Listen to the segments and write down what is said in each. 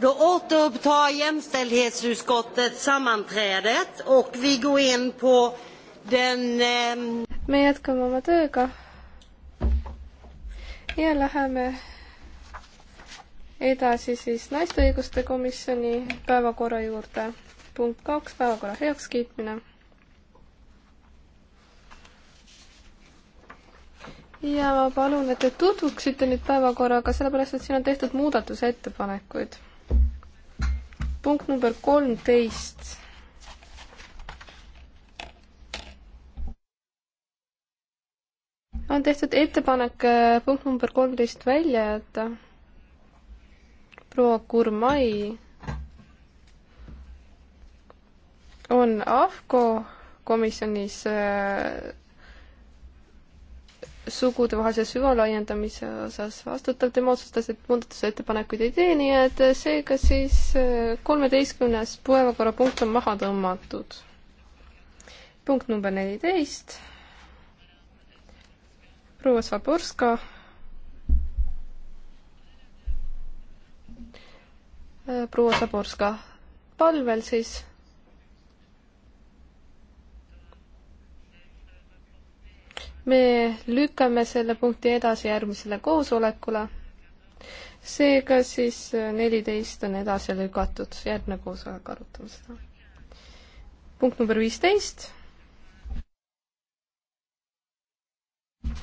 Då återupptar jämställdhetsutskottet sammanträdet och vi går in på den... Eh... me jätkame oma tööga ja läheme edasi siis naiste õiguste komisjoni päevakorra juurde. punkt kaks, päevakorra heakskiitmine. ja ma palun, et te tutvuksite nüüd päevakorraga, sellepärast et siin on tehtud muudatusettepanekuid punkt number kolmteist. on tehtud ettepanek äh, punkt number kolmteist välja jätta. proua Kurmai on AFCO komisjonis äh, sugudevahelise süvalaiendamise osas vastutav, tema otsustas, et muudatusettepanekuid ei tee, nii et seega siis äh, kolmeteistkümnes päevakorrapunkt on maha tõmmatud. punkt number neliteist. proua Saborska. Äh, proua Saborska palvel siis me lükkame selle punkti edasi järgmisele koosolekule. seega siis neliteist on edasi lükatud, järgmine koosolek arutame seda. punkt number viisteist.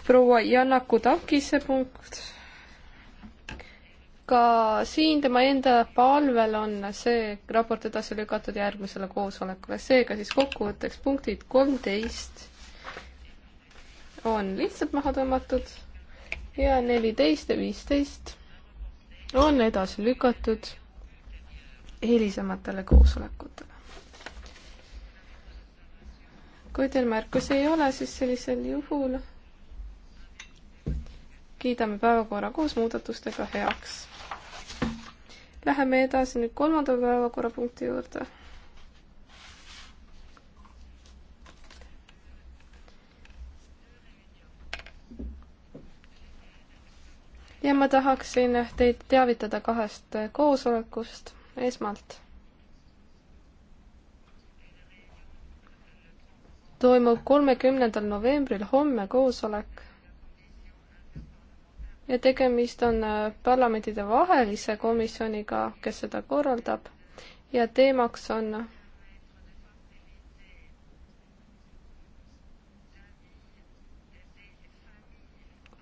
proua Janaku Takise punkt. ka siin tema enda palvel on see raport edasi lükatud järgmisele koosolekule, seega siis kokkuvõtteks punktid kolmteist on lihtsalt maha tõmmatud ja neliteist ja viisteist on edasi lükatud hilisematele koosolekutele. kui teil märkusi ei ole, siis sellisel juhul kiidame päevakorra koos muudatustega heaks. Läheme edasi nüüd kolmanda päevakorrapunkti juurde ja ma tahaksin teid teavitada kahest koosolekust. esmalt toimub kolmekümnendal novembril homme koosolek ja tegemist on äh, parlamentide vahelise komisjoniga, kes seda korraldab ja teemaks on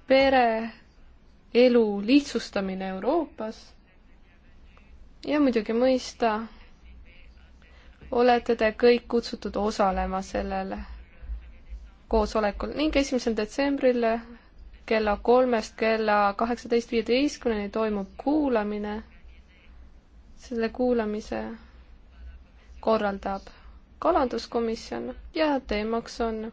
pere elu lihtsustamine Euroopas. ja muidugi mõista, olete te kõik kutsutud osalema sellel koosolekul ning esimesel detsembril kella kolmest kella kaheksateist viieteistkümneni toimub kuulamine. selle kuulamise korraldab kalanduskomisjon ja teemaks on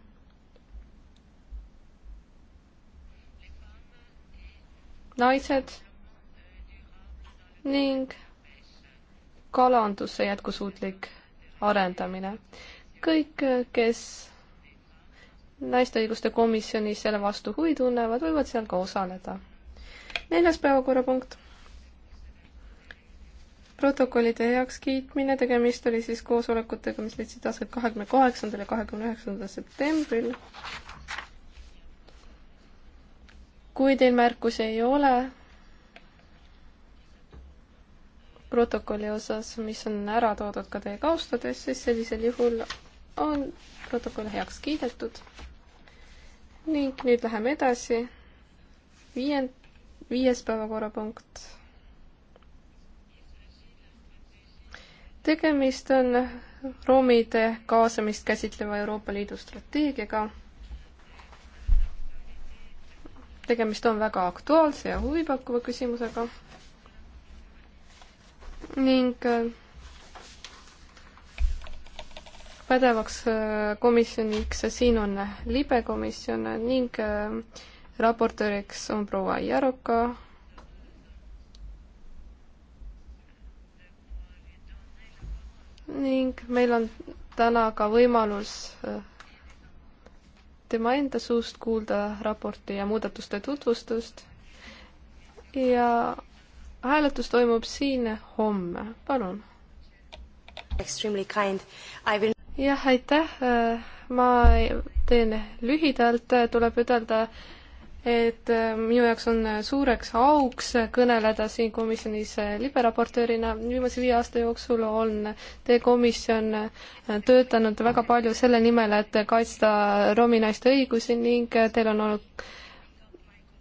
naised ning kalanduse jätkusuutlik arendamine. kõik, kes naiste õiguste komisjonis selle vastu huvi tunnevad, võivad seal ka osaleda. neljas päevakorrapunkt. protokollide heakskiitmine, tegemist oli siis koosolekutega, mis leidsid aset kahekümne kaheksandal ja kahekümne üheksandal septembril kui teil märkusi ei ole protokolli osas, mis on ära toodud ka teie kaustades, siis sellisel juhul on protokoll heaks kiidetud. ning nüüd läheme edasi. viiend-, viies päevakorrapunkt. tegemist on roomide kaasamist käsitleva Euroopa Liidu strateegiaga tegemist on väga aktuaalse ja huvipakkuva küsimusega. ning äh, pädevaks äh, komisjoniks siin on libe komisjon ning äh, raportööriks on proua Jaroka. ning meil on täna ka võimalus tema enda suust kuulda raporti ja muudatuste tutvustust. ja hääletus toimub siin homme, palun. Will... jah, aitäh, ma teen lühidalt, tuleb ütelda, et äh, minu jaoks on äh, suureks auks äh, kõneleda siin komisjonis liberaportöörina. viimase viie aasta jooksul on teie komisjon töötanud väga palju selle nimel, et kaitsta romi naiste õigusi ning teil on olnud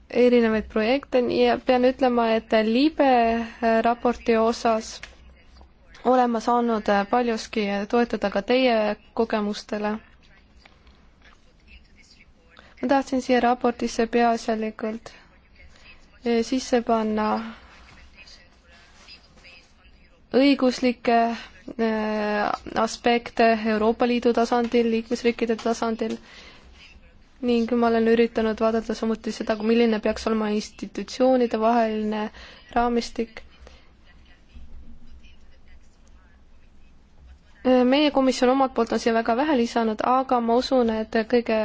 erinevaid projekte ja pean ütlema, et libe raporti osas olen ma saanud paljuski toetuda ka teie kogemustele ma tahtsin siia raportisse peaasjalikult eh, sisse panna õiguslikke eh, aspekte Euroopa Liidu tasandil, liikmesriikide tasandil ning ma olen üritanud vaadata samuti seda, milline peaks olema institutsioonide vaheline raamistik. Eh, meie komisjon omalt poolt on siia väga vähe lisanud, aga ma usun, et kõige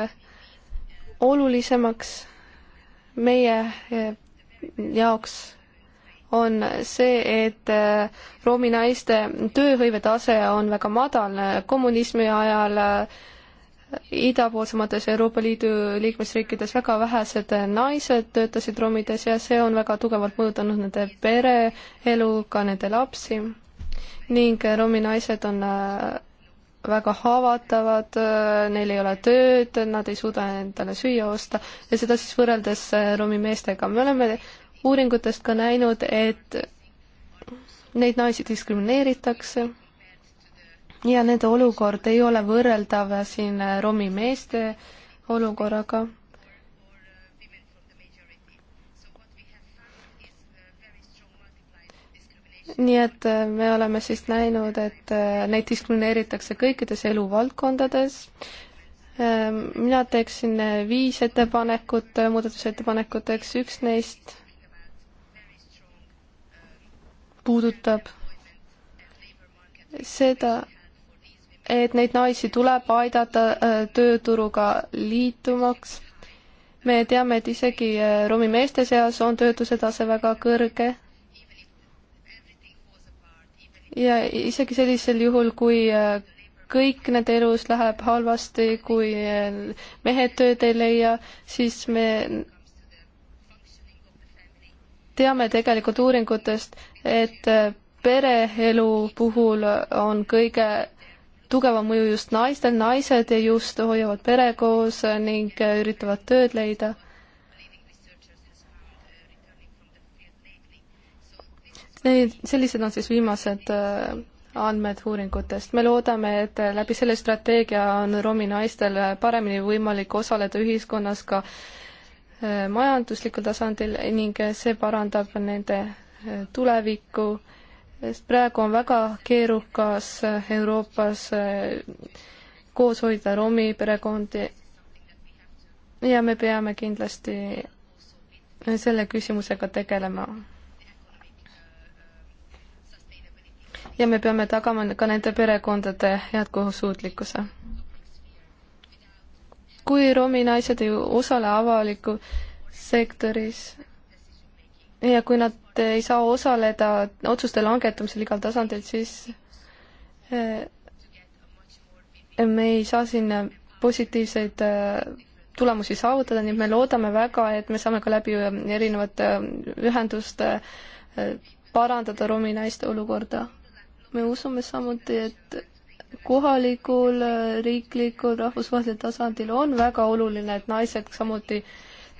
olulisemaks meie eh, jaoks on see, et eh, roomi naiste tööhõivetase on väga madal. Eh, kommunismi ajal idapoolsemates Euroopa Liidu liikmesriikides väga vähesed naised töötasid romides ja see on väga tugevalt mõjutanud nende pereelu, ka nende lapsi. ning romi naised on väga haavatavad, äh, neil ei ole tööd, nad ei suuda endale süüa osta ja seda siis võrreldes äh, Romi meestega. me oleme uuringutest ka näinud, et neid naisi diskrimineeritakse ja nende olukord ei ole võrreldav äh, siin Romi meeste olukorraga nii et äh, me oleme siis näinud, et äh, neid diskrimineeritakse kõikides eluvaldkondades. Ähm, mina teeksin äh, viis ettepanekut muudatusettepanekuteks, üks neist puudutab seda, et neid naisi tuleb aidata tööturuga liitumaks. me teame, et isegi romi meeste seas on töötuse tase väga kõrge ja isegi sellisel juhul, kui äh, kõik nende elus läheb halvasti, kui äh, mehed tööd ei leia, siis me teame tegelikult uuringutest, et äh, pereelu puhul on kõige tugevam mõju just naistel, naised just hoiavad pere koos ning üritavad tööd leida. sellised on siis viimased äh, andmed uuringutest. me loodame, et läbi selle strateegia on romi naistel paremini võimalik osaleda ühiskonnas ka äh, majanduslikul tasandil ning see parandab nende äh, tulevikku, sest praegu on väga keerukas Euroopas koos hoida romi perekondi ja me peame kindlasti selle küsimusega tegelema ja me peame tagama ka nende perekondade jätkusuutlikkuse. kui romi naised ei osale avaliku sektoris ja kui nad ei saa osaleda otsuste langetamisel igal tasandil, siis eh, me ei saa siin positiivseid eh, tulemusi saavutada, nii et me loodame väga, et me saame ka läbi eh, erinevate ühenduste parandada romi naiste olukorda me usume samuti, et kohalikul, riiklikul, rahvusvahelisel tasandil on väga oluline, et naised samuti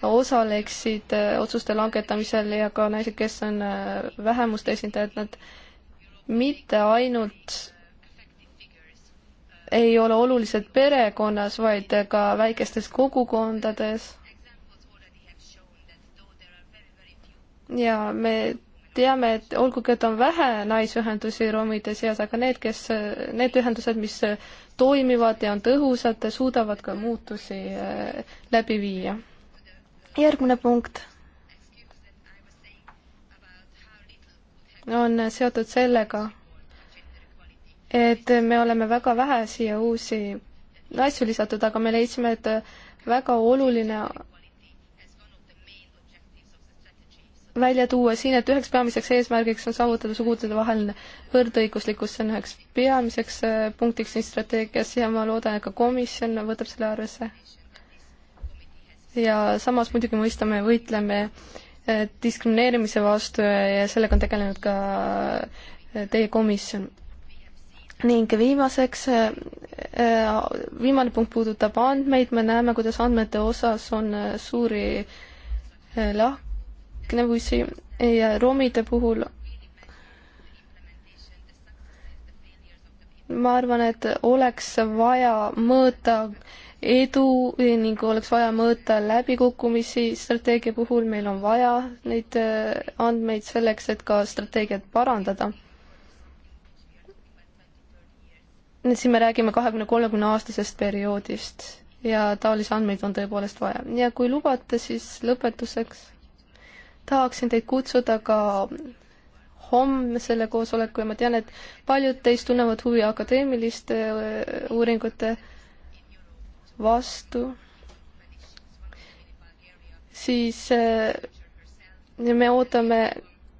osaleksid äh, otsuste langetamisel ja ka naised, kes on äh, vähemuste esindajad, nad mitte ainult ei ole olulised perekonnas, vaid ka väikestes kogukondades ja me teame, et olgugi, et on vähe naisühendusi romide seas, aga need, kes, need ühendused, mis toimivad ja on tõhusad, suudavad ka muutusi eh, läbi viia. järgmine punkt on seotud sellega, et me oleme väga vähe siia uusi asju lisatud, aga me leidsime, et väga oluline välja tuua siin, et üheks peamiseks eesmärgiks on saavutada sugude vaheline võrdõiguslikkus, see on üheks peamiseks äh, punktiks siin strateegias ja ma loodan, et ka komisjon võtab selle arvesse. ja samas muidugi mõistame ja võitleme äh, diskrimineerimise vastu ja sellega on tegelenud ka äh, teie komisjon. ning viimaseks, viimane punkt puudutab andmeid, me näeme, kuidas andmete osas on suuri lahk-, gnevusi ja romide puhul ma arvan, et oleks vaja mõõta edu ning oleks vaja mõõta läbikukkumisi strateegia puhul, meil on vaja neid äh, andmeid selleks, et ka strateegiat parandada. siin me räägime kahekümne, kolmekümne aastasest perioodist ja taolisi andmeid on tõepoolest vaja ja kui lubate, siis lõpetuseks tahaksin teid kutsuda ka homsele koosolekule, ma tean, et paljud teist tunnevad huvi akadeemiliste äh, uuringute vastu, siis äh, me ootame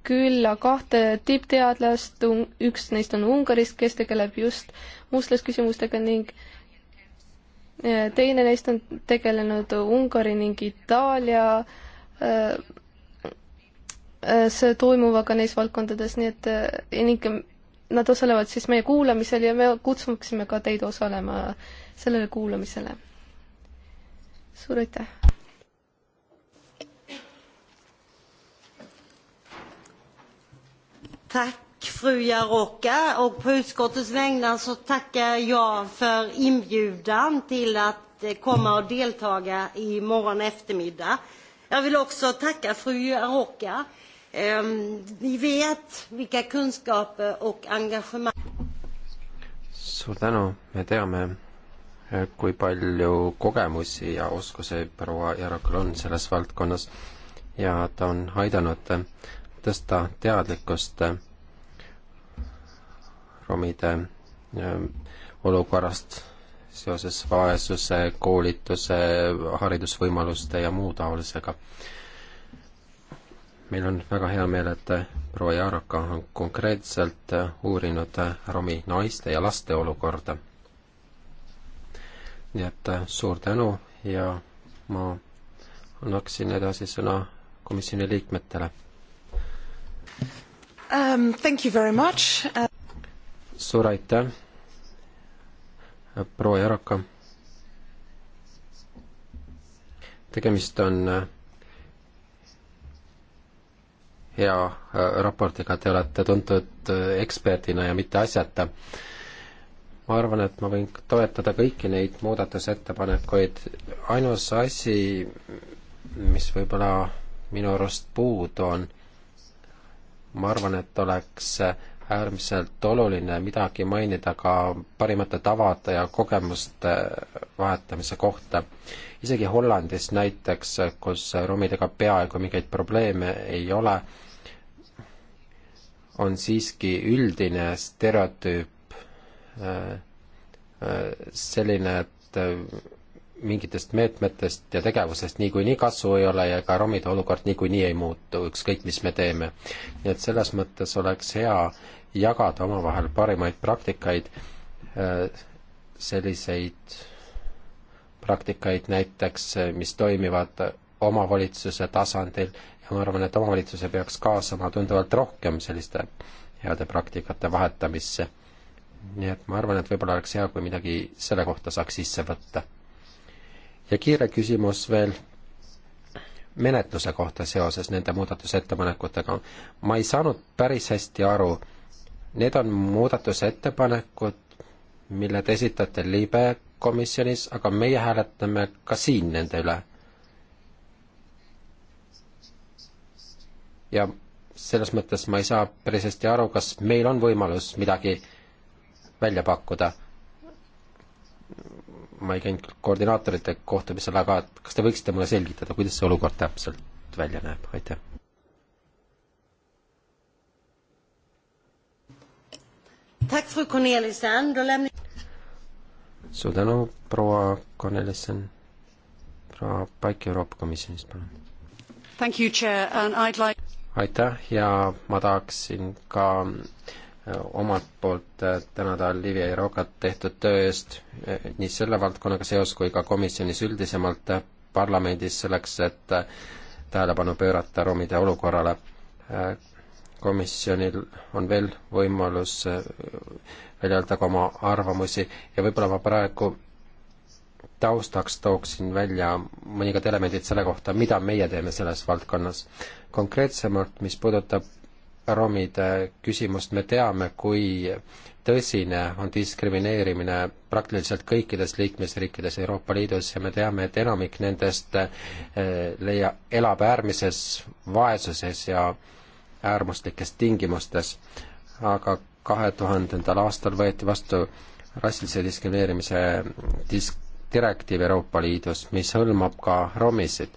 külla kahte tippteadlast, üks neist on Ungarist, kes tegeleb just mustlasküsimustega ning äh, teine neist on tegelenud Ungari ning Itaalia äh, Äh, see toimuvaga neis valdkondades, nii et äh, ning nad osalevad siis meie kuulamisel ja me kutsuksime ka teid osalema sellele kuulamisele. suur aitäh! Tack fru Jaroka och på utskottets vägnar så tackar jag för inbjudan till att eh, komma och deltaga i morgon eftermiddag. Jag vill också tacka fru Jaroka Vi ehm, vet vilka kunskaper och engagemang suur tänu, me teame, eh, kui palju kogemusi ja oskusi proua Järokul on selles valdkonnas ja ta on aidanud eh, tõsta teadlikkust eh, romide olukorrast seoses vaesuse, koolituse, haridusvõimaluste ja muu taolisega meil on väga hea meel, et proua Jaaraka on konkreetselt uurinud romi naiste ja laste olukorda. nii et äh, suur tänu ja ma annaksin edasi sõna komisjoni liikmetele um,. Thank you very much uh.... suur aitäh, proua Jaaraka. tegemist on äh, hea äh, raportiga, te olete tuntud äh, eksperdina ja mitte asjata. ma arvan, et ma võin toetada kõiki neid muudatusettepanekuid, ainus asi, mis võib-olla minu arust puudu on, ma arvan, et oleks äärmiselt oluline midagi mainida ka parimate tavade ja kogemuste vahetamise kohta. isegi Hollandis näiteks, kus romidega peaaegu mingeid probleeme ei ole, on siiski üldine stereotüüp äh, äh, selline, et äh, mingitest meetmetest ja tegevusest niikuinii kasu ei ole ja ka romide olukord niikuinii ei muutu, ükskõik mis me teeme. nii et selles mõttes oleks hea jagada omavahel parimaid praktikaid, selliseid praktikaid näiteks, mis toimivad omavalitsuse tasandil ja ma arvan, et omavalitsuse peaks kaasama tunduvalt rohkem selliste heade praktikate vahetamisse. nii et ma arvan, et võib-olla oleks hea, kui midagi selle kohta saaks sisse võtta. ja kiire küsimus veel menetluse kohta seoses nende muudatusettepanekutega. ma ei saanud päris hästi aru, need on muudatusettepanekud, mille te esitate libe komisjonis, aga meie hääletame ka siin nende üle ja selles mõttes ma ei saa päris hästi aru, kas meil on võimalus midagi välja pakkuda. ma ei käinud koordinaatorite kohtumisel, aga kas te võiksite mulle selgitada, kuidas see olukord täpselt välja näeb, aitäh? suur tänu, proua Cornelissen, proua Paik Euroopa Komisjonist, palun. Thank you, Chair, and I'd like aitäh ja ma tahaksin ka äh, omalt poolt äh, tänada Olivia Rokat tehtud töö eest äh, nii selle valdkonnaga seos kui ka komisjonis üldisemalt parlamendis selleks, et tähelepanu pöörata romide olukorrale. komisjonil on veel võimalus välja öelda ka oma arvamusi ja võib-olla ma praegu taustaks tooksin välja mõningad elemendid selle kohta, mida meie teeme selles valdkonnas. konkreetsemalt, mis puudutab romide küsimust, me teame, kui tõsine on diskrimineerimine praktiliselt kõikides liikmesriikides Euroopa Liidus ja me teame, et enamik nendest eh, leia, elab äärmises vaesuses ja äärmuslikes tingimustes. aga kahe tuhandendal aastal võeti vastu rassilise diskrimineerimise disk-, direktiiv Euroopa Liidus, mis hõlmab ka romisid.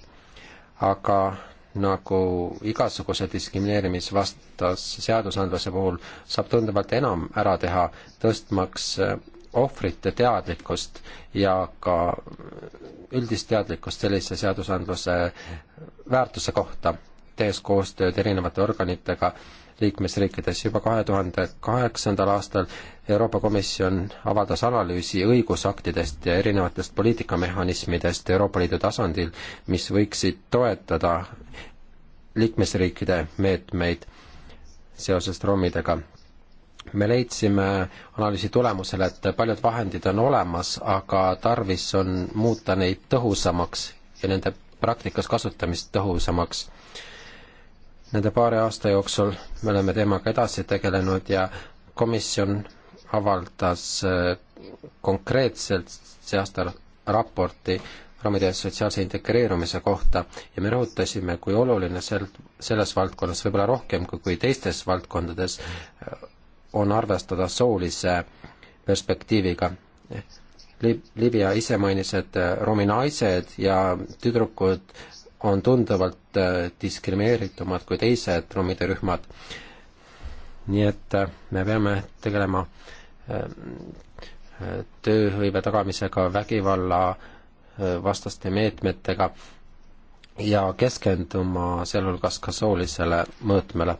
aga nagu igasuguse diskrimineerimisvastas seadusandluse puhul saab tunduvalt enam ära teha, tõstmaks eh, ohvrite teadlikkust ja ka üldist teadlikkust sellise seadusandluse väärtuse kohta, tehes koostööd erinevate organitega liikmesriikides. juba kahe tuhande kaheksandal aastal Euroopa Komisjon avaldas analüüsi õigusaktidest ja erinevatest poliitikamehhanismidest Euroopa Liidu tasandil, mis võiksid toetada liikmesriikide meetmeid seoses roomidega me leidsime analüüsi tulemusel, et paljud vahendid on olemas, aga tarvis on muuta neid tõhusamaks ja nende praktikas kasutamist tõhusamaks. Nende paari aasta jooksul me oleme teemaga edasi tegelenud ja komisjon avaldas äh, konkreetselt see aasta raporti raamide sotsiaalse integreerumise kohta ja me rõhutasime, kui oluline sel, selles valdkonnas, võib-olla rohkem kui, kui teistes valdkondades, äh, on arvestada soolise perspektiiviga. Lib-, Libia ise mainis, et äh, romi naised ja tüdrukud on tunduvalt äh, diskrimineeritumad kui teised ruumide rühmad. nii et äh, me peame tegelema ähm, tööhõive tagamisega, vägivalla äh, vastaste meetmetega ja keskenduma sealhulgas ka soolisele mõõtmele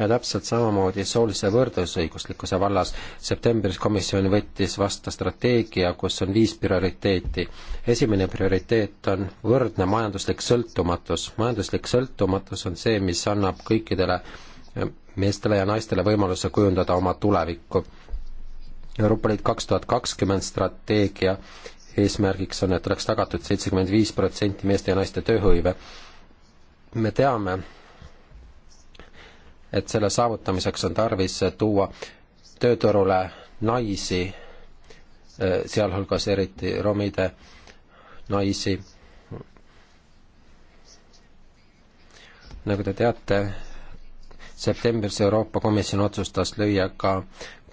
ja täpselt samamoodi soolise võrdõiguslikkuse vallas. septembris komisjon võttis vastu strateegia, kus on viis prioriteeti. esimene prioriteet on võrdne majanduslik sõltumatus. majanduslik sõltumatus on see, mis annab kõikidele eh, meestele ja naistele võimaluse kujundada oma tulevikku. Euroopa Liit kaks tuhat kakskümmend strateegia eesmärgiks on, et oleks tagatud seitsekümmend viis protsenti meeste ja naiste tööhõive. me teame, et selle saavutamiseks on tarvis tuua tööturule naisi, eh, sealhulgas eriti romide naisi. nagu te teate, septembris Euroopa Komisjon otsustas lüüa ka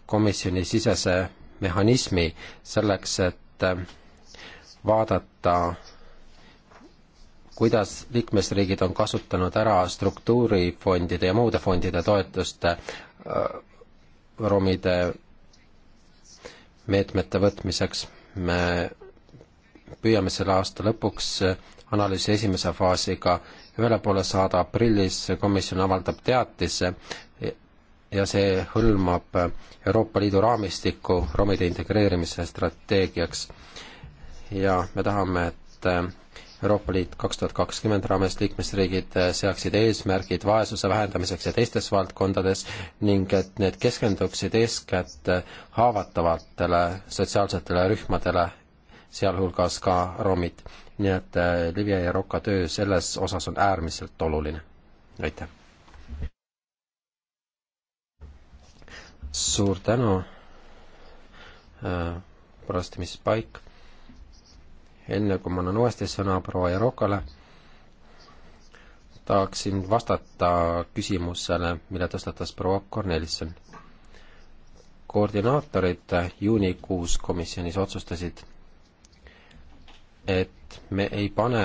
komisjoni sisese mehhanismi selleks, et eh, vaadata kuidas liikmesriigid on kasutanud ära struktuurifondide ja muude fondide toetuste äh, romide meetmete võtmiseks. me püüame selle aasta lõpuks analüüsi esimese faasiga ühele poole saada aprillis, komisjon avaldab teatise ja see hõlmab Euroopa Liidu raamistiku romide integreerimise strateegiaks. ja me tahame, et Euroopa Liit kaks tuhat kakskümmend raames liikmesriigid eh, seaksid eesmärgid vaesuse vähendamiseks ja teistes valdkondades ning et need keskenduksid eeskätt eh, haavatavatele sotsiaalsetele rühmadele, sealhulgas ka romid. nii et eh, Livia ja Roka töö selles osas on äärmiselt oluline. aitäh! suur tänu äh,, parastimispaik enne kui ma annan uuesti sõna proua Jarokale, tahaksin vastata küsimusele, mille tõstatas proua Kornelisson. koordinaatorid juunikuus komisjonis otsustasid, et me ei pane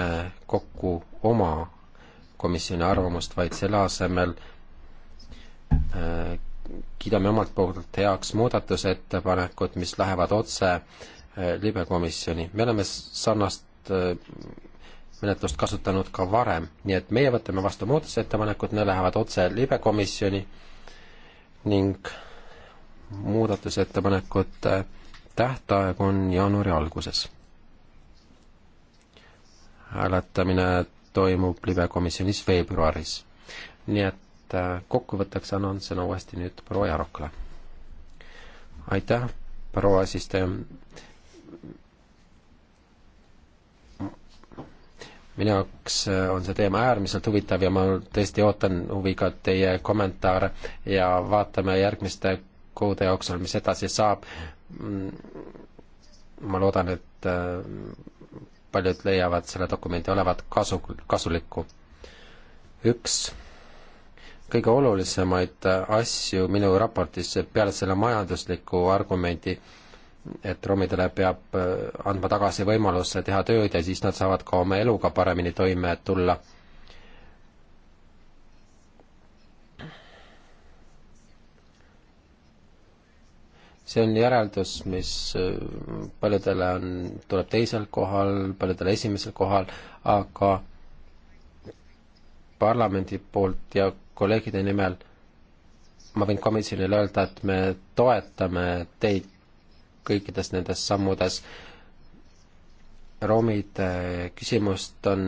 kokku oma komisjoni arvamust, vaid selle asemel äh, kiidame omalt poolt heaks muudatusettepanekud, mis lähevad otse Äh, libekomisjoni, me oleme sarnast äh, menetlust kasutanud ka varem, nii et meie võtame vastu muudatusettepanekud, need lähevad otse libekomisjoni ning muudatusettepanekute tähtaeg on jaanuari alguses. hääletamine toimub libekomisjonis veebruaris. nii et äh, kokkuvõtteks annan sõna uuesti nüüd proua Jarokale. aitäh, proua siis te minu jaoks äh, on see teema äärmiselt huvitav ja ma tõesti ootan huviga teie kommentaare ja vaatame järgmiste kuude jooksul, mis edasi saab. Mm, ma loodan, et äh, paljud leiavad selle dokumendi olevat kasu, kasulikku. üks kõige olulisemaid äh, asju minu raportis peale selle majandusliku argumendi äh, et romidele peab äh, andma tagasi võimaluse teha tööd ja siis nad saavad ka oma eluga paremini toime tulla. see on järeldus, mis äh, paljudele on, tuleb teisel kohal, paljudele esimesel kohal, aga parlamendi poolt ja kolleegide nimel ma võin komisjonile öelda, et me toetame teid kõikides nendes sammudes. roomide küsimust on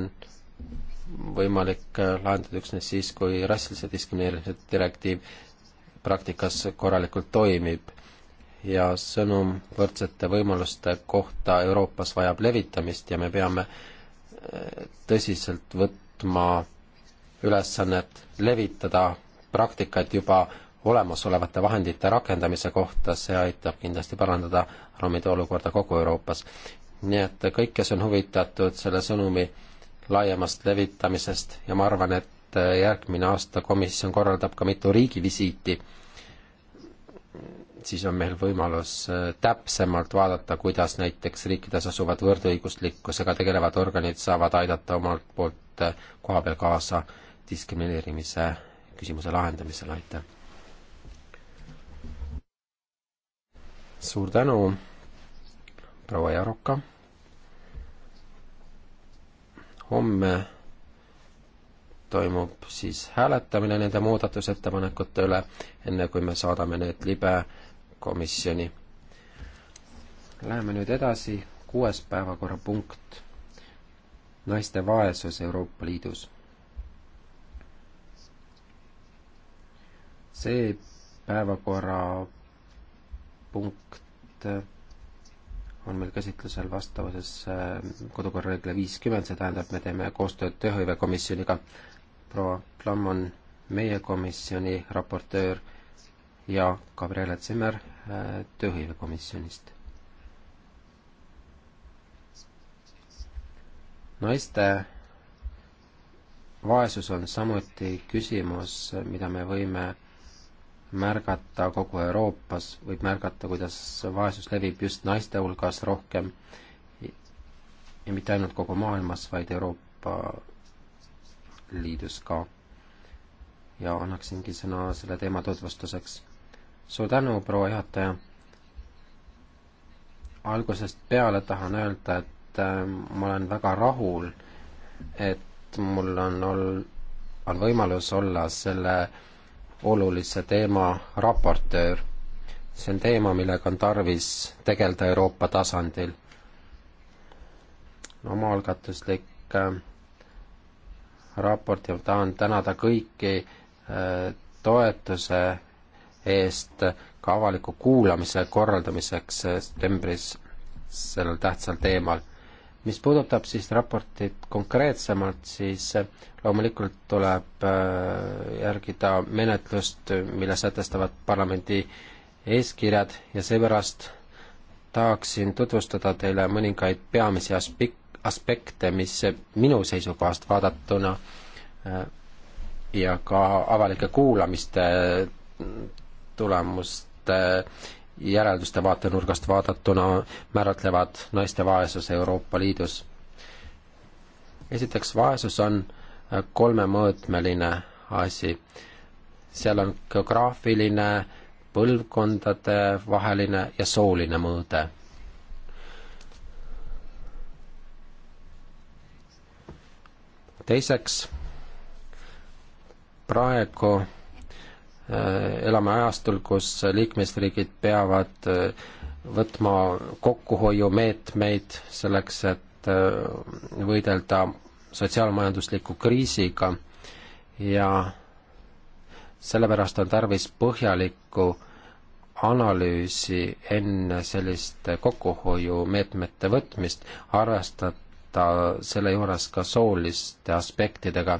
võimalik lahendada üksnes siis, kui rassilise diskrimineerimise direktiiv praktikas korralikult toimib ja sõnum võrdsete võimaluste kohta Euroopas vajab levitamist ja me peame eh, tõsiselt võtma ülesannet levitada praktikat juba olemasolevate vahendite rakendamise kohta, see aitab kindlasti parandada romide olukorda kogu Euroopas. nii et kõik, kes on huvitatud selle sõnumi laiemast levitamisest ja ma arvan, et järgmine aasta komisjon korraldab ka mitu riigivisiiti, siis on meil võimalus täpsemalt vaadata, kuidas näiteks riikides asuvad võrdõiguslikkusega tegelevad organid saavad aidata omalt poolt koha peal kaasa diskrimineerimise küsimuse lahendamisele, aitäh! suur tänu, proua Jaroka. homme toimub siis hääletamine nende muudatusettepanekute üle, enne kui me saadame need libe komisjoni. Läheme nüüd edasi, kuues päevakorrapunkt, naiste vaesus Euroopa Liidus. see päevakorra punkt on meil käsitlusel vastavuses äh, kodukorra reegli viiskümmend, see tähendab, me teeme koostööd tööhõivekomisjoniga. proua Klamm on meie komisjoni raportöör ja Gabriele Zimmer äh, tööhõivekomisjonist. naiste vaesus on samuti küsimus, mida me võime märgata kogu Euroopas, võib märgata, kuidas vaesus levib just naiste hulgas rohkem ja mitte ainult kogu maailmas, vaid Euroopa Liidus ka. ja annaksingi sõna selle teema tutvustuseks. suur tänu, proua juhataja! algusest peale tahan öelda, et äh, ma olen väga rahul, et mul on ol-, on võimalus olla selle äh, olulise teema raportöör. see on teema, millega on tarvis tegeleda Euroopa tasandil. omaalgatuslik äh, raport ja tahan tänada kõiki äh, toetuse eest ka avaliku kuulamise korraldamiseks äh, septembris sellel tähtsal teemal mis puudutab siis raportit konkreetsemalt, siis äh, loomulikult tuleb äh, järgida menetlust, mille sätestavad parlamendi eeskirjad ja seepärast tahaksin tutvustada teile mõningaid peamisi aspek-, aspekte, mis minu seisukohast vaadatuna äh, ja ka avalike kuulamiste tulemuste järelduste vaatenurgast vaadatuna määratlevad naiste vaesuse Euroopa Liidus. esiteks, vaesus on äh, kolmemõõtmeline asi. seal on geograafiline, põlvkondade vaheline ja sooline mõõde. teiseks, praegu Äh, elame ajastul, kus liikmesriigid peavad äh, võtma kokkuhoiumeetmeid selleks, et äh, võidelda sotsiaalmajandusliku kriisiga ja sellepärast on tarvis põhjalikku analüüsi enne selliste kokkuhoiumeetmete võtmist, arvestada selle juures ka sooliste aspektidega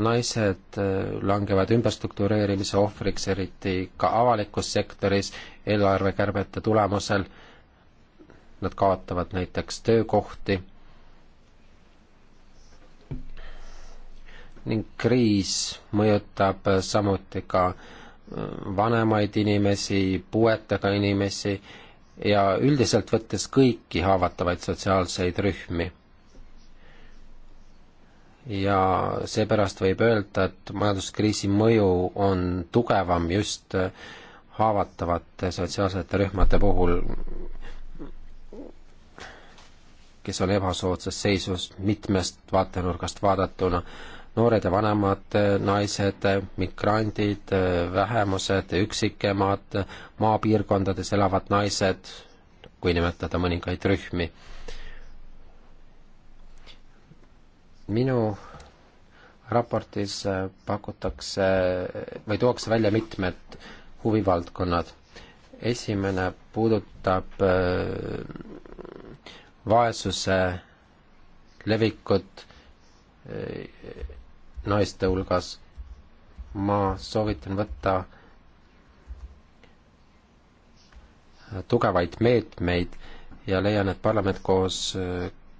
naised äh, langevad ümberstruktureerimise ohvriks, eriti ka avalikus sektoris eelarvekärbete tulemusel. Nad kaotavad näiteks töökohti. ning kriis mõjutab samuti ka äh, vanemaid inimesi, puuetega inimesi ja üldiselt võttes kõiki haavatavaid sotsiaalseid rühmi ja seepärast võib öelda, et majanduskriisi mõju on tugevam just äh, haavatavate sotsiaalsete rühmade puhul, kes on ebasoodsas seisus mitmest vaatenurgast vaadatuna. noored ja vanemad, äh, naised, äh, migrandid, vähemused, üksikemad, maapiirkondades elavad naised, kui nimetada mõningaid rühmi minu raportis äh, pakutakse või tuuakse välja mitmed huvivaldkonnad. esimene puudutab äh, vaesuse levikut äh, naiste hulgas. ma soovitan võtta tugevaid meetmeid ja leian, et parlament koos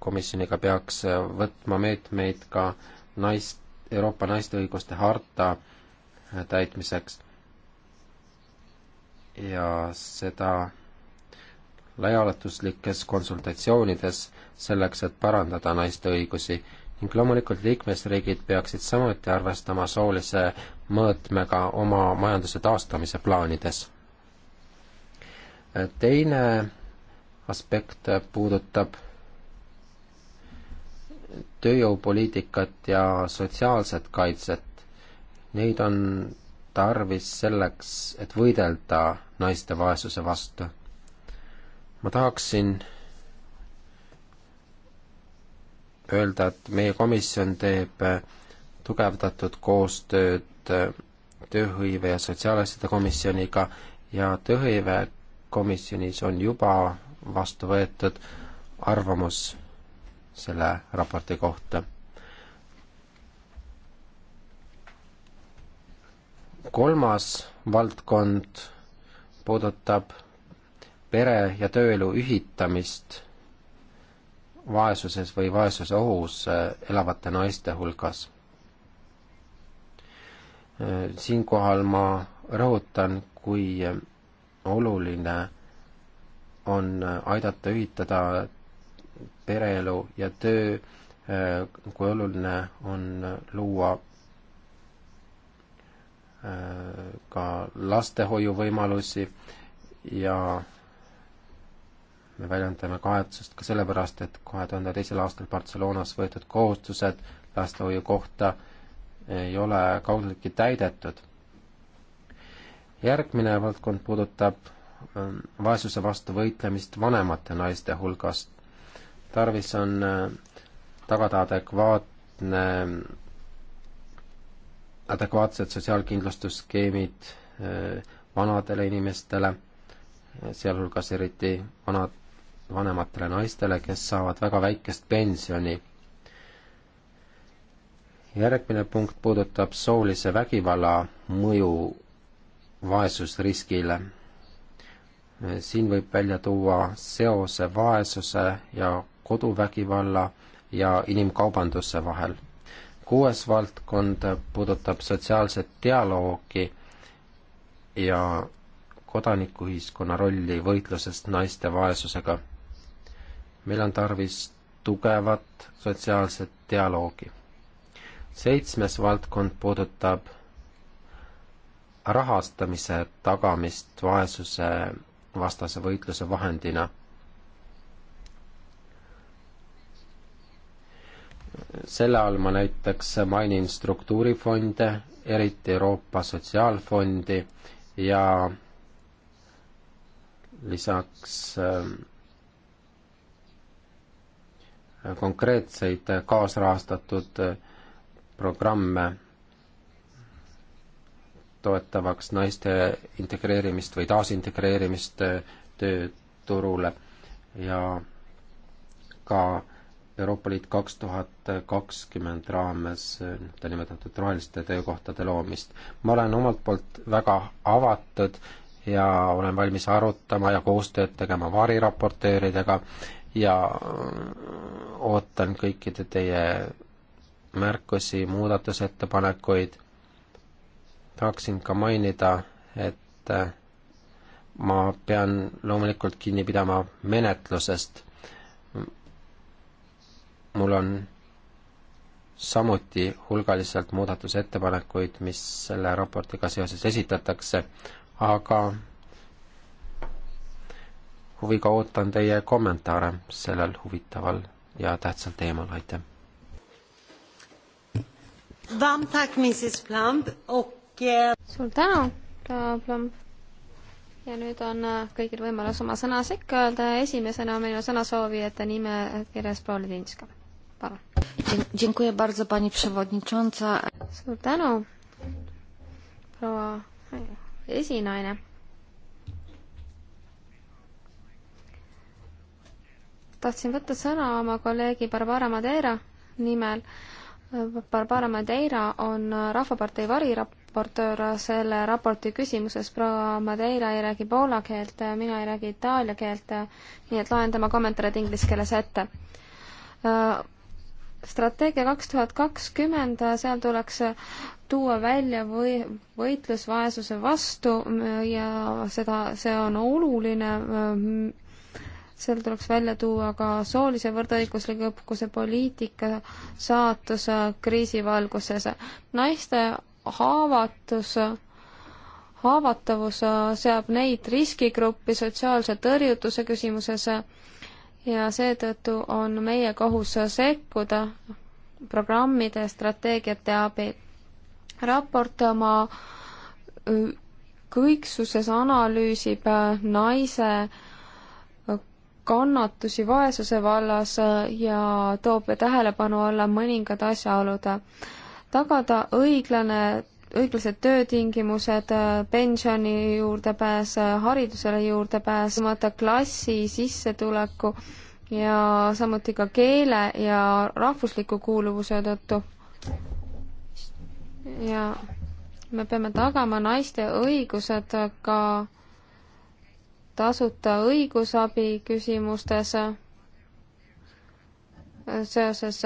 komisjoniga peaks võtma meetmeid ka naist, Euroopa naiste õiguste harta täitmiseks. ja seda laiaulatuslikes konsultatsioonides selleks, et parandada naiste õigusi ning loomulikult liikmesriigid peaksid samuti arvestama soolise mõõtmega oma majanduse taastamise plaanides. teine aspekt puudutab tööjõupoliitikat ja sotsiaalset kaitset. Neid on tarvis selleks, et võidelda naiste vaesuse vastu. ma tahaksin öelda, et meie komisjon teeb tugevdatud koostööd tööhõive ja sotsiaalasjade komisjoniga ja tööhõive komisjonis on juba vastu võetud arvamus selle raporti kohta. kolmas valdkond puudutab pere- ja tööelu ühitamist vaesuses või vaesuse ohus äh, elavate naiste hulgas. Äh, siinkohal ma rõhutan, kui äh, oluline on aidata ühitada pereelu ja töö, äh, kui oluline on luua äh, ka lastehoiuvõimalusi ja me väljendame kahetsust ka sellepärast, et kahe tuhande teisel aastal Barcelonas võetud kohustused lastehoiu kohta ei ole kaugeltki täidetud. järgmine valdkond puudutab ähm, vaesuse vastu võitlemist vanemate naiste hulgas tarvis on äh, tagada adekvaatne, adekvaatsed sotsiaalkindlustusskeemid äh, vanadele inimestele, sealhulgas eriti vanad, vanematele naistele, kes saavad väga väikest pensioni. järgmine punkt puudutab soolise vägivalla mõju vaesusriskile. siin võib välja tuua seose vaesuse ja koduvägivalla ja inimkaubanduse vahel. kuues valdkond puudutab sotsiaalset dialoogi ja kodanikuühiskonna rolli võitlusest naiste vaesusega. meil on tarvis tugevat sotsiaalset dialoogi. seitsmes valdkond puudutab rahastamise tagamist vaesuse vastase võitluse vahendina selle all ma näiteks mainin struktuurifonde, eriti Euroopa Sotsiaalfondi ja lisaks ähm, konkreetseid kaasrahastatud programme toetavaks naiste integreerimist või taasintegreerimist tööturule ja ka Euroopa Liit kaks tuhat kakskümmend raames nii-öelda eh, nimetatud roheliste töökohtade loomist. ma olen omalt poolt väga avatud ja olen valmis arutama ja koostööd tegema variraportööridega ja eh, ootan kõikide teie märkusi, muudatusettepanekuid. tahaksin ka mainida, et eh, ma pean loomulikult kinni pidama menetlusest mul on samuti hulgaliselt muudatusettepanekuid, mis selle raportiga seoses esitatakse, aga huviga ootan teie kommentaare sellel huvitaval ja tähtsal teemal, aitäh! Eh, suur tänu, proua Plumb! ja nüüd on eh, kõigil võimalus oma sõna sekka öelda ja esimesena on meil sõnasoovijate nime kirjas proua Ledinska palun. suur tänu, proua esinaine. tahtsin võtta sõna oma kolleegi Barbara Madeira nimel. Barbara Madeira on Rahvapartei variraportöör selle raporti küsimuses. proua Madeira ei räägi poola keelt, mina ei räägi itaalia keelt, nii et loen tema kommentaarid inglise keeles ette strateegia kaks tuhat kakskümmend, seal tuleks tuua välja või võitlus vaesuse vastu ja seda, see on oluline. seal tuleks välja tuua ka soolise võrdõiguslikkuse poliitika saatus kriisi valguses. naiste haavatus haavatavus seab neid riskigruppi sotsiaalse tõrjutuse küsimuses ja seetõttu on meie kohus sekkuda programmide ja strateegiate abil. raport oma kõiksuses analüüsib naise kannatusi vaesuse vallas ja toob tähelepanu alla mõningad asjaolud. tagada õiglane õiglased töötingimused, pensioni juurdepääs, haridusele juurdepääs, tõmmata klassi sissetuleku ja samuti ka keele ja rahvusliku kuuluvuse tõttu. ja me peame tagama naiste õigused ka tasuta õigusabi küsimustes seoses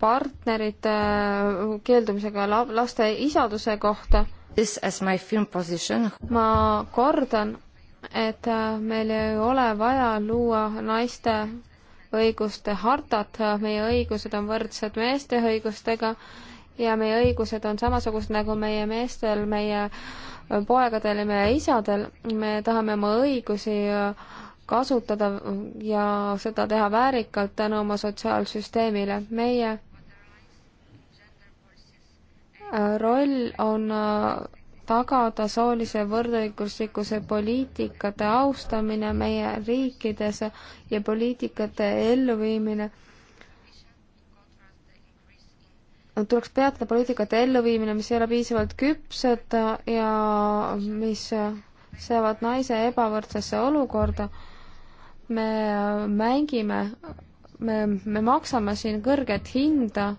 partnerite äh, keeldumisega laste isaduse kohta. ma kordan, et äh, meil ei ole vaja luua naiste õiguste hartat, meie õigused on võrdsed meeste õigustega ja meie õigused on samasugused nagu meie meestel, meie äh, poegadel ja meie isadel. me tahame oma õigusi kasutada ja seda teha väärikalt tänu oma sotsiaalsüsteemile. meie Äh, roll on äh, tagada soolise võrdõiguslikkuse poliitikate austamine meie riikides ja poliitikate elluviimine. tuleks peatada poliitikate elluviimine, mis ei ole piisavalt küpsed ja mis seavad naise ebavõrdsesse olukorda. me äh, mängime, me, me maksame siin kõrget hinda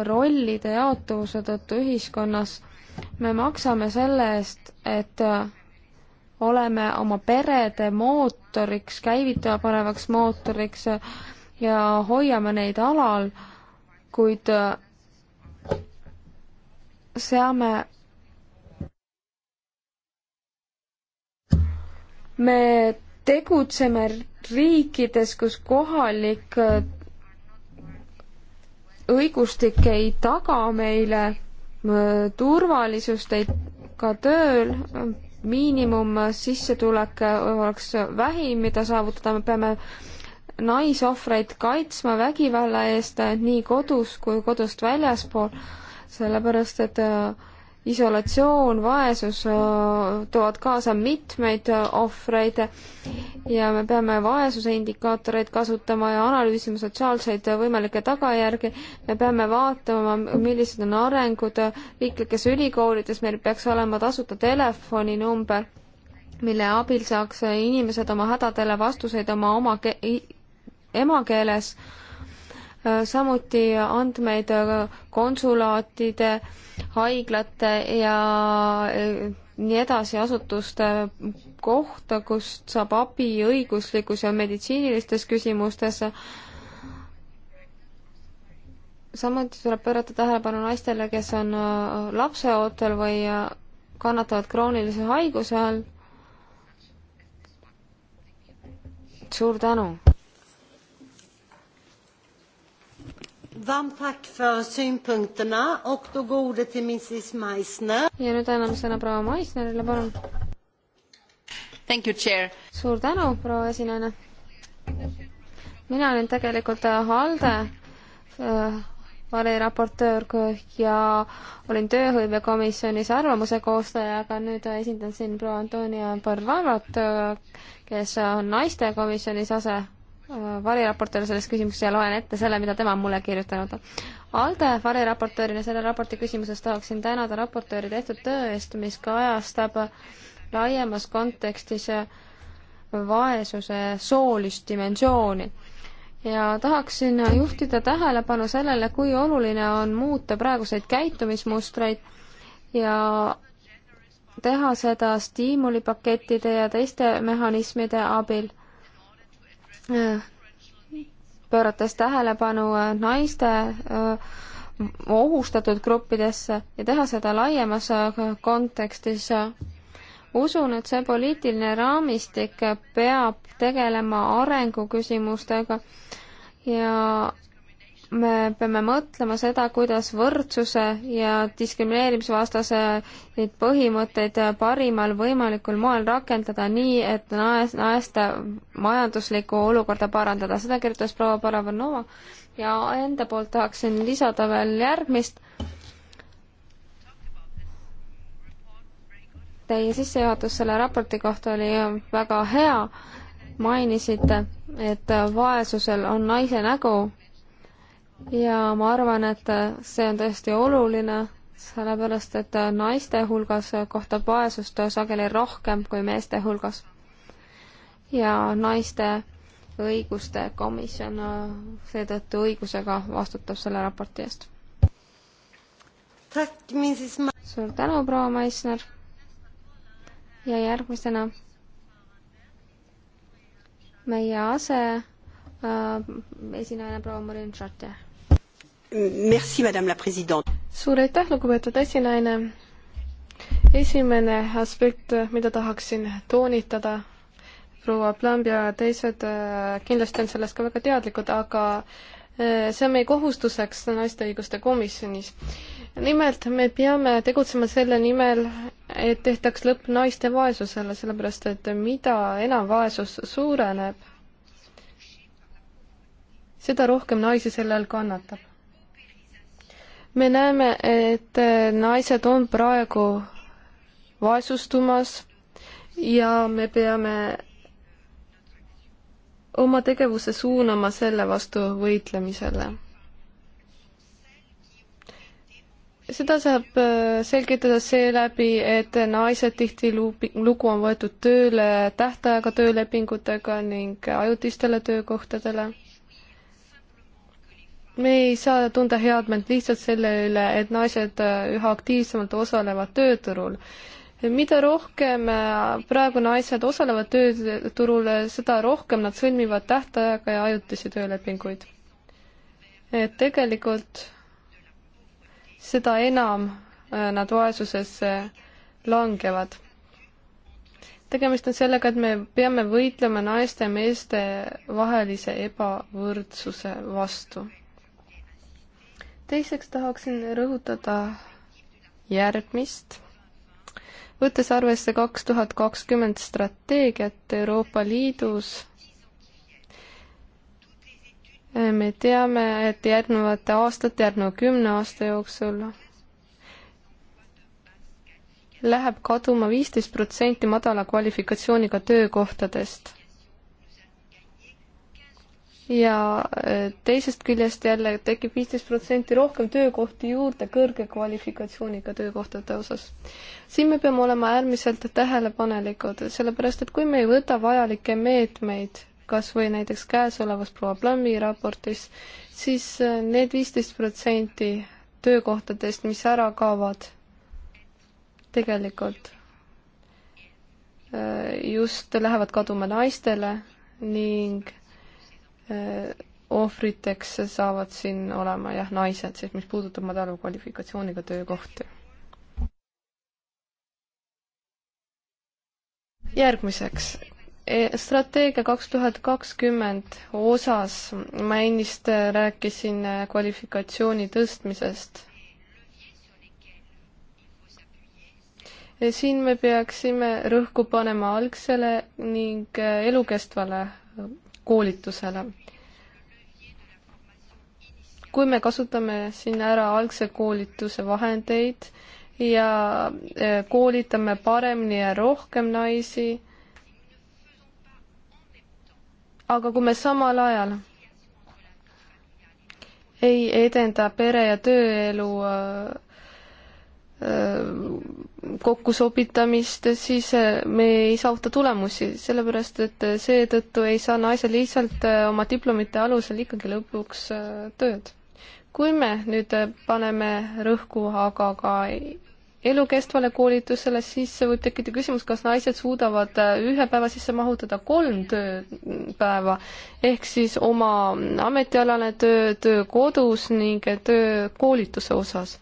rollide jaotuvuse tõttu ühiskonnas me maksame selle eest, et oleme oma perede mootoriks, käivituma panevaks mootoriks ja hoiame neid alal, kuid seame me tegutseme riikides, kus kohalik õigustik ei taga meile äh, turvalisust ei ka tööl, äh, miinimumsissetulek äh, oleks vähim, mida saavutada, me peame naisohvreid kaitsma vägivalla eest nii kodus kui kodust väljaspool, sellepärast et äh, isolatsioon, vaesus toovad kaasa mitmeid ohvreid ja me peame vaesuse indikaatoreid kasutama ja analüüsima sotsiaalseid võimalikke tagajärgi. me peame vaatama, millised on arengud riiklikes ülikoolides, meil peaks olema tasuta telefoninumber, mille abil saaks inimesed oma hädadele vastuseid oma oma emakeeles samuti andmeid konsulaatide, haiglate ja eh, nii edasi asutuste kohta, kust saab abi õiguslikus ja meditsiinilistes küsimustes. samuti tuleb pöörata tähelepanu naistele, kes on eh, lapseootel või eh, kannatavad kroonilise haiguse all. suur tänu! Varmt tack för synpunkterna och då går ordet till Mrs Meissner. ja nüüd anname sõna proua Meissnerile, palun. Thank you, chair. suur tänu, proua esinaine. mina olen tegelikult äh, ALDE äh, variraportöör ja olin tööhõivekomisjonis arvamuse koostaja, aga nüüd äh, esindan siin proua Antonia Barbarot, kes on naistekomisjonis ase variraportööri selles küsimuses ja loen ette selle, mida tema on mulle kirjutanud. ALDE variraportöörina selle raporti küsimuses tahaksin tänada raportööri tehtud töö eest, mis kajastab ka laiemas kontekstis vaesuse soolist dimensiooni. ja tahaksin juhtida tähelepanu sellele, kui oluline on muuta praeguseid käitumismustreid ja teha seda stiimulipakettide ja teiste mehhanismide abil pöörates tähelepanu äh, naiste äh, ohustatud gruppidesse ja teha seda laiemas äh, kontekstis. usun, et see poliitiline raamistik peab tegelema arenguküsimustega ja me peame mõtlema seda, kuidas võrdsuse ja diskrimineerimisvastaseid põhimõtteid parimal võimalikul moel rakendada nii, et naes, naeste majanduslikku olukorda parandada, seda kirjutas proua Paravanova ja enda poolt tahaksin lisada veel järgmist. Teie sissejuhatus selle raporti kohta oli väga hea, mainisite, et vaesusel on naise nägu ja ma arvan, et see on tõesti oluline, sellepärast et naiste hulgas kohtab vaesust sageli rohkem kui meeste hulgas. ja naiste õiguste komisjon äh, seetõttu õigusega vastutab selle raporti eest. suur tänu, proua Maisner. ja järgmisena meie ase äh, esinaine proua Marin Šatja suur aitäh, lugupeetud esinaine. esimene aspekt, mida tahaksin toonitada, proua Plamb ja teised äh, kindlasti on sellest ka väga teadlikud, aga äh, see on meie kohustuseks naiste õiguste komisjonis. nimelt me peame tegutsema selle nimel, et tehtaks lõpp naiste vaesusele, sellepärast et mida enam vaesus suureneb, seda rohkem naisi selle all kannatab me näeme, et äh, naised on praegu vaesustumas ja me peame oma tegevuse suunama selle vastu võitlemisele. seda saab äh, selgitada seeläbi, et naised tihtilugu on võetud tööle tähtajaga töölepingutega ning ajutistele töökohtadele me ei saa tunda headmeelt lihtsalt selle üle, et naised äh, üha aktiivsemalt osalevad tööturul. mida rohkem äh, praegu naised osalevad tööturul, seda rohkem nad sõlmivad tähtajaga ja ajutisi töölepinguid. et tegelikult seda enam äh, nad vaesusesse langevad. tegemist on sellega, et me peame võitlema naiste ja meeste vahelise ebavõrdsuse vastu teiseks tahaksin rõhutada järgmist. võttes arvesse kaks tuhat kakskümmend strateegiat Euroopa Liidus, me teame, et järgnevate aastate, järgneva kümne aasta jooksul läheb kaduma viisteist protsenti madala kvalifikatsiooniga töökohtadest ja äh, teisest küljest jälle tekib viisteist protsenti rohkem töökohti juurde kõrge kvalifikatsiooniga töökohtade osas. siin me peame olema äärmiselt tähelepanelikud, sellepärast et kui me ei võta vajalikke meetmeid, kas või näiteks käesolevas proua Plammi raportis, siis äh, need viisteist protsenti töökohtadest, mis ära kaovad, tegelikult äh, just lähevad kaduma naistele ning Äh, ohvriteks saavad siin olema jah, naised, siis mis puudutab madala kvalifikatsiooniga töökohti. järgmiseks, e, strateegia kaks tuhat kakskümmend osas ma ennist rääkisin kvalifikatsiooni tõstmisest. E, siin me peaksime rõhku panema algsele ning elukestvale koolitusele. kui me kasutame siin ära algse koolituse vahendeid ja e, koolitame paremini ja rohkem naisi, aga kui me samal ajal ei edenda pere- ja tööelu e, e, kokkusobitamist, siis eh, me ei saavuta tulemusi, sellepärast et eh, seetõttu ei saa naised lihtsalt eh, oma diplomite alusel ikkagi lõpuks tööd. kui me nüüd paneme rõhku aga ka elukestvale koolitusele, siis võib tekkida küsimus, kas naised suudavad ühe päeva sisse mahutada kolm tööpäeva ehk siis oma ametialane töö, töö kodus ning töö koolituse osas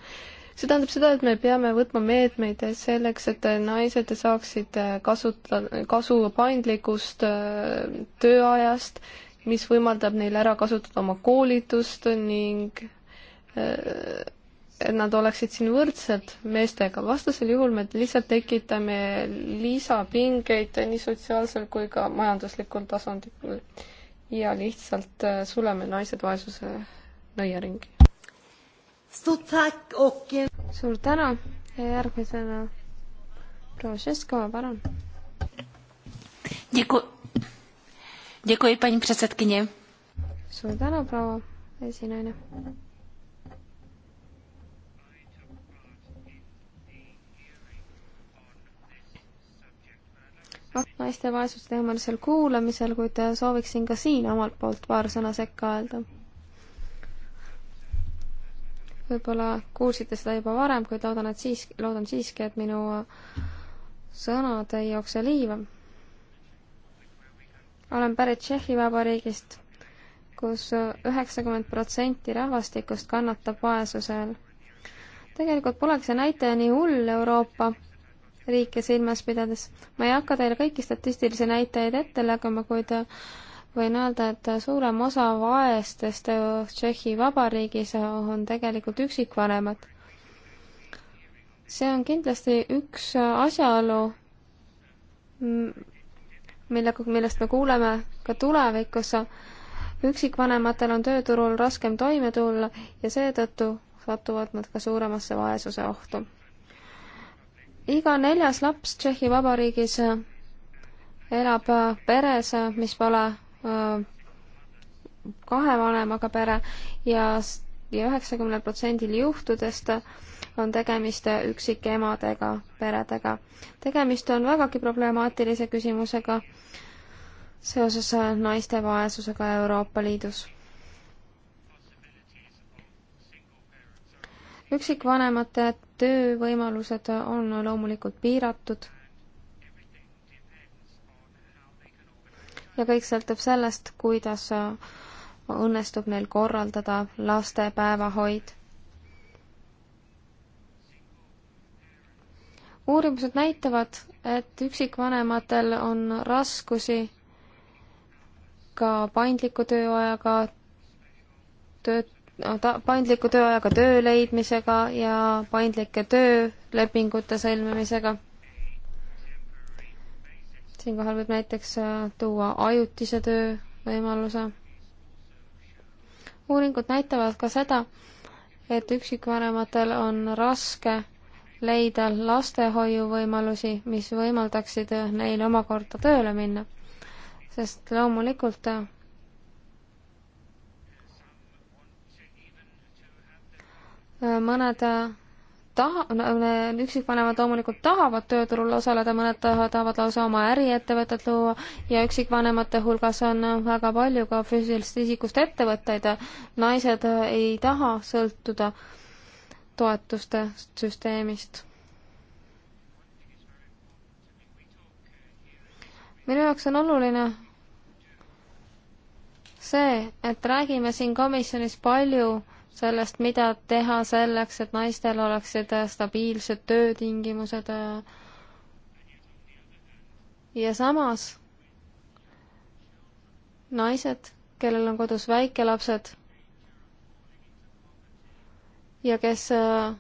see tähendab seda, et me peame võtma meetmeid selleks, et naised saaksid kasutada, kasu paindlikust äh, tööajast, mis võimaldab neil ära kasutada oma koolitust ning äh, et nad oleksid siin võrdsed meestega, vastasel juhul me lihtsalt tekitame lisapingeid nii sotsiaalsel kui ka majanduslikul tasandil ja lihtsalt äh, suleme naised vaesuse nõiaringi. Eh, suur tänu ja järgmisena proua Šeskova, palun. suur tänu, proua esinaine. naiste vaesuse teemalisel kuulamisel, kuid sooviksin ka siin omalt poolt paar sõna sekka öelda võib-olla kuulsite seda juba varem, kuid loodan, et siis, loodan siiski, et minu sõnad ei jookse liiva. olen pärit Tšehhi Vabariigist kus, kus üheksakümmend protsenti rahvastikust kannatab vaesuse all. tegelikult poleks see näitaja nii hull Euroopa riike silmas pidades. ma ei hakka teile kõiki statistilisi näitajaid ette lugema, kuid võin öelda, et suurem osa vaestest Tšehhi Vabariigis on tegelikult üksikvanemad. see on kindlasti üks asjaolu, millega, millest me kuuleme ka tulevikus. üksikvanematel on tööturul raskem toime tulla ja seetõttu satuvad nad ka suuremasse vaesuse ohtu. iga neljas laps Tšehhi Vabariigis elab peres, mis pole kahe vanemaga pere ja, ja üheksakümnel protsendil juhtudest on tegemist üksikemadega peredega. tegemist on vägagi problemaatilise küsimusega seoses naiste vaesusega Euroopa Liidus. üksikvanemate töövõimalused on loomulikult piiratud ja kõik sõltub sellest, kuidas äh, õnnestub neil korraldada laste päevahoid. uurimused näitavad, et üksikvanematel on raskusi ka paindliku tööajaga töö, ta-, paindliku tööajaga töö leidmisega ja paindlike töölepingute sõlmimisega siinkohal võib näiteks äh, tuua ajutise töö võimaluse. uuringud näitavad ka seda, et üksikvanematel on raske leida lastehoiuvõimalusi, mis võimaldaksid äh, neil omakorda tööle minna, sest loomulikult äh, mõned taha, üksikvanemad loomulikult tahavad tööturul osaleda, mõned tahavad lausa oma äriettevõtet luua ja üksikvanemate hulgas on väga palju ka füüsilisest isikust ettevõtteid. naised ei taha sõltuda toetuste süsteemist minu jaoks on oluline see, et räägime siin komisjonis palju sellest, mida teha selleks, et naistel oleksid stabiilsed töötingimused. ja samas naised, kellel on kodus väikelapsed ja kes äh,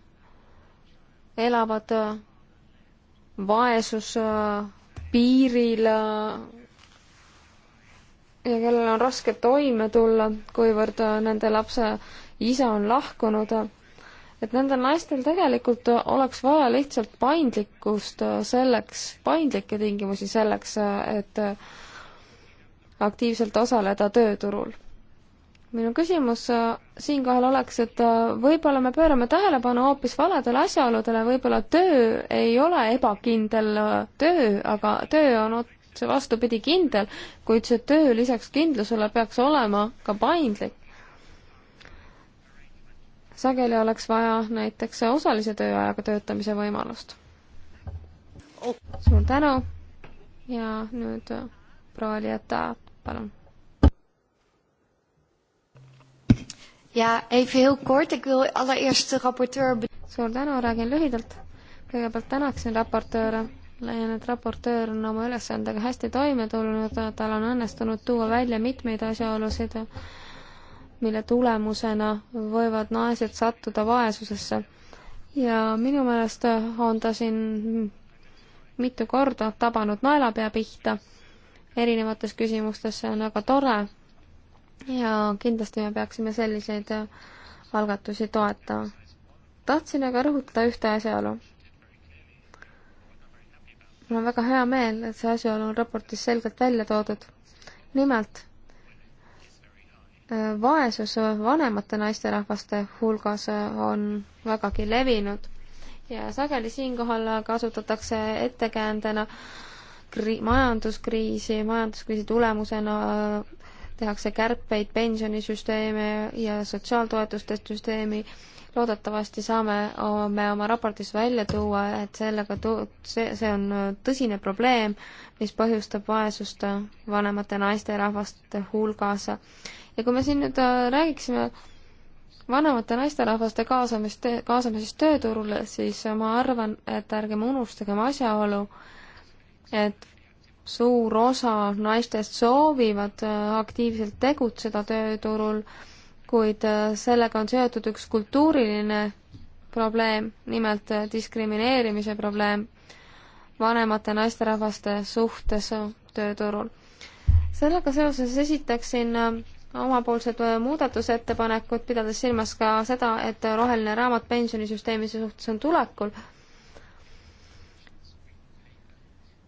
elavad äh, vaesuspiiril äh, ja kellel on raske toime tulla, kuivõrd nende lapse isa on lahkunud, et nendel naistel tegelikult oleks vaja lihtsalt paindlikkust selleks, paindlikke tingimusi selleks, et aktiivselt osaleda tööturul. minu küsimus siinkohal oleks, et võib-olla me pöörame tähelepanu hoopis valedele asjaoludele, võib-olla töö ei ole ebakindel töö, aga töö on otse vastupidi kindel, kuid see töö lisaks kindlusele peaks olema ka paindlik sageli oleks vaja näiteks osalise tööajaga töötamise võimalust. suur tänu ja nüüd äh, proua Lieta, palun. ja, even heel kort, ik wil allereerst de rapporteur suur tänu, räägin lühidalt. kõigepealt tänaksin raportööre, leian, et raportöör on oma ülesandega hästi toime tulnud, tal on õnnestunud tuua välja mitmeid asjaolusid mille tulemusena võivad naised sattuda vaesusesse. ja minu meelest on ta siin mitu korda tabanud naelapea pihta erinevates küsimustes, see on väga tore ja kindlasti me peaksime selliseid algatusi toetama. tahtsin aga rõhutada ühte asjaolu. mul on väga hea meel, et see asjaolu on raportis selgelt välja toodud. nimelt vaesus vanemate naisterahvaste hulgas on vägagi levinud ja sageli siinkohal kasutatakse ettekäändena kri-, majanduskriisi, majanduskriisi tulemusena äh, tehakse kärpeid pensionisüsteeme ja sotsiaaltoetuste süsteemi. loodetavasti saame me oma raportis välja tuua, et sellega tu-, see, see on äh, tõsine probleem, mis põhjustab vaesust vanemate naisterahvaste hulgas ja kui me siin nüüd äh, räägiksime vanemate naisterahvaste kaasamist, kaasamisest tööturule, siis ma arvan, et ärgem unustagem asjaolu, et suur osa naistest soovivad äh, aktiivselt tegutseda tööturul, kuid äh, sellega on seotud üks kultuuriline probleem, nimelt diskrimineerimise probleem vanemate naisterahvaste suhtes tööturul. sellega seoses esitaksin omapoolsed äh, muudatusettepanekud, pidades silmas ka seda, et roheline raamat pensionisüsteemi suhtes on tulekul.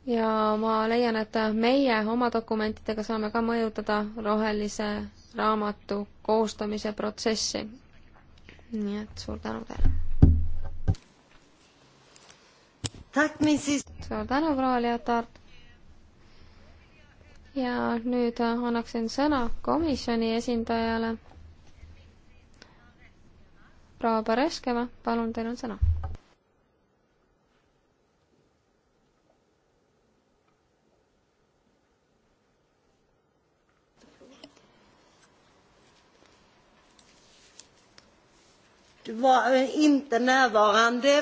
ja ma leian, et meie oma dokumentidega saame ka mõjutada rohelise raamatu koostamise protsessi. nii et suur tänu teile. suur tänu, proua Leotard ja nüüd äh, annaksin sõna komisjoni esindajale. proua Bareskeva, palun, teil on sõna.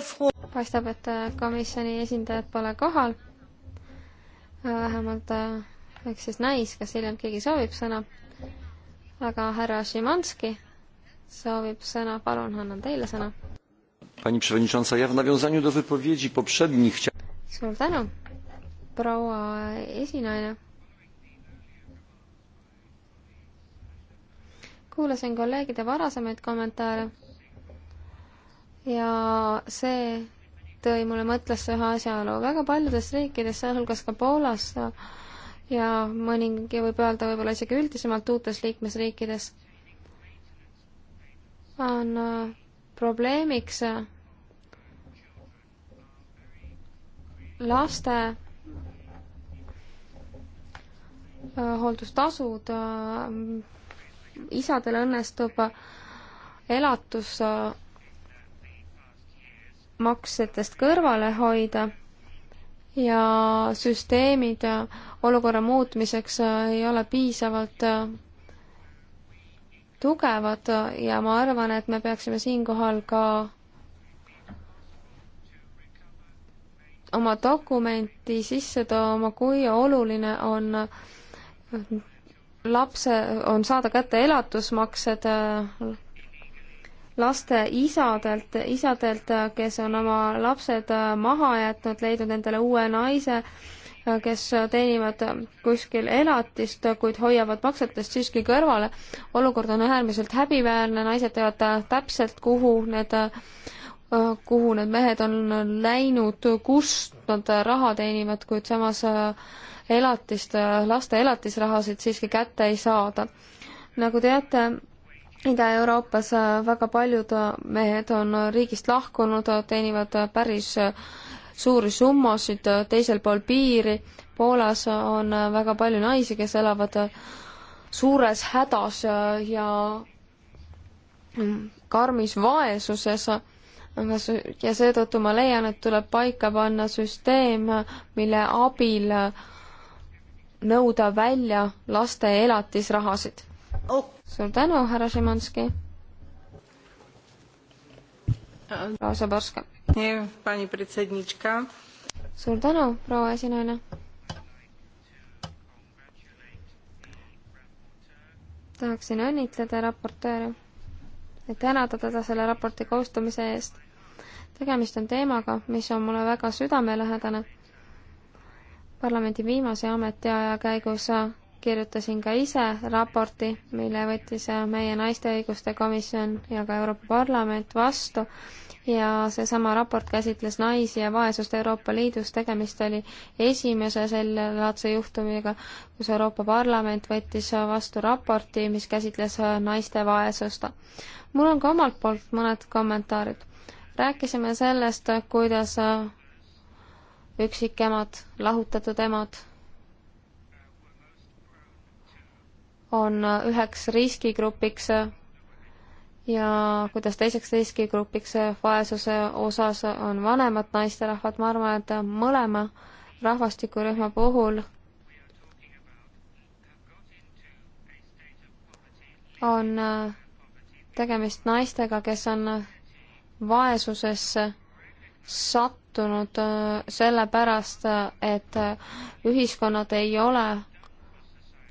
Øh, paistab, et äh, komisjoni esindajad pole kohal. Äh, vähemalt ehk siis näis, kas hiljem keegi soovib sõna. aga härra Šimanski soovib sõna, palun, annan teile sõna. suur tänu, proua esinaine. kuulasin kolleegide varasemaid kommentaare ja see tõi mulle mõttesse ühe asjaolu. väga paljudes riikides, sealhulgas ka Poolas, ja mõningi võib öelda võib-olla isegi üldisemalt uutes liikmesriikides on äh, probleemiks äh, laste äh, hooldustasud, isadel õnnestub elatus maksetest kõrvale hoida ja süsteemid olukorra muutmiseks äh, ei ole piisavalt äh, tugevad ja ma arvan, et me peaksime siinkohal ka oma dokumenti sisse tooma, kui oluline on äh, lapse, on saada kätte elatusmaksed laste isadelt, isadelt, kes on oma lapsed äh, maha jätnud, leidnud endale uue naise, äh, kes teenivad äh, kuskil elatist, kuid hoiavad maksetest siiski kõrvale. olukord on äärmiselt häbiväärne, naised teavad täpselt, kuhu need, kuhu need mehed on läinud, kust nad raha teenivad, kuid samas elatist, laste elatisrahasid siiski kätte ei saada. nagu teate, Ida-Euroopas äh, väga paljud äh, mehed on riigist lahkunud, äh, teenivad päris suuri summasid teisel pool piiri. Poolas on väga palju naisi, kes elavad suures hädas ja mm, karmis vaesuses. ja seetõttu ma leian, et tuleb paika panna süsteem, mille abil nõuda välja laste elatisrahasid oh suur tänu, härra Šimanski. proua Zaborska. suur tänu, proua esinaine. tahaksin õnnitleda raportööri ja tänada teda selle raporti koostamise eest. tegemist on teemaga, mis on mulle väga südamelähedane. parlamendi viimase ametiaja käigus kirjutasin ka ise raporti, mille võttis äh, meie naiste õiguste komisjon ja ka Euroopa Parlament vastu ja seesama raport käsitles naisi ja vaesust Euroopa Liidus, tegemist oli esimese sellelaadse juhtumiga, kus Euroopa Parlament võttis äh, vastu raporti, mis käsitles äh, naiste vaesust. mul on ka omalt poolt mõned kommentaarid. rääkisime sellest, kuidas üksikemad, lahutatud emad on üheks riskigrupiks ja kuidas teiseks riskigrupiks vaesuse osas on vanemad naisterahvad, ma arvan, et mõlema rahvastikurühma puhul on tegemist naistega, kes on vaesusesse sattunud äh, sellepärast, et äh, ühiskonnad ei ole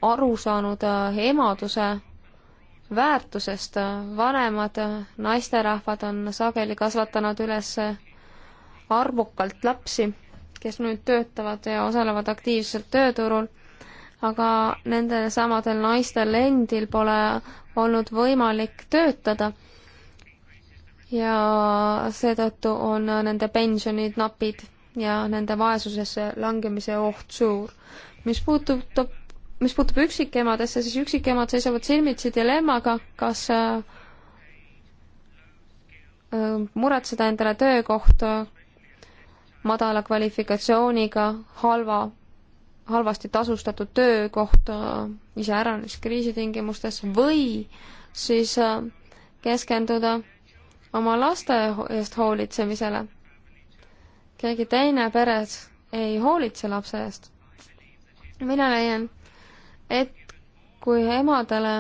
aru saanud äh, emaduse väärtusest. vanemad äh, naisterahvad on sageli kasvatanud üles äh, arvukalt lapsi, kes nüüd töötavad ja osalevad aktiivselt tööturul, aga nendel samadel naistel endil pole olnud võimalik töötada. ja seetõttu on nende pensionid napid ja nende vaesusesse langemise oht suur. mis puudutab mis puutub üksikemadesse, siis üksikemad seisavad silmitsi dilemmaga, kas äh, äh, muretseda endale töökohta madala kvalifikatsiooniga, halva, halvasti tasustatud töökohta äh, iseäranis kriisitingimustes või siis keskenduda oma laste eest hoolitsemisele. keegi teine peres ei hoolitse lapse eest. mina leian, et kui emadele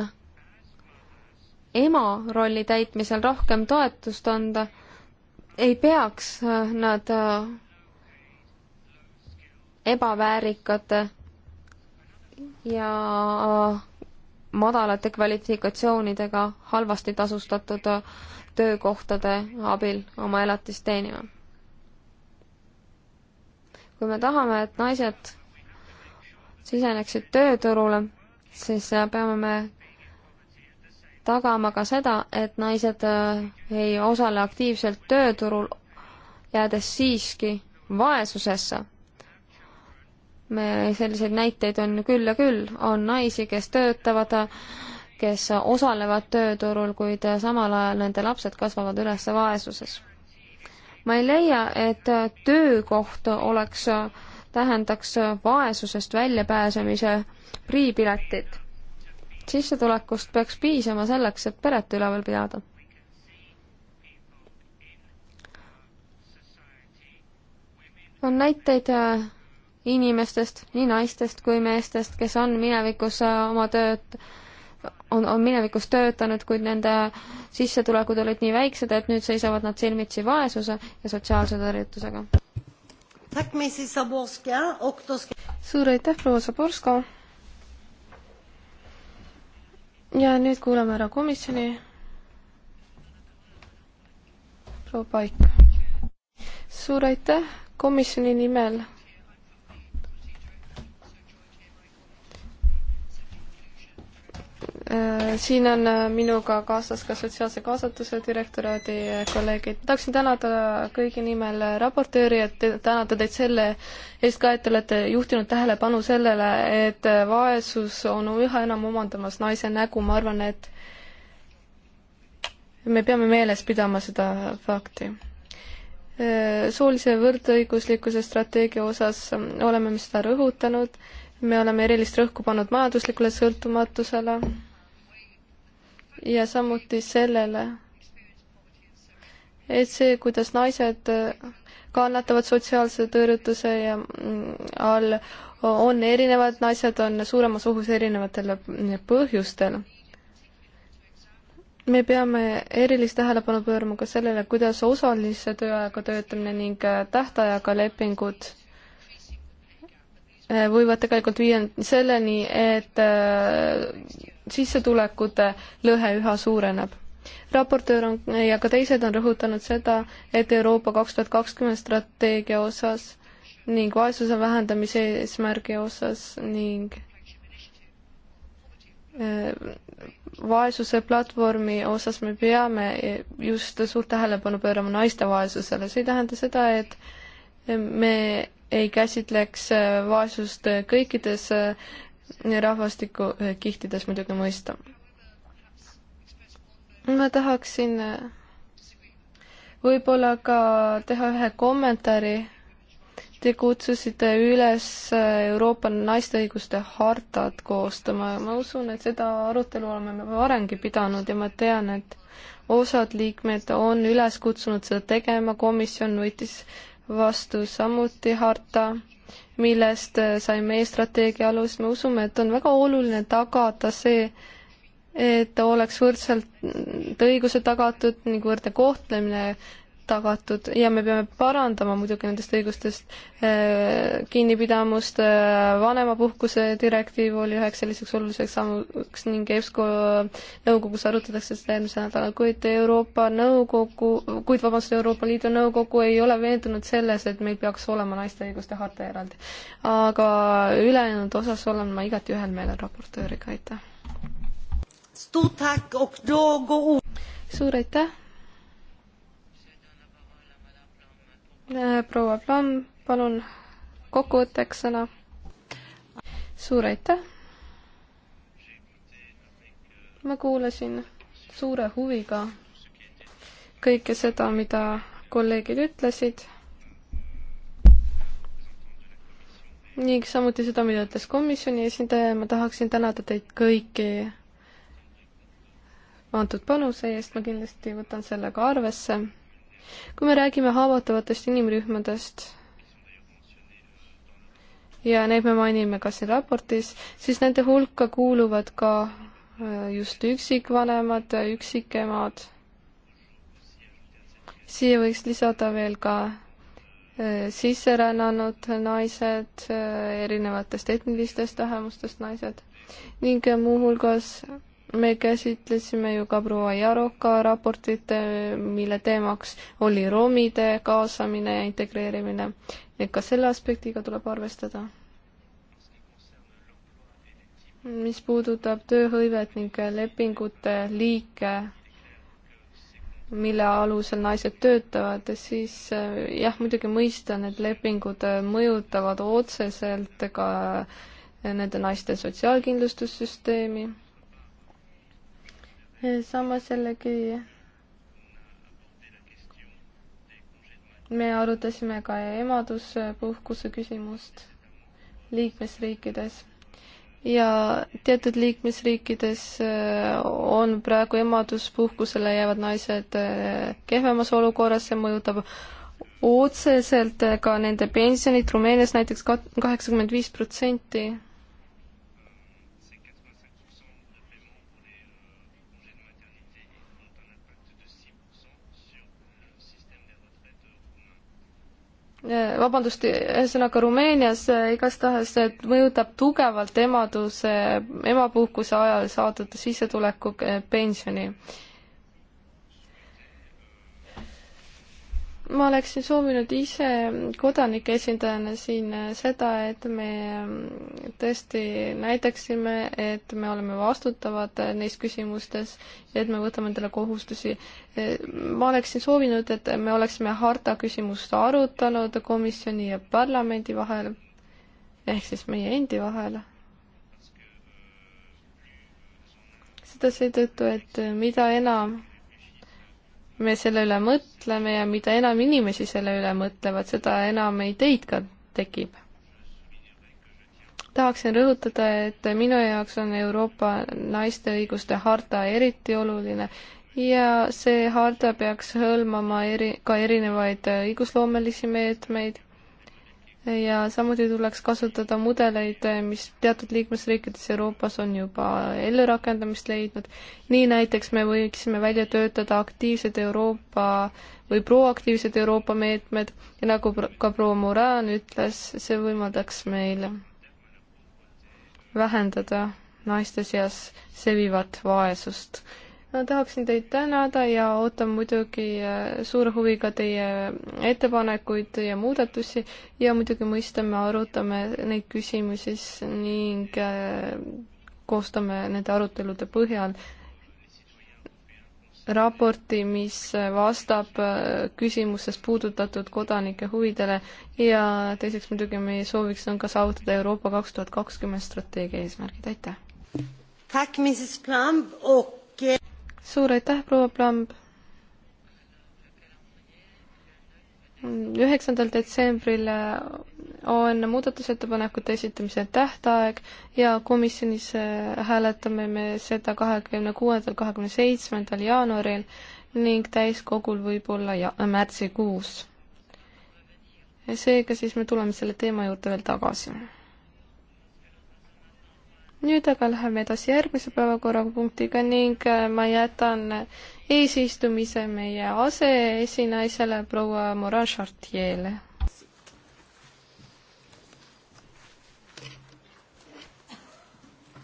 ema rolli täitmisel rohkem toetust anda, ei peaks äh, nad äh, ebaväärikate ja äh, madalate kvalifikatsioonidega halvasti tasustatud töökohtade abil oma elatist teenima. kui me tahame, et naised siseneksid tööturule, siis äh, peame me tagama ka seda, et naised äh, ei osale aktiivselt tööturul, jäädes siiski vaesusesse. me, selliseid näiteid on küll ja küll, on naisi, kes töötavad, kes osalevad tööturul, kuid äh, samal ajal nende lapsed kasvavad üles vaesuses. ma ei leia, et töökoht oleks äh, tähendaks vaesusest väljapääsemise priipiletit. sissetulekust peaks piisama selleks, et peret üleval pidada. on näiteid äh, inimestest, nii naistest kui meestest, kes on minevikus äh, oma tööd, on, on minevikus töötanud, kuid nende sissetulekud olid nii väiksed, et nüüd seisavad nad silmitsi vaesuse ja sotsiaalse tõrjutusega suur aitäh, proua Zaborska. ja nüüd kuulame ära komisjoni. proua Paik. suur aitäh komisjoni nimel Äh, siin on äh, minuga kaasas ka sotsiaalse kaasatuse direktoraadi äh, kolleegid. tahaksin tänada kõigi nimel raportööri, et tänada teid selle eest ka, et te olete juhtinud tähelepanu sellele, et vaesus on üha enam omandamas naise nägu, ma arvan, et me peame meeles pidama seda fakti soolise võrdõiguslikkuse strateegia osas oleme me seda rõhutanud, me oleme erilist rõhku pannud majanduslikule sõltumatusele ja samuti sellele, et see, kuidas naised äh, kannatavad sotsiaalse tõrjutuse ja mm, all, on erinevad, naised on suuremas ohus erinevatel äh, põhjustel. me peame erilist tähelepanu pöörama ka sellele, kuidas osalise tööajaga töötamine ning äh, tähtajaga lepingud Äh, võivad tegelikult viia selleni, et äh, sissetulekute lõhe üha suureneb. raportöör on ja ka teised on rõhutanud seda, et Euroopa kaks tuhat kakskümmend strateegia osas ning vaesuse vähendamise eesmärgi osas ning äh, vaesuse platvormi osas me peame just suurt tähelepanu pöörama naiste vaesusele, see ei tähenda seda, et me ei käsitleks äh, vaesust äh, kõikides äh, rahvastikukihtides muidugi mõista. ma tahaksin võib-olla ka teha ühe kommentaari. Te kutsusite üles Euroopa naiste õiguste hartat koostama ja ma usun, et seda arutelu oleme me varemgi pidanud ja ma tean, et osad liikmed on üles kutsunud seda tegema, komisjon võttis vastu samuti harta, millest sai meie strateegia alus, me usume, et on väga oluline tagada see, et oleks võrdselt õigused tagatud ning võrdne kohtlemine tagatud ja me peame parandama muidugi nendest õigustest äh, kinnipidamust, äh, vanemapuhkuse direktiiv oli üheks selliseks oluliseks sammuks ning EBSCO nõukogus arutatakse seda eelmisel nädalal, kuid Euroopa Nõukogu, kuid vabandust, Euroopa Liidu Nõukogu ei ole veendunud selles, et meil peaks olema naiste õiguste harta eraldi. aga ülejäänud osas olen ma igati ühel meelel raportööriga, aitäh! suur aitäh! proua Plamm, palun kokkuvõtteks sõna. suur aitäh. ma kuulasin suure huviga kõike seda, mida kolleegid ütlesid ning samuti seda, mida ütles komisjoni esindaja ja ma tahaksin tänada teid kõiki antud panuse eest, ma kindlasti võtan selle ka arvesse kui me räägime haavatavatest inimrühmadest ja neid me mainime ka siin raportis, siis nende hulka kuuluvad ka äh, just üksikvanemad, üksikemad. siia võiks lisada veel ka äh, sisserännanud naised, äh, erinevatest etnilistest vähemustest naised ning muuhulgas me käsitlesime ju ka proua Jaroka raportit, eh, mille teemaks oli romide kaasamine ja integreerimine. et ka selle aspektiga tuleb arvestada. mis puudutab tööhõivet ning lepingute liike, mille alusel naised töötavad, siis eh, jah, muidugi mõistan, et lepingud eh, mõjutavad otseselt ka nende naiste sotsiaalkindlustussüsteemi samas jällegi me arutasime ka emaduspuhkuse küsimust liikmesriikides ja teatud liikmesriikides äh, on praegu emaduspuhkusele jäävad naised äh, kehvemas olukorras, see mõjutab otseselt ka nende pensionit, Rumeenias näiteks kaheksakümmend viis protsenti Eh, vabandust, ühesõnaga Rumeenias eh, igastahes mõjutab tugevalt emaduse, emapuhkuse ajal saadud sissetuleku eh, pensioni ma oleksin soovinud ise kodanike esindajana siin seda, et me mm, tõesti näitaksime, et me oleme vastutavad neis küsimustes ja et me võtame endale kohustusi. ma oleksin soovinud, et me oleksime harta küsimust arutanud komisjoni ja parlamendi vahel ehk siis meie endi vahel. seda seetõttu, et mida enam me selle üle mõtleme ja mida enam inimesi selle üle mõtlevad, seda enam ei teid ka tekib. tahaksin rõhutada, et minu jaoks on Euroopa naiste õiguste harta eriti oluline ja see harta peaks hõlmama eri, ka erinevaid õigusloomelisi meetmeid ja samuti tuleks kasutada mudeleid, eh, mis teatud liikmesriikides Euroopas on juba ellurakendamist leidnud. nii näiteks me võiksime välja töötada aktiivsed Euroopa või proaktiivsed Euroopa meetmed ja nagu ka proua Moran ütles, see võimaldaks meil vähendada naiste seas sevivat vaesust no tahaksin teid tänada ja ootan muidugi äh, suure huviga teie ettepanekuid ja muudatusi ja muidugi mõistame, arutame neid küsimusi ning äh, koostame nende arutelude põhjal raporti, mis vastab äh, küsimuses puudutatud kodanike huvidele ja teiseks muidugi meie sooviks on ka saavutada Euroopa kaks tuhat kakskümmend strateegia eesmärgid, aitäh! suur aitäh, proua Plamb! üheksandal detsembril äh, on muudatusettepanekute esitamise tähtaeg ja komisjonis äh, hääletame me seda kahekümne kuuendal, kahekümne seitsmendal jaanuaril ning täiskogul võib-olla ja-, märtsikuus. seega siis me tuleme selle teema juurde veel tagasi nüüd aga läheme edasi järgmise päevakorrapunktiga ning äh, ma jätan eesistumise meie aseesinaisele proua Morin Chartier'le.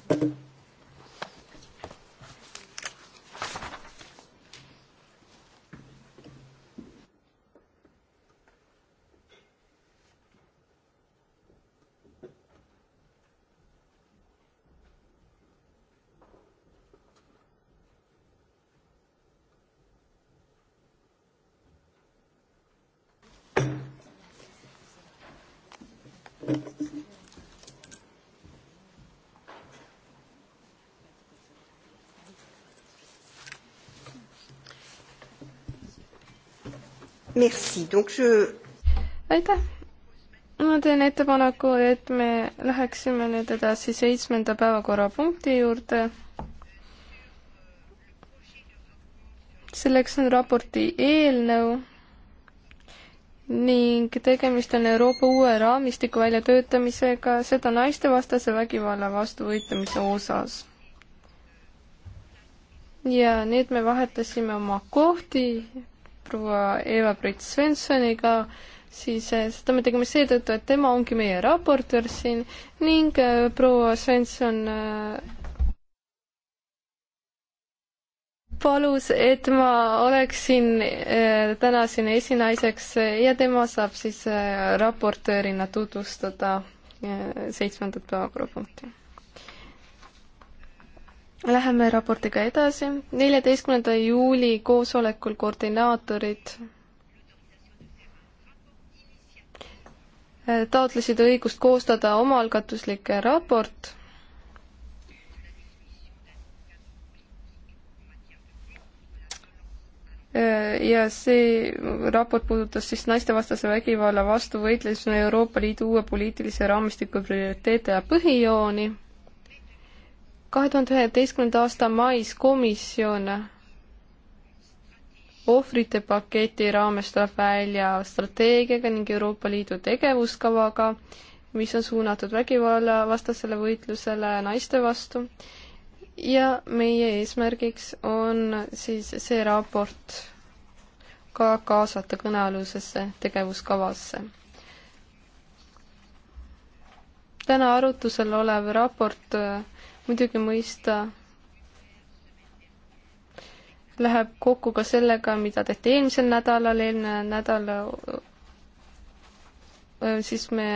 Thank you. aitäh! ma teen ettepaneku, et me läheksime nüüd edasi seitsmenda päevakorrapunkti juurde. selleks on raporti eelnõu ning tegemist on Euroopa uue raamistiku väljatöötamisega, seda naistevastase vägivalla vastu võitlemise osas. ja nüüd me vahetasime oma kohti proua Eva-Britt Svenssoniga, siis eh, seda me tegime seetõttu, et tema ongi meie raportöör siin ning eh, proua Svensson eh, palus, et ma oleksin täna siin esinaiseks ja tema saab siis raportöörina tutvustada seitsmendat päevakorrapunkti Läheme raportiga edasi. neljateistkümnenda juuli koosolekul koordinaatorid äh, taotlesid õigust koostada omaalgatuslik raport äh, ja see raport puudutas siis naistevastase vägivalla vastu võitlemisena Euroopa Liidu uue poliitilise raamistiku prioriteete ja põhijooni kahe tuhande üheteistkümnenda aasta mais komisjon ohvrite paketi raames tuleb välja strateegiaga ning Euroopa Liidu tegevuskavaga, mis on suunatud vägivallavastasele võitlusele naiste vastu. ja meie eesmärgiks on siis see raport ka kaasata kõnealusesse tegevuskavasse. täna arutusel olev raport muidugi mõista läheb kokku ka sellega, mida tehti eelmisel nädalal, eelmine nädal siis me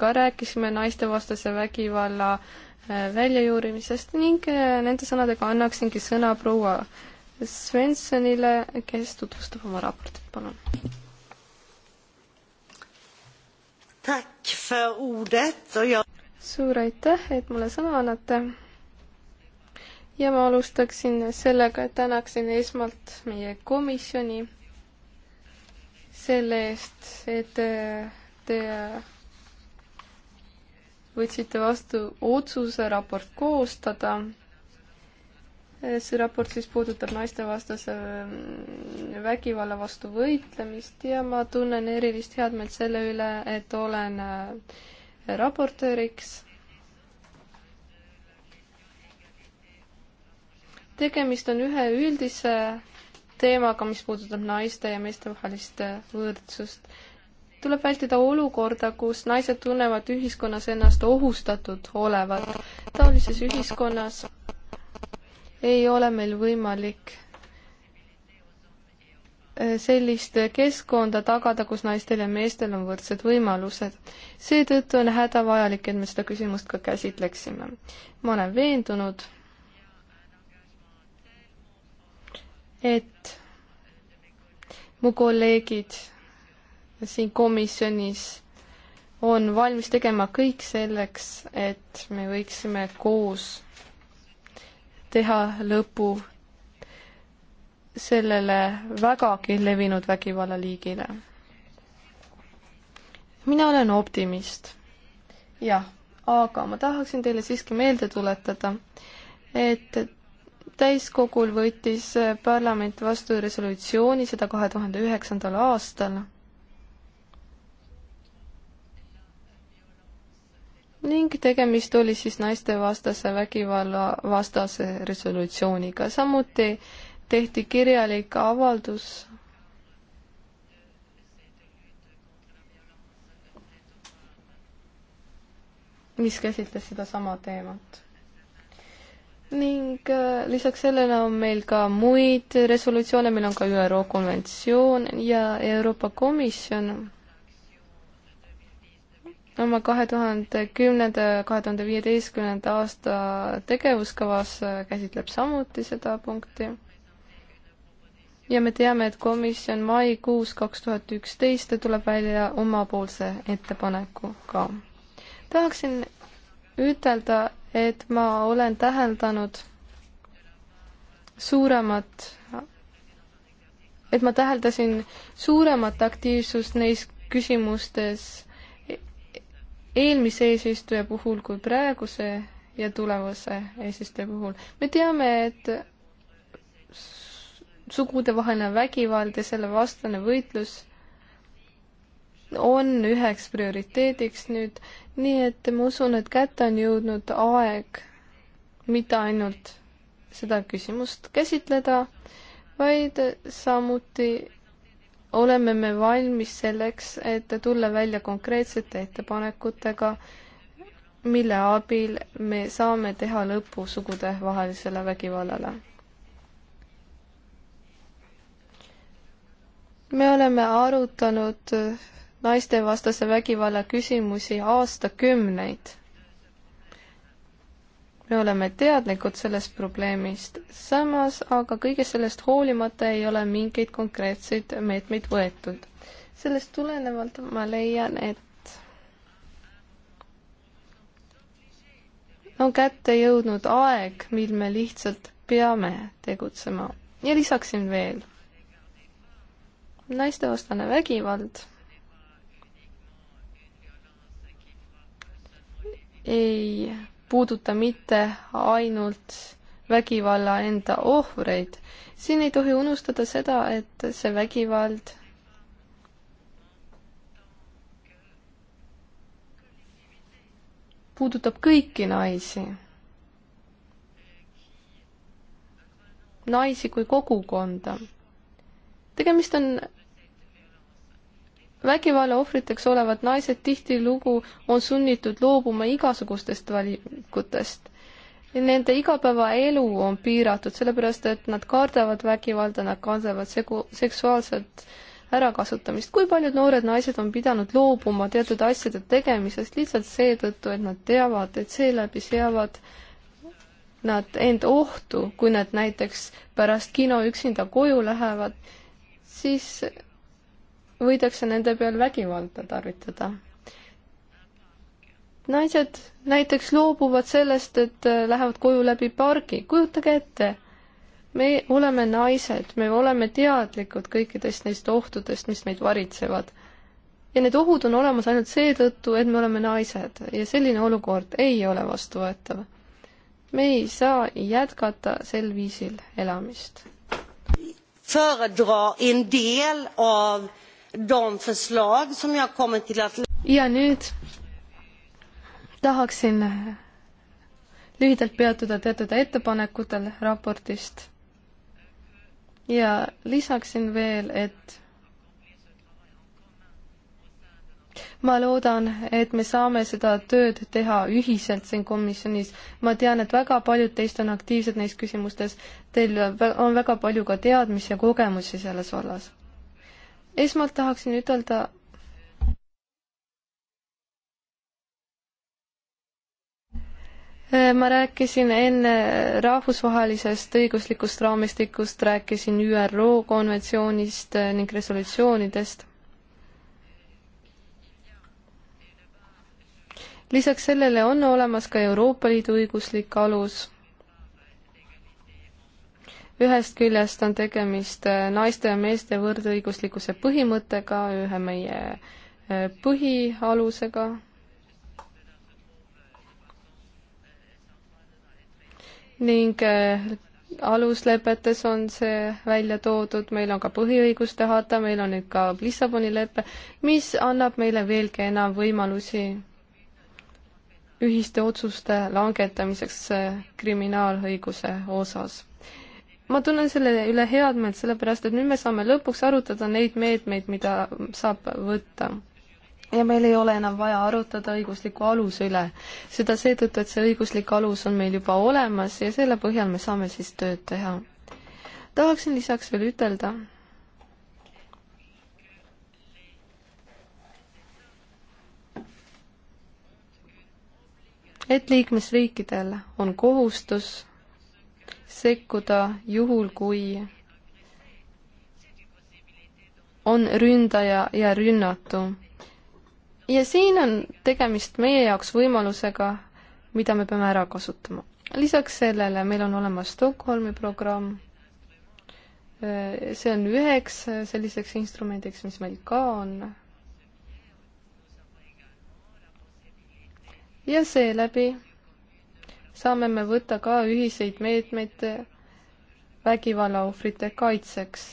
ka rääkisime naistevastase vägivalla väljajuurimisest ning nende sõnadega annaksingi sõna proua Svenssonile, kes tutvustab oma raportit, palun. suur aitäh, et mulle sõna annate ja ma alustaksin sellega, et tänaksin esmalt meie komisjoni selle eest, et te võtsite vastu otsuse raport koostada. see raport siis puudutab naistevastase vägivalla vastu võitlemist ja ma tunnen erilist headmeelt selle üle, et olen raportööriks tegemist on ühe üldise teemaga, mis puudutab naiste ja meeste vahelist võrdsust. tuleb vältida olukorda, kus naised tunnevad ühiskonnas ennast ohustatud olevat. taolises ühiskonnas ei ole meil võimalik äh, sellist keskkonda tagada, kus naistel ja meestel on võrdsed võimalused. seetõttu on hädavajalik, et me seda küsimust ka käsitleksime. ma olen veendunud, et mu kolleegid siin komisjonis on valmis tegema kõik selleks, et me võiksime koos teha lõpu sellele vägagi levinud vägivallaliigile. mina olen optimist. jah, aga ma tahaksin teile siiski meelde tuletada, et täiskogul võttis parlament vastu resolutsiooni, seda kahe tuhande üheksandal aastal. ning tegemist oli siis naistevastase vägivalla vastase resolutsiooniga, samuti tehti kirjalik avaldus mis käsitles sedasama teemat ning äh, lisaks sellele on meil ka muid resolutsioone, meil on ka ÜRO konventsioon ja Euroopa Komisjon oma kahe tuhande kümnenda, kahe tuhande viieteistkümnenda aasta tegevuskavas äh, käsitleb samuti seda punkti. ja me teame, et komisjon maikuus kaks tuhat üksteist tuleb välja omapoolse ettepanekuga. tahaksin ütelda, et ma olen täheldanud suuremat, et ma täheldasin suuremat aktiivsust neis küsimustes eelmise eesistuja puhul kui praeguse ja tulevase eesistuja puhul. me teame, et sugudevaheline vägivald ja selle vastane võitlus on üheks prioriteediks nüüd, nii et ma usun, et kätte on jõudnud aeg mitte ainult seda küsimust käsitleda, vaid samuti oleme me valmis selleks, et tulla välja konkreetsete ettepanekutega, mille abil me saame teha lõpu sugudevahelisele vägivallale. me oleme arutanud naistevastase vägivalla küsimusi aastakümneid. me oleme teadlikud sellest probleemist, samas aga kõigest sellest hoolimata ei ole mingeid konkreetseid meetmeid võetud. sellest tulenevalt ma leian, et on kätte jõudnud aeg, mil me lihtsalt peame tegutsema ja lisaksin veel, naistevastane vägivald ei puuduta mitte ainult vägivalla enda ohvreid. siin ei tohi unustada seda, et see vägivald puudutab kõiki naisi. naisi kui kogukonda. tegemist on vägivalla ohvriteks olevad naised tihtilugu on sunnitud loobuma igasugustest valikutest. Nende igapäevaelu on piiratud, sellepärast et nad kardavad vägivalda, nad kardavad segu-, seksuaalset ärakasutamist. kui paljud noored naised on pidanud loobuma teatud asjade tegemisest lihtsalt seetõttu, et nad teavad, et seeläbi seavad nad end ohtu, kui nad näiteks pärast kino üksinda koju lähevad, siis võidakse nende peal vägivalda tarvitada. naised näiteks loobuvad sellest, et äh, lähevad koju läbi pargi, kujutage ette, me oleme naised, me oleme teadlikud kõikidest neist ohtudest, mis meid varitsevad. ja need ohud on olemas ainult seetõttu, et me oleme naised ja selline olukord ei ole vastuvõetav. me ei saa jätkata sel viisil elamist. föredra en del av de förslag som jag kommer till att... ja nüüd tahaksin lühidalt peatuda teatud ettepanekutel raportist ja lisaksin veel, et ma loodan, et me saame seda tööd teha ühiselt siin komisjonis. ma tean, et väga paljud teist on aktiivsed neis küsimustes. Teil on väga palju ka teadmisi ja kogemusi selles vallas esmalt tahaksin ütelda äh, ma rääkisin enne rahvusvahelisest õiguslikust raamistikust, rääkisin ÜRO konventsioonist äh, ning resolutsioonidest. lisaks sellele on olemas ka Euroopa Liidu õiguslik alus ühest küljest on tegemist äh, naiste ja meeste võrdõiguslikkuse põhimõttega, ühe meie äh, põhialusega. ning äh, aluslepetes on see välja toodud, meil on ka põhiõiguste harta, meil on nüüd ka Lissaboni lepe, mis annab meile veelgi enam võimalusi ühiste otsuste langetamiseks kriminaalõiguse osas ma tunnen selle üle headmeelt, sellepärast et nüüd me saame lõpuks arutada neid meetmeid, mida saab võtta. ja meil ei ole enam vaja arutada õigusliku aluse üle. seda seetõttu, et see õiguslik alus on meil juba olemas ja selle põhjal me saame siis tööd teha. tahaksin lisaks veel ütelda, et liikmesriikidel on kohustus sekkuda juhul, kui on ründaja ja rünnatu. ja siin on tegemist meie jaoks võimalusega, mida me peame ära kasutama. lisaks sellele meil on olemas Stockholmi programm, see on üheks selliseks instrumendiks, mis meil ka on. ja seeläbi saame me võtta ka ühiseid meetmeid vägivalla ohvrite kaitseks.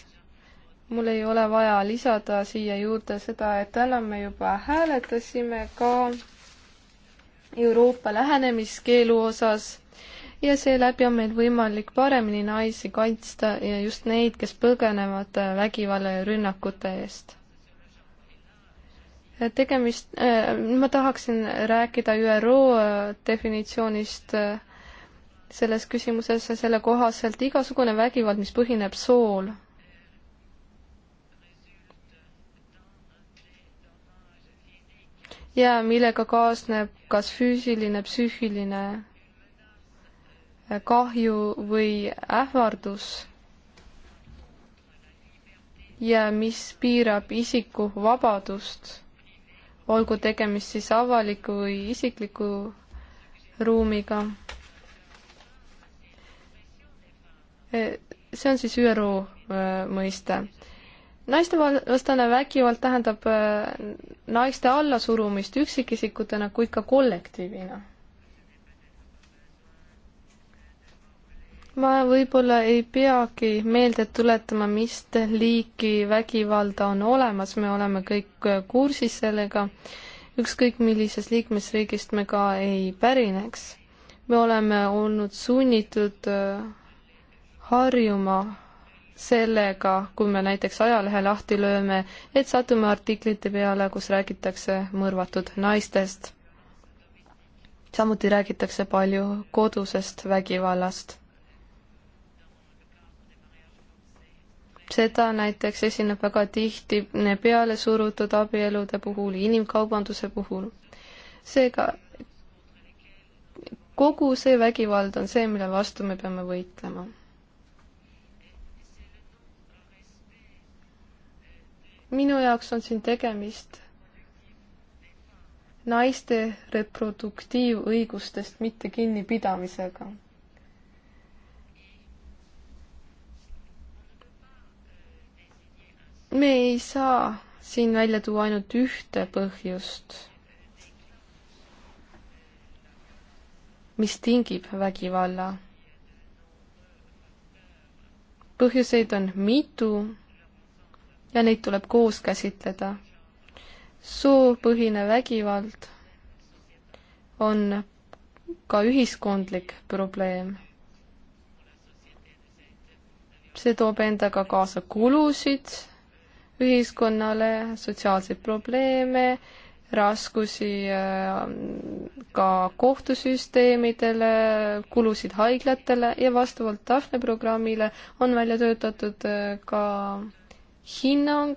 mul ei ole vaja lisada siia juurde seda, et täna me juba hääletasime ka Euroopa lähenemiskeelu osas ja seeläbi on meil võimalik paremini naisi kaitsta ja just neid, kes põgenevad vägivalla ja rünnakute eest tegemist, äh, ma tahaksin rääkida ÜRO äh, definitsioonist äh, selles küsimuses ja selle kohaselt igasugune vägivald, mis põhineb sool, ja millega kaasneb kas füüsiline, psüühiline kahju või ähvardus ja mis piirab isiku vabadust olgu tegemist siis avaliku või isikliku ruumiga. E, see on siis ÜRO e, mõiste. naistevastane vägivald tähendab e, naiste allasurumist üksikisikutena kui ka kollektiivina ma võib-olla ei peagi meelde tuletama, mis liiki vägivalda on olemas, me oleme kõik kursis sellega, ükskõik millisest liikmesriigist me ka ei pärineks. me oleme olnud sunnitud äh, harjuma sellega, kui me näiteks ajalehe lahti lööme, et satume artiklite peale, kus räägitakse mõrvatud naistest. samuti räägitakse palju kodusest vägivallast. seda näiteks esineb väga tihti peale surutud abielude puhul, inimkaubanduse puhul. seega kogu see vägivald on see, mille vastu me peame võitlema. minu jaoks on siin tegemist naiste reproduktiivõigustest mitte kinnipidamisega me ei saa siin välja tuua ainult ühte põhjust, mis tingib vägivalla. põhjuseid on mitu ja neid tuleb koos käsitleda. soopõhine vägivald on ka ühiskondlik probleem. see toob endaga kaasa kulusid ühiskonnale, sotsiaalseid probleeme, raskusi äh, ka kohtusüsteemidele, kulusid haiglatele ja vastavalt Daphne programmile on välja töötatud äh, ka hinnang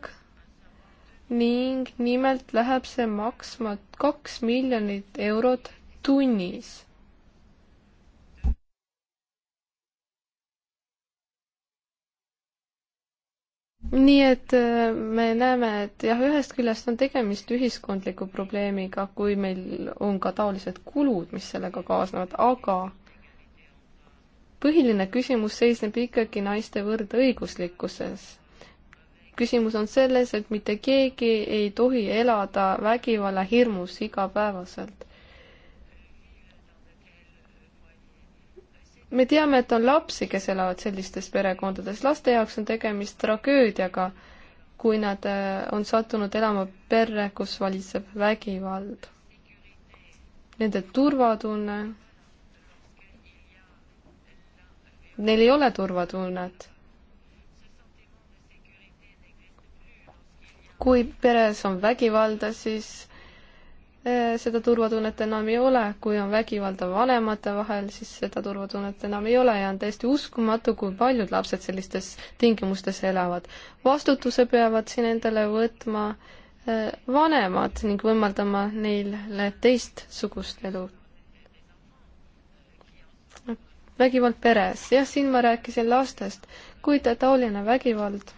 ning nimelt läheb see maksma kaks miljonit eurot tunnis nii et äh, me näeme, et jah, ühest küljest on tegemist ühiskondliku probleemiga, kui meil on ka taolised kulud, mis sellega kaasnevad, aga põhiline küsimus seisneb ikkagi naiste võrdõiguslikkuses. küsimus on selles, et mitte keegi ei tohi elada vägivalla hirmus igapäevaselt me teame, et on lapsi, kes elavad sellistes perekondades, laste jaoks on tegemist tragöödiaga, kui nad äh, on sattunud elama perre, kus valitseb vägivald. Nende turvatunne, neil ei ole turvatunnet. kui peres on vägivalda, siis Eh, seda turvatunnet enam ei ole, kui on vägivalda vanemate vahel, siis seda turvatunnet enam ei ole ja on täiesti uskumatu, kui paljud lapsed sellistes tingimustes elavad. vastutuse peavad siin endale võtma eh, vanemad ning võimaldama neile teistsugust elu. vägivald peres, jah, siin ma rääkisin lastest, kuid taoline vägivald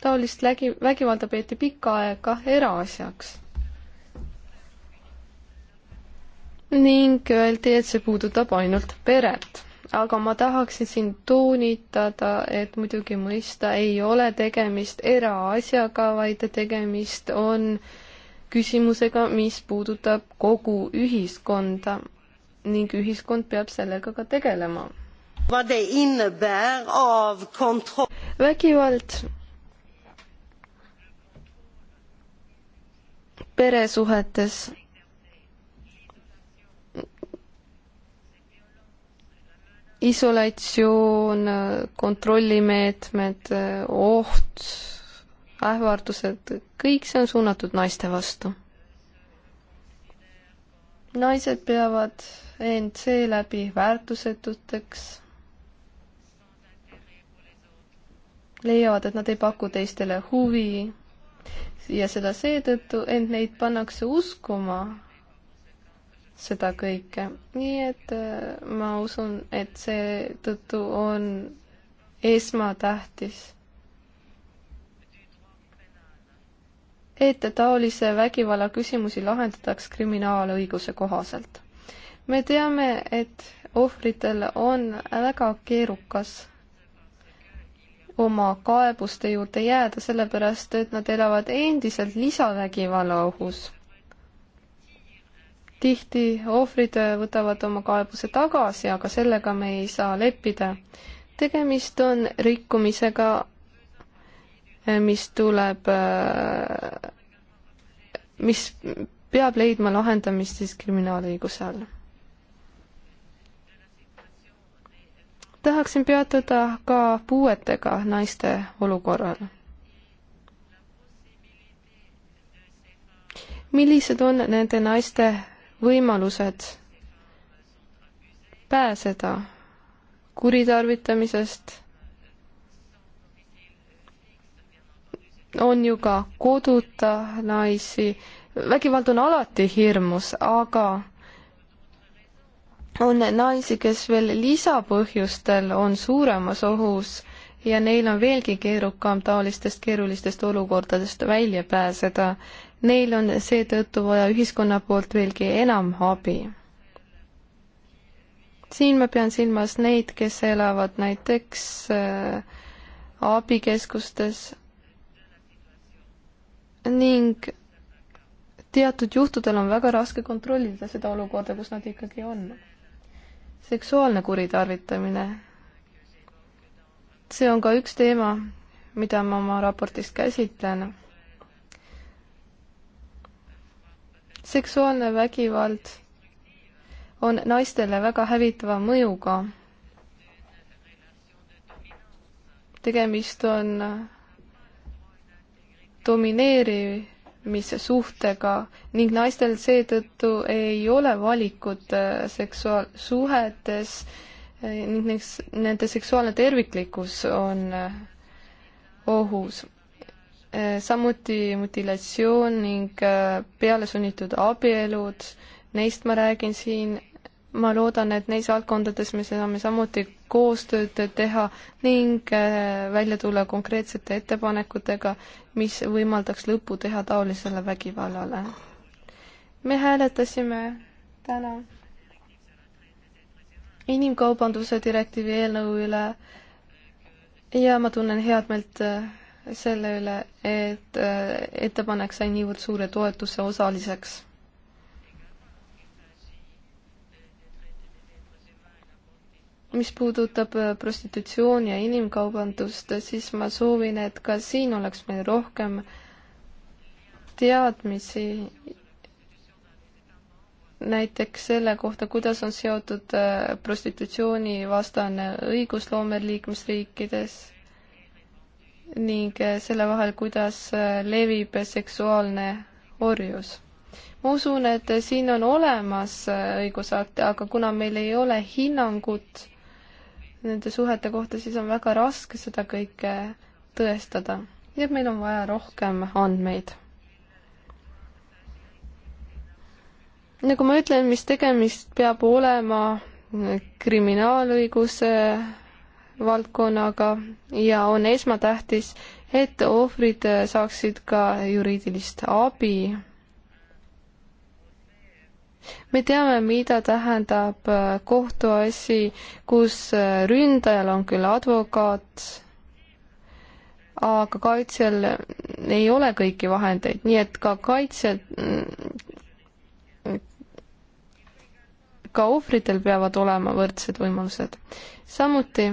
taolist lägi, vägivalda peeti pikka aega eraasjaks. ning öeldi, et see puudutab ainult peret. aga ma tahaksin siin toonitada, et muidugi mõista ei ole tegemist eraasjaga, vaid tegemist on küsimusega, mis puudutab kogu ühiskonda ning ühiskond peab sellega ka tegelema. vägivald peresuhetes. isolatsioon, kontrollimeetmed, oht, ähvardused, kõik see on suunatud naiste vastu. naised peavad end seeläbi väärtusetuteks, leiavad, et nad ei paku teistele huvi ja seda seetõttu, et neid pannakse uskuma seda kõike. nii et äh, ma usun, et seetõttu on esmatähtis, et taolise vägivalla küsimusi lahendataks kriminaalõiguse kohaselt. me teame, et ohvritel on väga keerukas oma kaebuste juurde jääda, sellepärast et nad elavad endiselt lisavägivalla ohus. tihti ohvrid võtavad oma kaebuse tagasi, aga sellega me ei saa leppida. tegemist on rikkumisega, mis tuleb, mis peab leidma lahendamist siis kriminaalõiguse all tahaksin peatuda ka puuetega naiste olukorral. millised on nende naiste võimalused pääseda kuritarvitamisest? on ju ka koduta naisi, vägivald on alati hirmus, aga on naisi, kes veel lisapõhjustel on suuremas ohus ja neil on veelgi keerukam taolistest keerulistest olukordadest välja pääseda. Neil on seetõttu vaja ühiskonna poolt veelgi enam abi. siin ma pean silmas neid, kes elavad näiteks äh, abikeskustes ning teatud juhtudel on väga raske kontrollida seda olukorda, kus nad ikkagi on seksuaalne kuritarvitamine. see on ka üks teema, mida ma oma raportis käsitlen. seksuaalne vägivald on naistele väga hävitava mõjuga. tegemist on domineeriv mis suhtega ning naistel seetõttu ei ole valikut äh, seksuaalsuhetes äh, ning nende seksuaalne terviklikkus on äh, ohus. samuti mutilatsioon ning pealesunnitud abielud, neist ma räägin siin, ma loodan, et neis valdkondades me saame samuti koostööd teha ning äh, välja tulla konkreetsete ettepanekutega, mis võimaldaks lõpu teha taolisele vägivallale. me hääletasime täna inimkaubanduse direktiivi eelnõu üle ja ma tunnen head meelt äh, selle üle, et äh, ettepanek sai niivõrd suure toetuse osaliseks mis puudutab äh, prostitutsiooni ja inimkaubandust, siis ma soovin, et ka siin oleks meil rohkem teadmisi näiteks selle kohta, kuidas on seotud äh, prostitutsioonivastane õigusloome liikmesriikides ning äh, selle vahel, kuidas levib seksuaalne orjus. ma usun, et siin on olemas õigusakte, aga kuna meil ei ole hinnangut nende suhete kohta, siis on väga raske seda kõike tõestada. nii et meil on vaja rohkem andmeid. nagu ma ütlen, mis tegemist peab olema kriminaalõiguse valdkonnaga ja on esmatähtis, et ohvrid saaksid ka juriidilist abi me teame, mida tähendab äh, kohtuasi, kus äh, ründajal on küll advokaat, aga kaitsjal äh, ei ole kõiki vahendeid, nii et ka kaitse, mm, ka ohvritel peavad olema võrdsed võimalused. samuti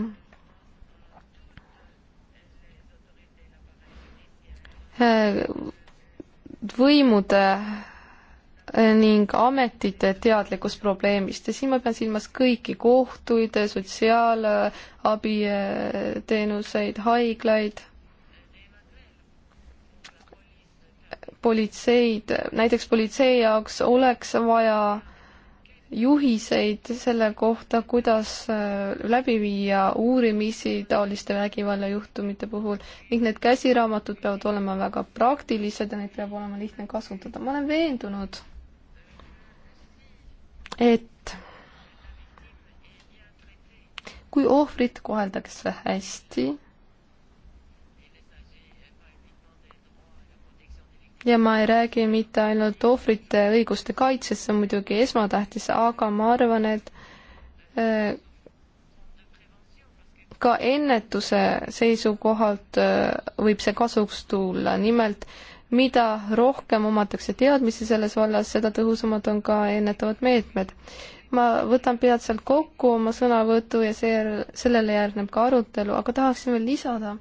võimude ning ametite teadlikkus probleemist ja siin ma pean silmas kõiki kohtuid, sotsiaalabiteenuseid, eh, haiglaid, politseid, näiteks politsei jaoks oleks vaja juhiseid selle kohta, kuidas eh, läbi viia uurimisi taoliste vägivallajuhtumite puhul ning need käsiraamatud peavad olema väga praktilised ja neid peab olema lihtne kasutada. ma olen veendunud et kui ohvrit koheldakse hästi ja ma ei räägi mitte ainult ohvrite õiguste kaitsest, see on muidugi esmatähtis, aga ma arvan, et äh, ka ennetuse seisukohalt äh, võib see kasuks tulla, nimelt mida rohkem omatakse teadmisi selles vallas, seda tõhusamad on ka ennetavad meetmed. ma võtan peatselt kokku oma sõnavõtu ja seejärel, sellele järgneb ka arutelu, aga tahaksin veel lisada,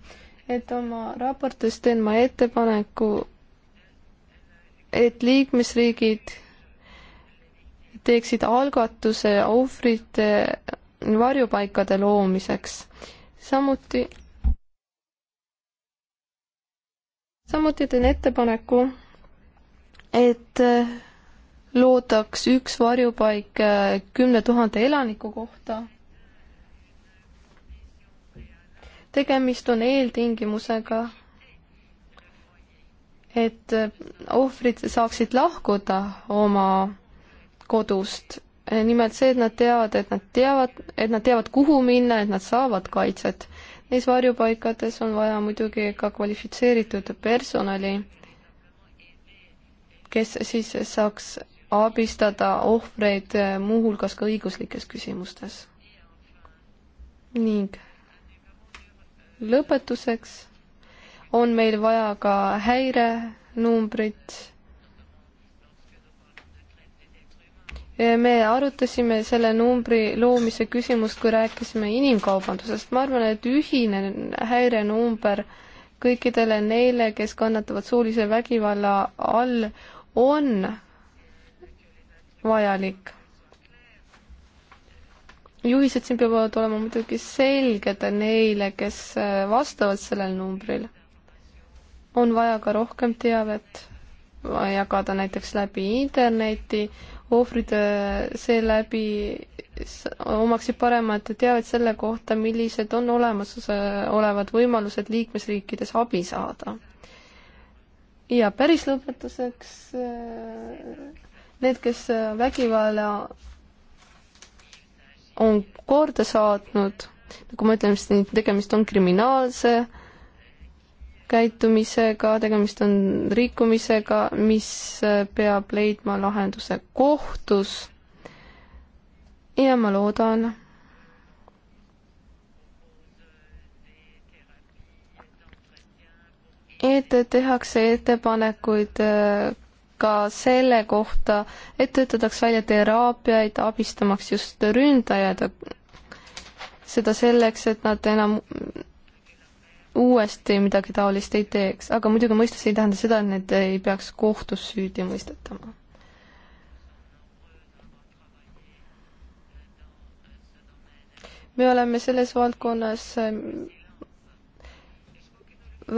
et oma raportis teen ma ettepaneku, et liikmesriigid teeksid algatuse ohvrite varjupaikade loomiseks. samuti samuti teen ettepaneku, et loodaks üks varjupaik äh, kümne tuhande elaniku kohta. tegemist on eeltingimusega, et äh, ohvrid saaksid lahkuda oma kodust. Äh, nimelt see, et nad teavad, et nad teavad, et nad teavad, kuhu minna, et nad saavad kaitset Neis varjupaikades on vaja muidugi ka kvalifitseeritud personali, kes siis saaks abistada ohvreid eh, muuhulgas ka õiguslikes küsimustes. ning lõpetuseks on meil vaja ka häirenumbrit me arutasime selle numbri loomise küsimust, kui rääkisime inimkaubandusest. ma arvan, et ühine häirenumber kõikidele neile, kes kannatavad soolise vägivalla all, on vajalik. juhised siin peavad olema muidugi selged neile, kes äh, vastavad sellel numbril. on vaja ka rohkem teavet äh, jagada näiteks läbi interneti ohvrid seeläbi omaksid paremat teavet selle kohta, millised on olemasolevad äh, võimalused liikmesriikides abi saada. ja päris lõpetuseks, äh, need, kes äh, vägivalla on korda saatnud, nagu ma ütlen, tegemist on kriminaalse käitumisega, tegemist on rikkumisega, mis peab leidma lahenduse kohtus. ja ma loodan, et tehakse ettepanekuid äh, ka selle kohta, et töötataks välja teraapiaid, abistamaks just ründajaid, seda selleks, et nad enam uuesti midagi taolist ei teeks, aga muidugi mõistes ei tähenda seda, et need ei peaks kohtus süüdi mõistetama. me oleme selles valdkonnas ähm,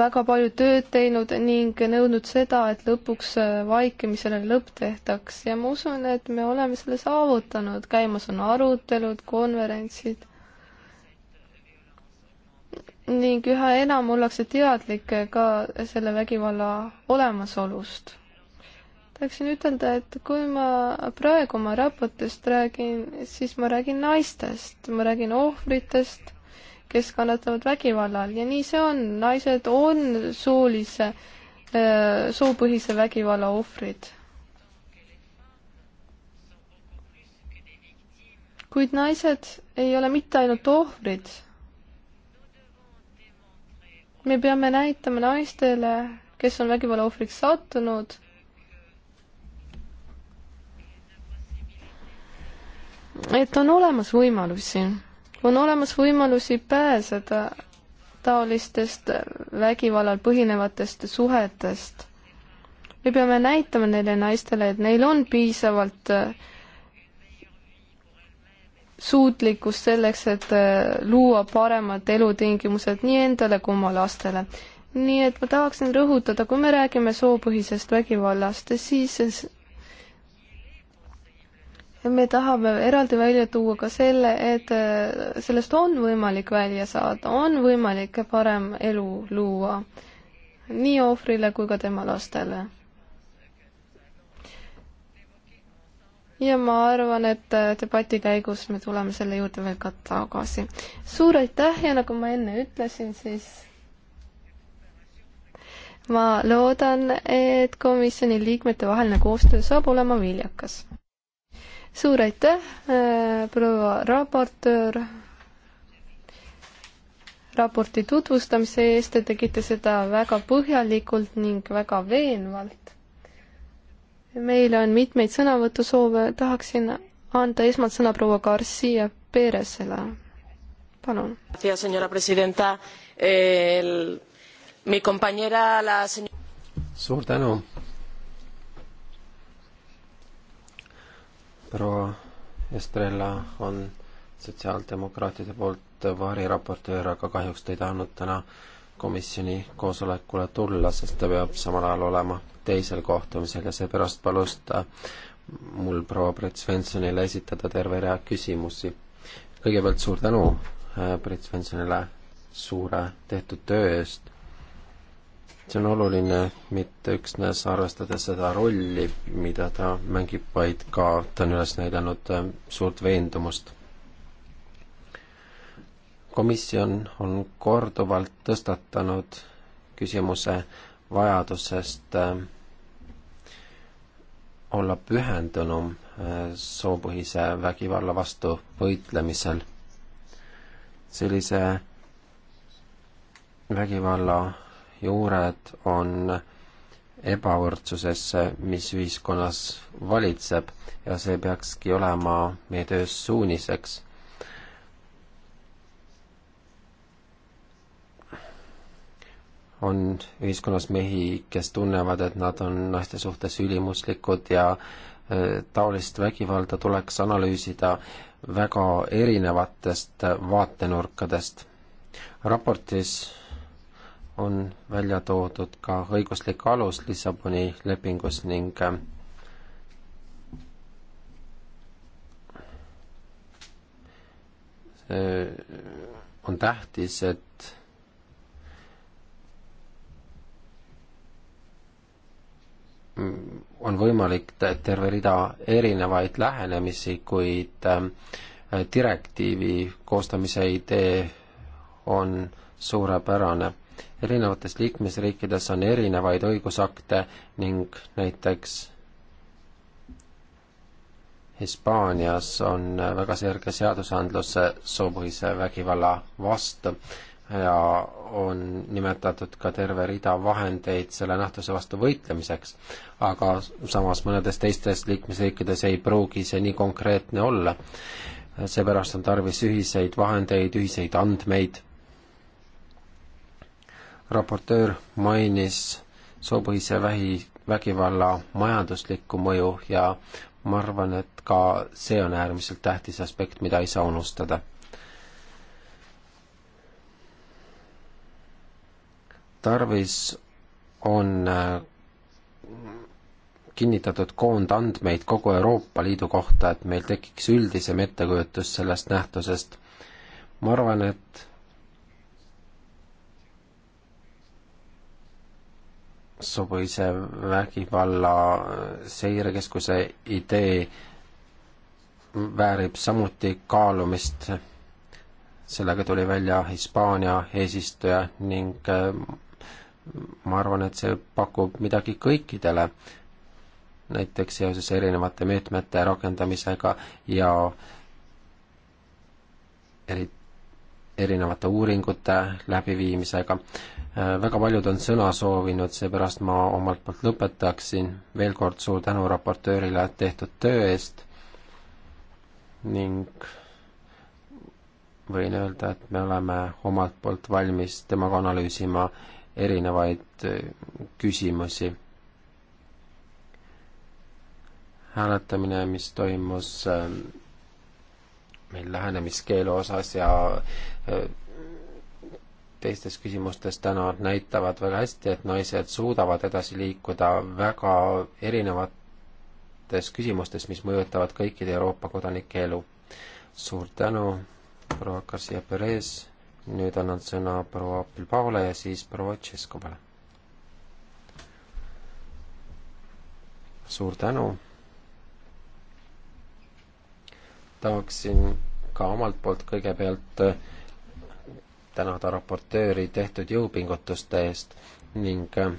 väga palju tööd teinud ning nõudnud seda, et lõpuks äh, vaikimisele lõpp tehtaks ja ma usun, et me oleme selle saavutanud, käimas on arutelud, konverentsid ning üha enam ollakse teadlik ka selle vägivalla olemasolust. tahaksin ütelda, et kui ma praegu oma raportist räägin, siis ma räägin naistest, ma räägin ohvritest, kes kannatavad vägivalla all ja nii see on, naised on soolise, soopõhise vägivalla ohvrid. kuid naised ei ole mitte ainult ohvrid me peame näitama naistele, kes on vägivalla ohvriks sattunud et on olemas võimalusi, on olemas võimalusi pääseda taolistest vägivallal põhinevatest suhetest. me peame näitama neile naistele, et neil on piisavalt suutlikkust selleks, et äh, luua paremad elutingimused nii endale kui oma lastele. nii et ma tahaksin rõhutada, kui me räägime soopõhisest vägivallast, siis me tahame eraldi välja tuua ka selle, et äh, sellest on võimalik välja saada, on võimalik parem elu luua nii ohvrile kui ka tema lastele ja ma arvan, et äh, debati käigus me tuleme selle juurde veel ka tagasi. suur aitäh ja nagu ma enne ütlesin, siis ma loodan, et komisjoni liikmete vaheline koostöö saab olema viljakas. suur aitäh, äh, proua raportöör, raporti tutvustamise eest, te tegite seda väga põhjalikult ning väga veenvalt meil on mitmeid sõnavõtusoove, tahaksin anda esmalt sõna proua Garcia Perezele. palun. suur tänu. proua Estrella on sotsiaaldemokraatide poolt variraportöör, aga kahjuks ta ei tahtnud täna äh, komisjoni koosolekule tulla, sest ta peab samal ajal olema teisel kohtumisel ja seepärast palus ta mul proua Brett Svenssonile esitada terve rea küsimusi. kõigepealt suur tänu äh, Brett Svenssonile suure tehtud töö eest. see on oluline mitte üksnes arvestades seda rolli, mida ta mängib, vaid ka ta on üles näidanud äh, suurt veendumust komisjon on korduvalt tõstatanud küsimuse vajadusest äh, olla pühendunum äh, soopõhise vägivalla vastu võitlemisel. sellise vägivalla juured on ebavõrdsusesse, mis ühiskonnas valitseb ja see peakski olema meie töös suuniseks on ühiskonnas mehi, kes tunnevad, et nad on naiste suhtes ülimuslikud ja äh, taolist vägivalda tuleks analüüsida väga erinevatest vaatenurkadest. raportis on välja toodud ka õiguslik alus Lissaboni lepingus ning äh, äh, on tähtis, et on võimalik terve rida erinevaid lähenemisi, kuid äh, direktiivi koostamise idee on suurepärane. erinevates liikmesriikides on erinevaid õigusakte ning näiteks Hispaanias on äh, väga selge seadusandlus soopõhise vägivalla vastu ja on nimetatud ka terve rida vahendeid selle nähtuse vastu võitlemiseks, aga samas mõnedes teistes liikmesriikides ei pruugi see nii konkreetne olla. seepärast on tarvis ühiseid vahendeid, ühiseid andmeid. raportöör mainis soopõhise vähi, vägivalla majanduslikku mõju ja ma arvan, et ka see on äärmiselt tähtis aspekt, mida ei saa unustada tarvis on äh, kinnitatud koondandmeid kogu Euroopa Liidu kohta, et meil tekiks üldisem ettekujutus sellest nähtusest. ma arvan, et sobise vägivalla seirekeskuse idee väärib samuti kaalumist. sellega tuli välja Hispaania eesistuja ning äh, ma arvan, et see pakub midagi kõikidele, näiteks seoses erinevate meetmete rakendamisega ja eri, erinevate uuringute läbiviimisega. väga paljud on sõna soovinud, seepärast ma omalt poolt lõpetaksin, veel kord suur tänu raportöörile tehtud töö eest ning võin öelda, et me oleme omalt poolt valmis temaga analüüsima erinevaid eh, küsimusi. hääletamine, mis toimus eh, meil lähenemiskeelu osas ja eh, teistes küsimustes täna näitavad väga hästi, et naised suudavad edasi liikuda väga erinevates küsimustes, mis mõjutavad kõikide Euroopa kodanike elu. suur tänu, proua Garcia Perez! nüüd annan sõna proua Bilbaole ja siis proua Tšeskovale. suur tänu. tahaksin ka omalt poolt kõigepealt äh, tänada raportööri tehtud jõupingutuste eest ning äh,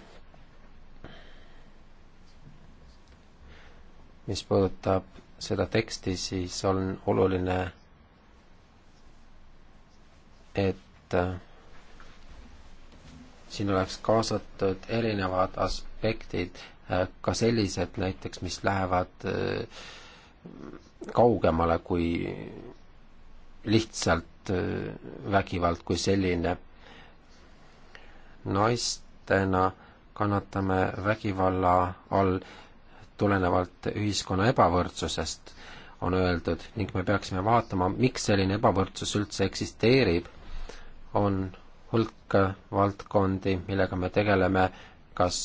mis puudutab seda teksti, siis on oluline et äh, siin oleks kaasatud erinevad aspektid, äh, ka sellised näiteks, mis lähevad äh, kaugemale kui lihtsalt vägivald kui selline. naistena kannatame vägivalla all tulenevalt ühiskonna ebavõrdsusest, on öeldud, ning me peaksime vaatama, miks selline ebavõrdsus üldse eksisteerib on hulk valdkondi, millega me tegeleme kas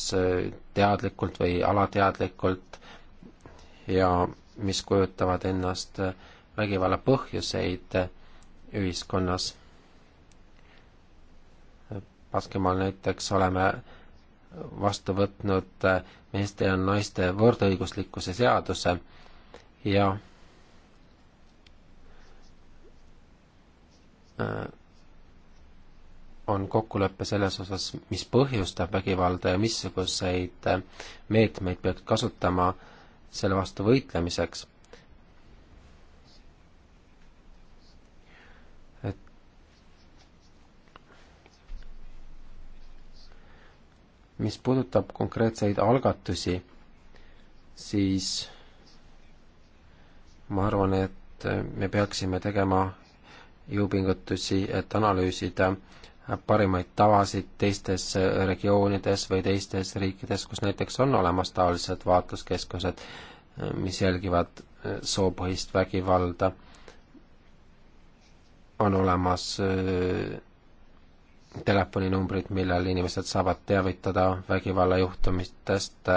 teadlikult või alateadlikult ja mis kujutavad ennast vägivalla põhjuseid ühiskonnas. Baskimaal näiteks oleme vastu võtnud meeste ja naiste võrdõiguslikkuse seaduse ja äh, on kokkulepe selles osas, mis põhjustab vägivalda ja missuguseid äh, meetmeid peaks kasutama selle vastu võitlemiseks. et mis puudutab konkreetseid algatusi, siis ma arvan, et me peaksime tegema jõupingutusi, et analüüsida äh, parimaid tavasid teistes äh, regioonides või teistes riikides, kus näiteks on olemas taolised vaatluskeskused, äh, mis jälgivad äh, soopõhist vägivalda. on olemas telefoninumbrid, millel inimesed saavad teavitada vägivallajuhtumistest,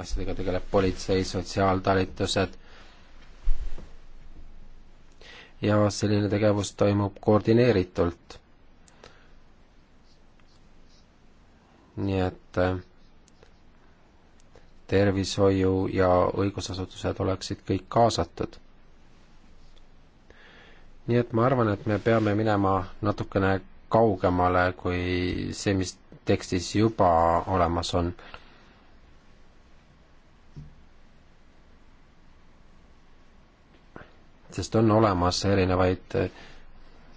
asjadega tegeleb politsei, sotsiaaltalitused ja selline tegevus toimub koordineeritult. nii et äh, tervishoiu ja õigusasutused oleksid kõik kaasatud. nii et ma arvan, et me peame minema natukene kaugemale kui see, mis tekstis juba olemas on sest on olemas erinevaid eh,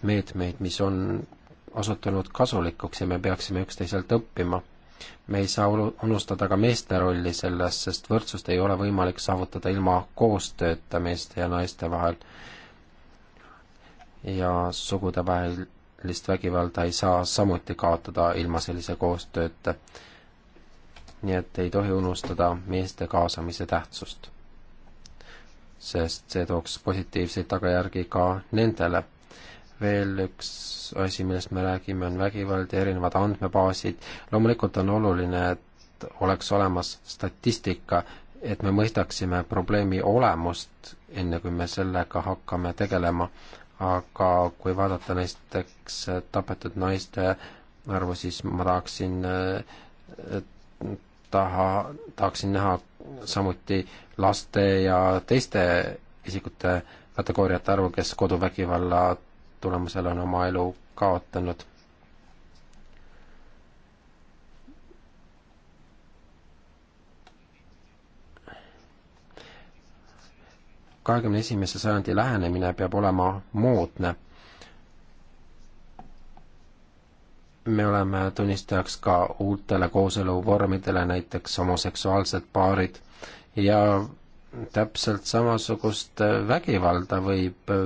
meetmeid, mis on osutunud kasulikuks ja me peaksime üksteiselt õppima. me ei saa unustada ka meeste rolli selles, sest võrdsust ei ole võimalik saavutada ilma koostööta meeste ja naiste vahel. ja sugudevahelist vägivalda ei saa samuti kaotada ilma sellise koostööta. nii et ei tohi unustada meeste kaasamise tähtsust sest see tooks positiivseid tagajärgi ka nendele. veel üks asi, millest me räägime, on vägivald ja erinevad andmebaasid. loomulikult on oluline, et oleks olemas statistika, et me mõistaksime probleemi olemust, enne kui me sellega hakkame tegelema, aga kui vaadata näiteks tapetud naiste arvu, siis ma tahaksin eh, taha, tahaksin näha samuti laste ja teiste isikute kategooriate arvu, kes koduvägivalla tulemusel on oma elu kaotanud kahekümne esimese sajandi lähenemine peab olema moodne. me oleme tunnistajaks ka uutele kooseluvormidele, näiteks homoseksuaalsed paarid ja täpselt samasugust vägivalda võib äh,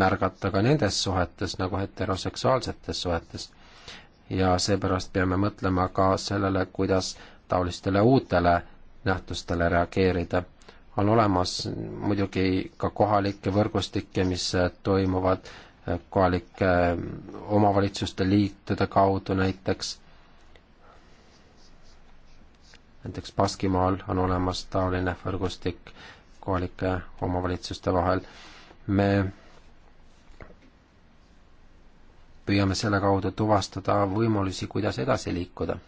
märgata ka nendes suhetes nagu heteroseksuaalsetes suhetes. ja seepärast peame mõtlema ka sellele, kuidas taolistele uutele nähtustele reageerida. on olemas muidugi ka kohalikke võrgustikke, mis äh, toimuvad äh, kohalike ähm, omavalitsuste liitude kaudu näiteks. näiteks Baskimaal on olemas taoline võrgustik kohalike omavalitsuste vahel. me püüame selle kaudu tuvastada võimalusi, kuidas edasi liikuda.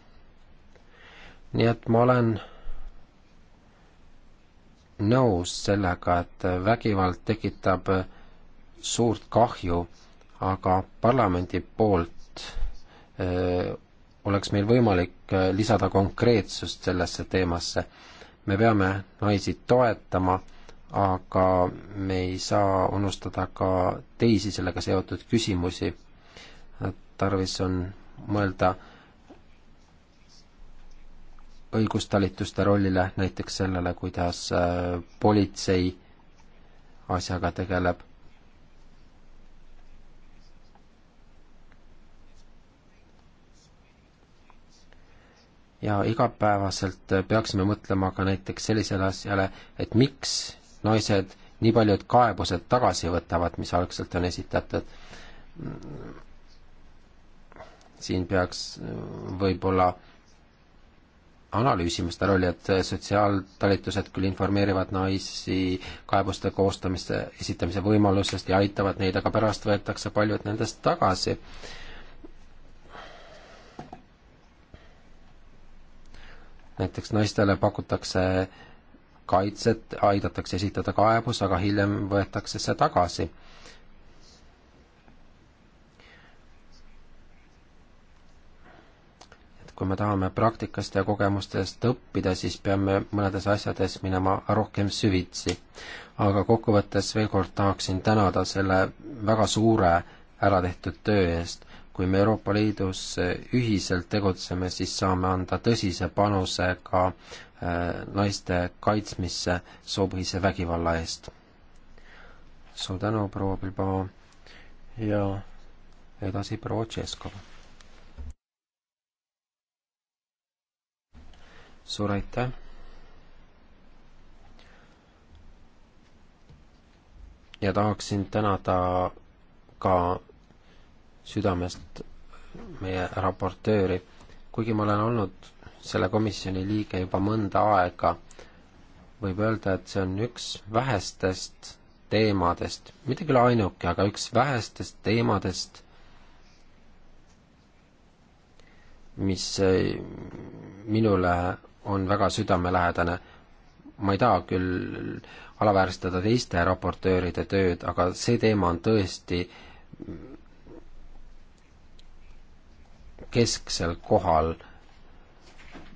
nii et ma olen nõus sellega, et vägivald tekitab äh, suurt kahju, aga parlamendi poolt öö, oleks meil võimalik lisada konkreetsust sellesse teemasse. me peame naisi toetama, aga me ei saa unustada ka teisi sellega seotud küsimusi. tarvis on mõelda õigustalituste rollile, näiteks sellele, kuidas politsei asjaga tegeleb ja igapäevaselt peaksime mõtlema ka näiteks sellisele asjale, et miks naised nii paljud kaebused tagasi võtavad, mis algselt on esitatud. siin peaks võib-olla analüüsima seda rolli, et sotsiaaltalitused küll informeerivad naisi kaebuste koostamise, esitamise võimalusest ja aitavad neid, aga pärast võetakse paljud nendest tagasi näiteks naistele pakutakse kaitset, aidatakse esitada kaebus, aga hiljem võetakse see tagasi. et kui me tahame praktikast ja kogemustest õppida, siis peame mõnedes asjades minema rohkem süvitsi. aga kokkuvõttes veel kord tahaksin tänada selle väga suure ära tehtud töö eest kui me Euroopa Liidus ühiselt tegutseme, siis saame anda tõsise panuse ka äh, naiste kaitsmisse soopõhise vägivalla eest. suur tänu, proua Bilbao ja edasi proua Tšeskov. suur aitäh! ja tahaksin tänada ka südamest meie raportööri. kuigi ma olen olnud selle komisjoni liige juba mõnda aega, võib öelda, et see on üks vähestest teemadest, mitte küll ainuke, aga üks vähestest teemadest, mis eh, minule on väga südamelähedane. ma ei taha küll alaväärstada teiste raportööride tööd, aga see teema on tõesti kesksel kohal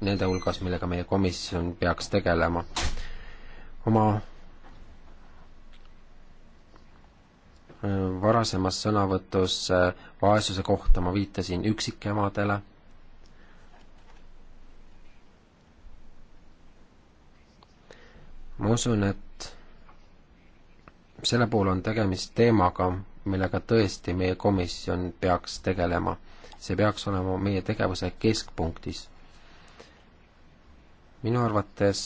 nende hulgas, millega meie komisjon peaks tegelema. oma äh, varasemas sõnavõtus äh, vaesuse kohta ma viitasin üksikemadele, ma usun, et selle puhul on tegemist teemaga, millega tõesti meie komisjon peaks tegelema see peaks olema meie tegevuse keskpunktis. minu arvates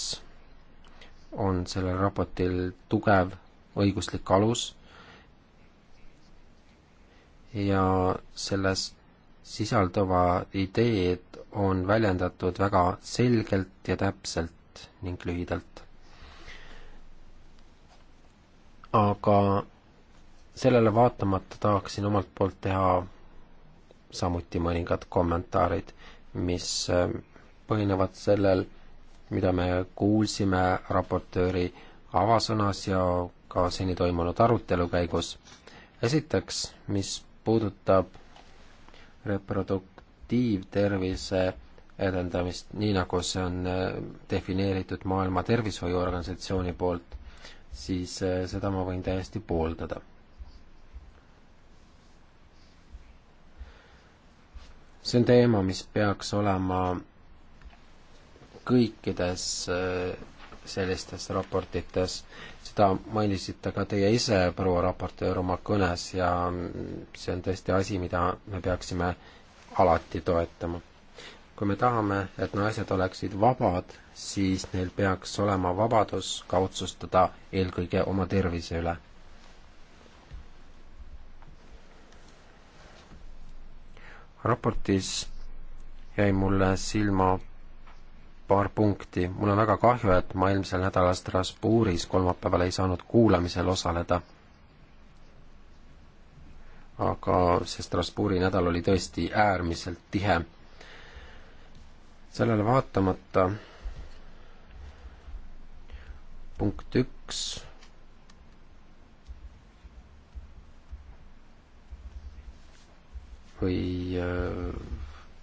on sellel raportil tugev õiguslik alus ja selles sisalduvad ideed on väljendatud väga selgelt ja täpselt ning lühidalt. aga sellele vaatamata tahaksin omalt poolt teha samuti mõningad kommentaarid, mis äh, põhinevad sellel, mida me kuulsime raportööri avasõnas ja ka seni toimunud arutelu käigus. esiteks, mis puudutab reproduktiivtervise edendamist, nii nagu see on äh, defineeritud Maailma Tervishoiuorganisatsiooni poolt, siis äh, seda ma võin täiesti pooldada see on teema, mis peaks olema kõikides äh, sellistes raportites, seda mainisite ka teie ise, proua raportöör, oma kõnes ja see on tõesti asi, mida me peaksime alati toetama. kui me tahame, et naised oleksid vabad, siis neil peaks olema vabadus ka otsustada eelkõige oma tervise üle raportis jäi mulle silma paar punkti. mul on väga kahju, et ma eelmisel nädalal Strasbourgis kolmapäeval ei saanud kuulamisel osaleda. aga see Strasbourgi nädal oli tõesti äärmiselt tihe. sellele vaatamata punkt üks või äh,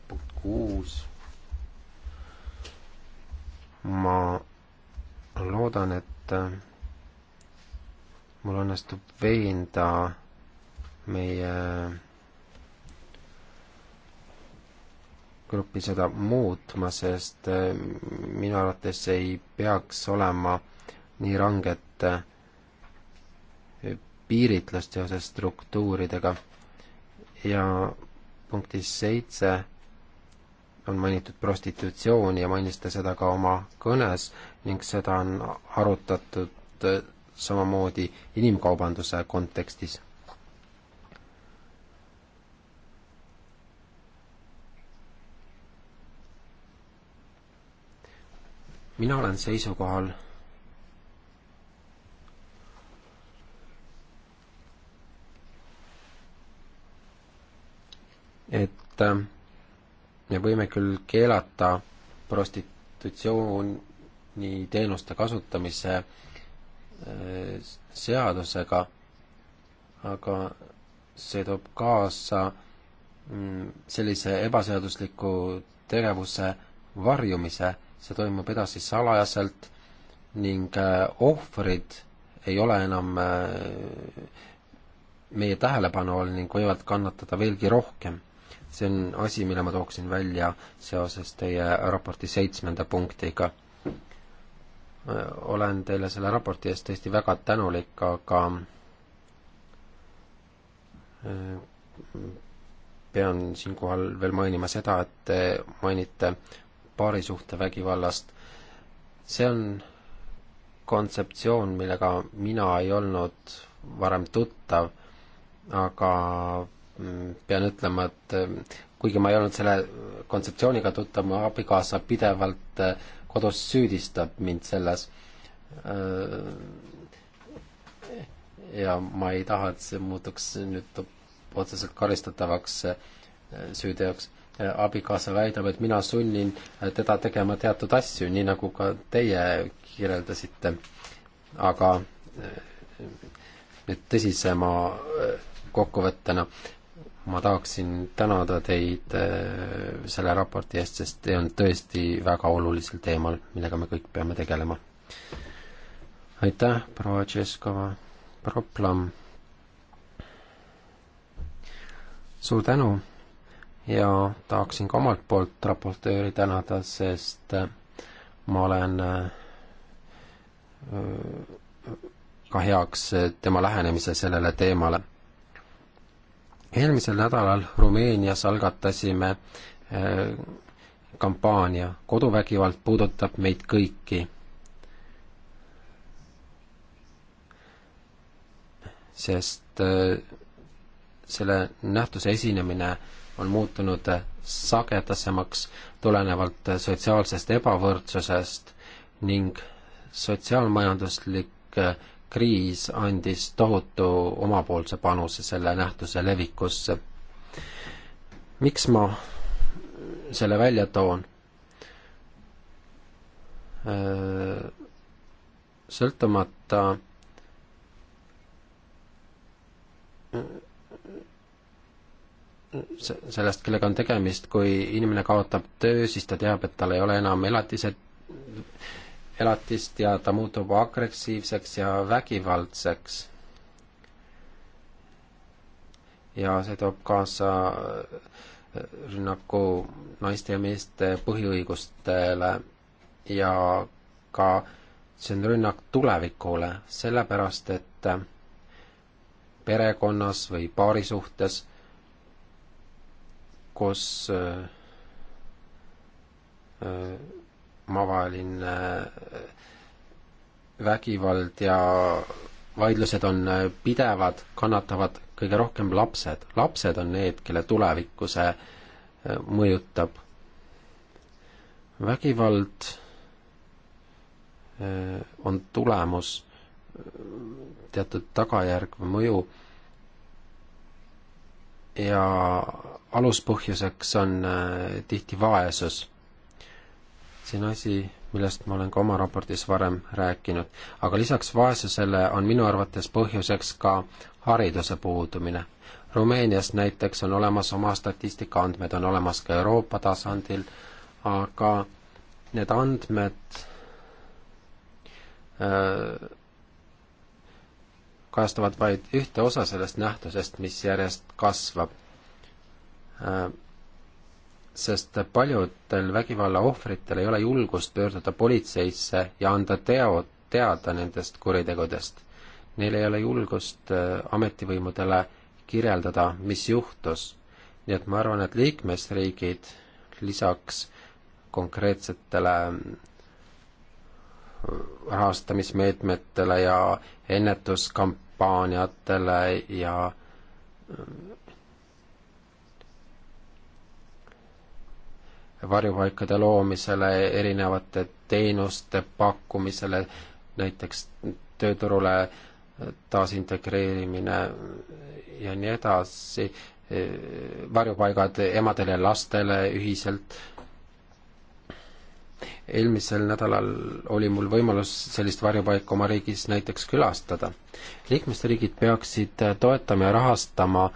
punkt kuus. ma loodan, et äh, mul õnnestub veenda meie gruppi seda muutma, sest äh, minu arvates ei peaks olema nii ranget piiritlust seoses struktuuridega ja punktis seitse on mainitud prostitutsiooni ja mainisite seda ka oma kõnes ning seda on arutatud äh, samamoodi inimkaubanduse kontekstis. mina olen seisukohal et äh, me võime küll keelata prostitutsiooni teenuste kasutamise äh, seadusega, aga see toob kaasa mm, sellise ebaseadusliku tegevuse varjumise, see toimub edasi salajaselt ning äh, ohvrid ei ole enam meie tähelepanu all ning võivad kannatada veelgi rohkem see on asi, mille ma tooksin välja seoses teie raporti seitsmenda punktiga. olen teile selle raporti eest tõesti väga tänulik, aga äh, pean siinkohal veel mainima seda, et te mainite paarisuhtevägivallast. see on kontseptsioon, millega mina ei olnud varem tuttav, aga pean ütlema, et eh, kuigi ma ei olnud selle kontseptsiooniga tuttav, mu abikaasa pidevalt eh, kodus süüdistab mind selles. Eh, ja ma ei taha, et see muutuks nüüd otseselt karistatavaks süüteoks. abikaasa väidab, et mina sunnin teda tegema teatud asju, nii nagu ka teie kirjeldasite. aga nüüd tõsisema kokkuvõttena ma tahaksin tänada teid äh, selle raporti eest, sest see on tõesti väga olulisel teemal, millega me kõik peame tegelema. aitäh, proua Tšeskova, proua Plamm. suur tänu ja tahaksin ka omalt poolt raportööri tänada, sest äh, ma olen äh, ka heaks tema lähenemise sellele teemale eelmisel nädalal Rumeenias algatasime äh, kampaania Koduvägivald puudutab meid kõiki. sest äh, selle nähtuse esinemine on muutunud sagedasemaks tulenevalt sotsiaalsest ebavõrdsusest ning sotsiaalmajanduslik äh, kriis andis tohutu omapoolse panuse selle nähtuse levikusse. miks ma selle välja toon? sõltumata sellest, kellega on tegemist, kui inimene kaotab töö, siis ta teab, et tal ei ole enam elatised, elatist ja ta muutub agressiivseks ja vägivaldseks. ja see toob kaasa äh, rünnaku naiste ja meeste põhiõigustele ja ka see on rünnak tulevikule, sellepärast et äh, perekonnas või paarisuhtes, kus äh, äh, omavaheline äh, vägivald ja vaidlused on äh, pidevad, kannatavad kõige rohkem lapsed. lapsed on need, kelle tulevikku see äh, mõjutab. vägivald on tulemus, teatud tagajärg või mõju ja aluspõhjuseks on tihti vaesus see on asi, millest ma olen ka oma raportis varem rääkinud. aga lisaks vaesusele on minu arvates põhjuseks ka hariduse puudumine. Rumeenias näiteks on olemas oma statistika andmed, on olemas ka Euroopa tasandil, aga need andmed öö, äh, kajastavad vaid ühte osa sellest nähtusest, mis järjest kasvab. Äh, sest paljudel vägivalla ohvritel ei ole julgust pöörduda politseisse ja anda teod teada nendest kuritegudest. Neil ei ole julgust äh, ametivõimudele kirjeldada, mis juhtus. nii et ma arvan, et liikmesriigid lisaks konkreetsetele äh, rahastamismeetmetele ja ennetuskampaaniatele ja äh, varjupaikade loomisele, erinevate teenuste pakkumisele, näiteks tööturule taasintegreerimine ja nii edasi, varjupaigad emadele ja lastele ühiselt. eelmisel nädalal oli mul võimalus sellist varjupaika oma riigis näiteks külastada. liikmesriigid peaksid toetama ja rahastama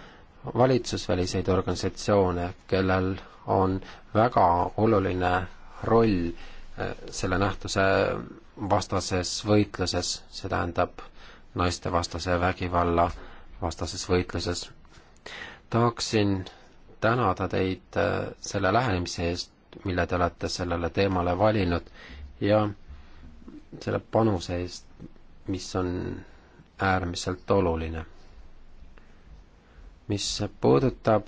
valitsusväliseid organisatsioone, kellel on väga oluline roll eh, selle nähtuse vastases võitluses, see tähendab naistevastase vägivalla vastases võitluses. tahaksin tänada teid eh, selle lähenemise eest, mille te olete sellele teemale valinud ja selle panuse eest, mis on äärmiselt oluline. mis puudutab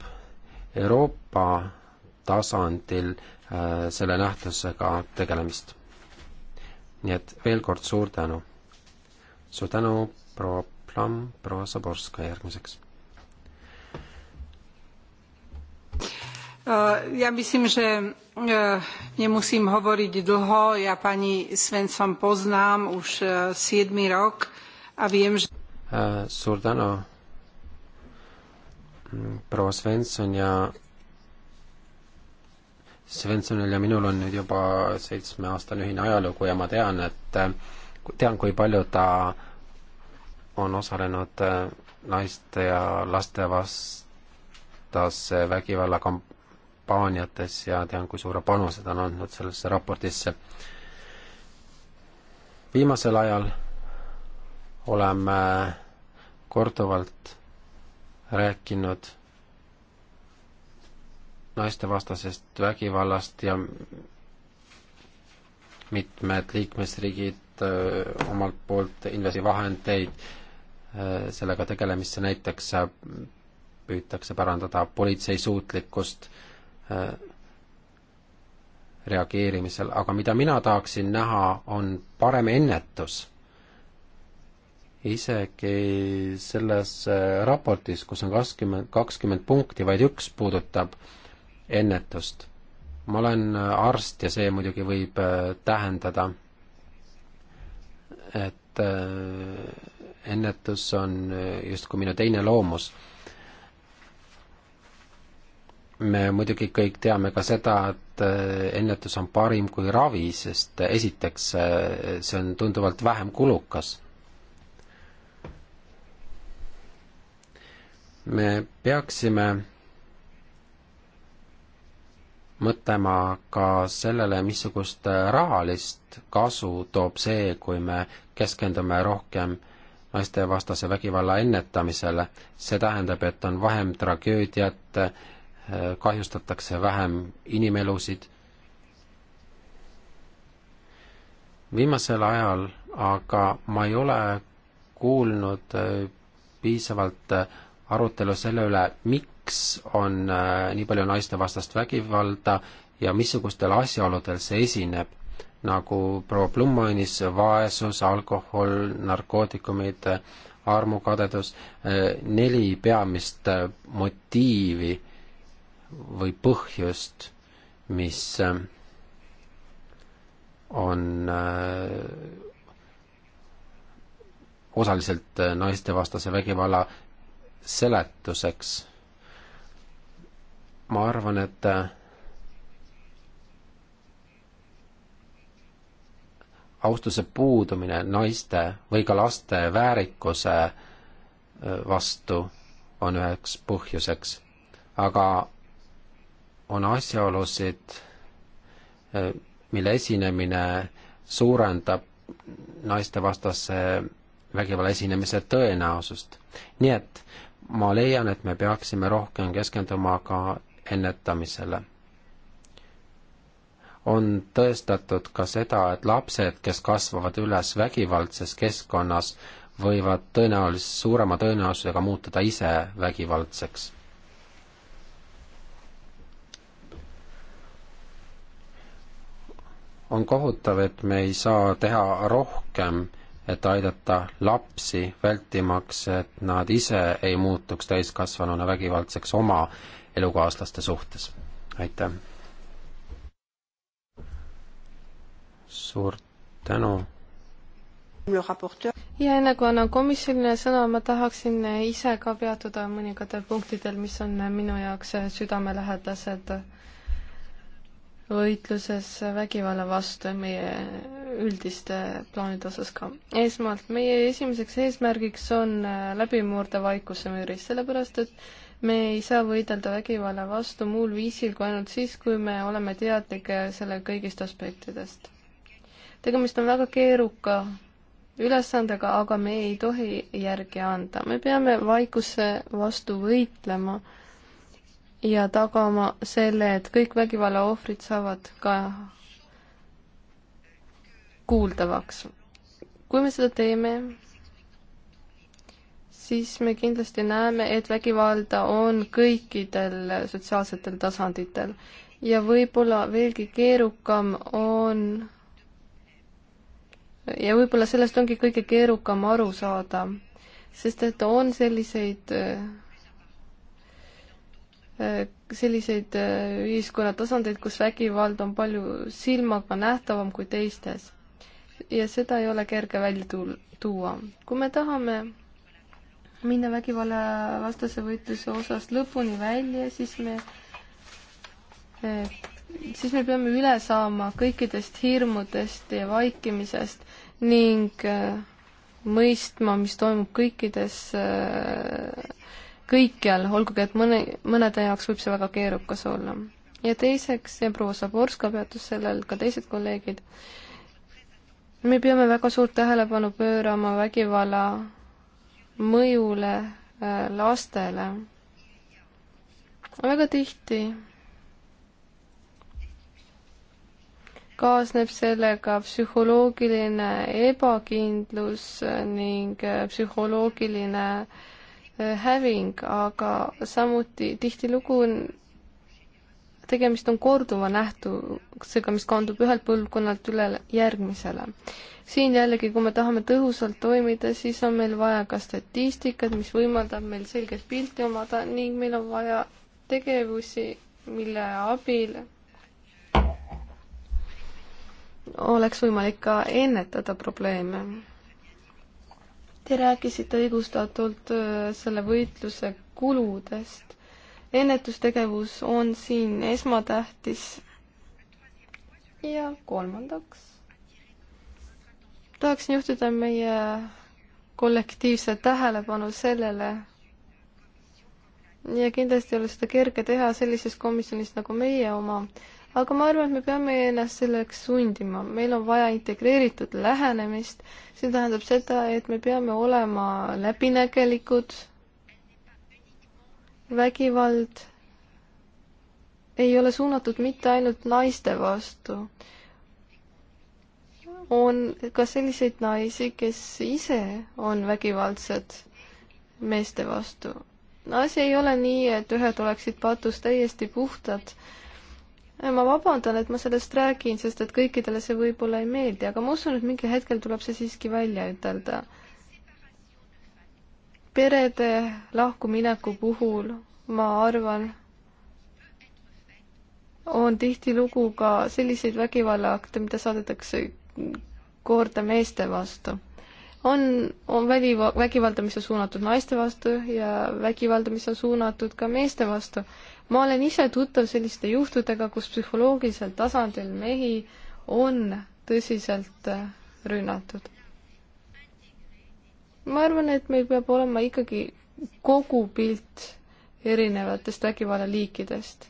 Euroopa tasandil äh, selle nähtusega tegelemist. nii et veel kord suur tänu. suur tänu, proua Plamm, proua Zaborska järgmiseks. Äh, ja myslím, že äh, nemusím hovoriť dlho. Ja pani Svensson poznám už 7 rok a viem, že... Suur tänu, mm, proua Svensson ja Svenssonil ja minul on nüüd juba seitsmeaastane ühine ajalugu ja ma tean, et äh, tean, kui palju ta on osalenud äh, naiste ja laste vastase vägivalla kampaaniates ja tean, kui suure panuse ta on andnud sellesse raportisse. viimasel ajal oleme korduvalt rääkinud naistevastasest vägivallast ja mitmed liikmesriigid äh, omalt poolt investeerivahendeid äh, sellega tegelemisse, näiteks äh, püütakse parandada politsei suutlikkust reageerimisel, aga mida mina tahaksin näha, on parem ennetus. isegi selles raportis, kus on kakskümmend, kakskümmend punkti, vaid üks puudutab äh, ennetust. ma olen arst ja see muidugi võib äh, tähendada, et äh, ennetus on äh, justkui minu teine loomus. me muidugi kõik teame ka seda, et ennetus on parim kui ravi, sest esiteks see on tunduvalt vähem kulukas me peaksime mõtlema ka sellele, missugust äh, rahalist kasu toob see, kui me keskendume rohkem naistevastase vägivalla ennetamisele. see tähendab, et on vähem tragöödiat, äh, kahjustatakse vähem inimelusid. viimasel ajal aga ma ei ole kuulnud äh, piisavalt arutelu selle üle, miks miks on äh, nii palju naistevastast vägivalda ja missugustel asjaoludel see esineb, nagu proua Blum mainis, vaesus, alkohol, narkootikumid, armukadedus, äh, neli peamist äh, motiivi või põhjust, mis on osaliselt naistevastase vägivalla seletuseks ma arvan, et äh, austuse puudumine naiste või ka laste väärikuse äh, vastu on üheks põhjuseks, aga on asjaolusid, äh, mille esinemine suurendab naistevastase vägivalla esinemise tõenäosust. nii et ma leian, et me peaksime rohkem keskenduma ka ennetamisele. on tõestatud ka seda, et lapsed, kes kasvavad üles vägivaldses keskkonnas, võivad tõenäoliselt suurema tõenäosusega muutuda ise vägivaldseks. on kohutav, et me ei saa teha rohkem, et aidata lapsi, vältimaks, et nad ise ei muutuks täiskasvanuna vägivaldseks oma elukaaslaste suhtes. aitäh! suur tänu! ja enne kui annan komisjonile sõna, ma tahaksin ise ka peatuda mõningatel punktidel, mis on minu jaoks südamelähedased võitluses vägivalla vastu ja meie üldiste plaanide osas ka. esmalt, meie esimeseks eesmärgiks on läbi murda vaikuse müüris, sellepärast et me ei saa võidelda vägivalla vastu muul viisil kui ainult siis, kui me oleme teadlike äh, selle kõigist aspektidest. tegemist on väga keeruka ülesandega, aga me ei tohi järgi anda, me peame vaikuse vastu võitlema ja tagama selle, et kõik vägivalla ohvrid saavad ka kuuldavaks. kui me seda teeme, siis me kindlasti näeme, et vägivalda on kõikidel sotsiaalsetel tasanditel ja võib-olla veelgi keerukam on ja võib-olla sellest ongi kõige keerukam aru saada, sest et on selliseid äh, selliseid äh, ühiskonnatasandeid, kus vägivald on palju silmaga nähtavam kui teistes. ja seda ei ole kerge välja tuua. kui me tahame minna vägivalla vastase võitluse osast lõpuni välja, siis me, eh, siis me peame üle saama kõikidest hirmudest ja vaikimisest ning eh, mõistma, mis toimub kõikides, eh, kõikjal, olgugi et mõne, mõnede jaoks võib see väga keerukas olla. ja teiseks, ja proua Saborska peatus sellel, ka teised kolleegid, me peame väga suurt tähelepanu pöörama vägivalla mõjule äh, lastele. väga tihti kaasneb sellega psühholoogiline ebakindlus ning äh, psühholoogiline äh, häving, aga samuti tihtilugu on tegemist on korduva nähtusega, mis kandub ühelt põlvkonnalt üle järgmisele siin jällegi, kui me tahame tõhusalt toimida, siis on meil vaja ka statistikat, mis võimaldab meil selget pilti omada ning meil on vaja tegevusi, mille abil oleks võimalik ka ennetada probleeme. Te rääkisite õigustatult äh, selle võitluse kuludest. ennetustegevus on siin esmatähtis. ja kolmandaks tahaksin juhtida meie kollektiivset tähelepanu sellele, ja kindlasti ei ole seda kerge teha sellises komisjonis nagu meie oma, aga ma arvan, et me peame ennast selleks sundima, meil on vaja integreeritud lähenemist, see tähendab seda, et me peame olema läbinägelikud, vägivald ei ole suunatud mitte ainult naiste vastu on ka selliseid naisi, kes ise on vägivaldsed meeste vastu. asi ei ole nii, et ühed oleksid patus täiesti puhtad. ma vabandan, et ma sellest räägin, sest et kõikidele see võib-olla ei meeldi, aga ma usun, et mingil hetkel tuleb see siiski välja ütelda. perede lahkumineku puhul ma arvan, on tihtilugu ka selliseid vägivallaakte, mida saadetakse korda meeste vastu. on, on väli, vägivalda, mis on suunatud naiste vastu ja vägivalda, mis on suunatud ka meeste vastu. ma olen ise tuttav selliste juhtudega, kus psühholoogilisel tasandil mehi on tõsiselt äh, rünnatud. ma arvan, et meil peab olema ikkagi kogu pilt erinevatest vägivallaliikidest.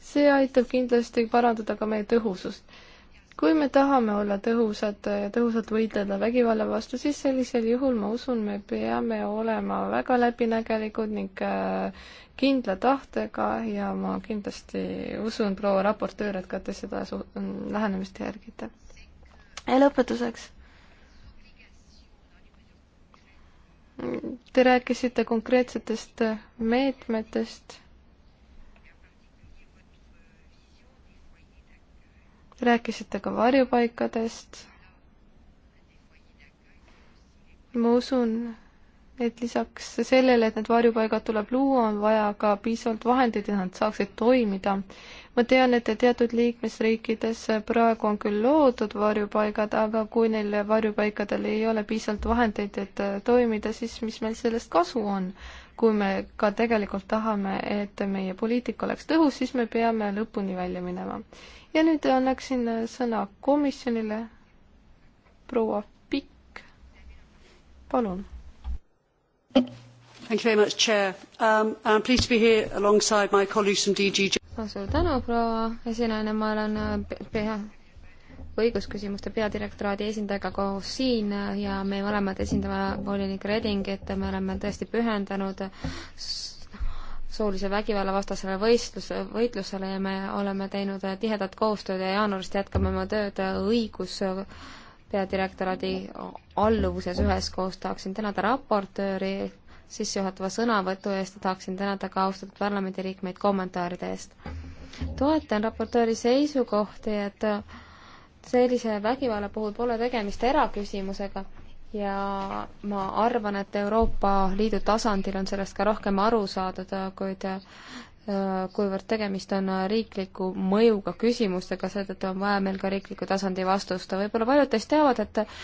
see aitab kindlasti parandada ka meie tõhusust kui me tahame olla tõhusad ja tõhusalt võidelda vägivalla vastu, siis sellisel juhul ma usun, me peame olema väga läbinägelikud ning äh, kindla tahtega ja ma kindlasti usun, proua raportöör, et ka te seda mm, lähenemist järgite. ja lõpetuseks. Te rääkisite konkreetsetest meetmetest rääkisite ka varjupaikadest. ma usun, et lisaks sellele, et need varjupaigad tuleb luua, on vaja ka piisavalt vahendeid, et nad saaksid toimida. ma tean, et teatud liikmesriikides praegu on küll loodud varjupaigad, aga kui neil varjupaikadel ei ole piisavalt vahendeid, et toimida, siis mis meil sellest kasu on? kui me ka tegelikult tahame, et meie poliitika oleks tõhus, siis me peame lõpuni välja minema ja nüüd annaksin äh, sõna komisjonile. proua Pikk, palun. Thank you very much, Chair. Um, I'm pleased to be here alongside my colleagues from DG. suur tänu, proua esinaine, ma olen äh, pea, õigusküsimuste peadirektoraadi esindajaga koos siin äh, ja me mõlemad esindame volinik Redingit, me oleme tõesti pühendanud soolise vägivalla vastasele võistluse, võitlusele ja me oleme teinud tihedat koostööd ja jaanuarist jätkame oma tööd õigus peadirektoraadi alluvuses üheskoos. tahaksin tänada raportööri sissejuhatava sõnavõtu eest ja tahaksin tänada ka austatud parlamendiliikmeid kommentaaride eest. toetan raportööri seisukohti, et sellise vägivalla puhul pole tegemist eraküsimusega ja ma arvan, et Euroopa Liidu tasandil on sellest ka rohkem aru saadud, kuid äh, kuivõrd tegemist on riikliku mõjuga küsimustega, seetõttu on vaja meil ka riikliku tasandi vastust. võib-olla paljud teist teavad, et äh,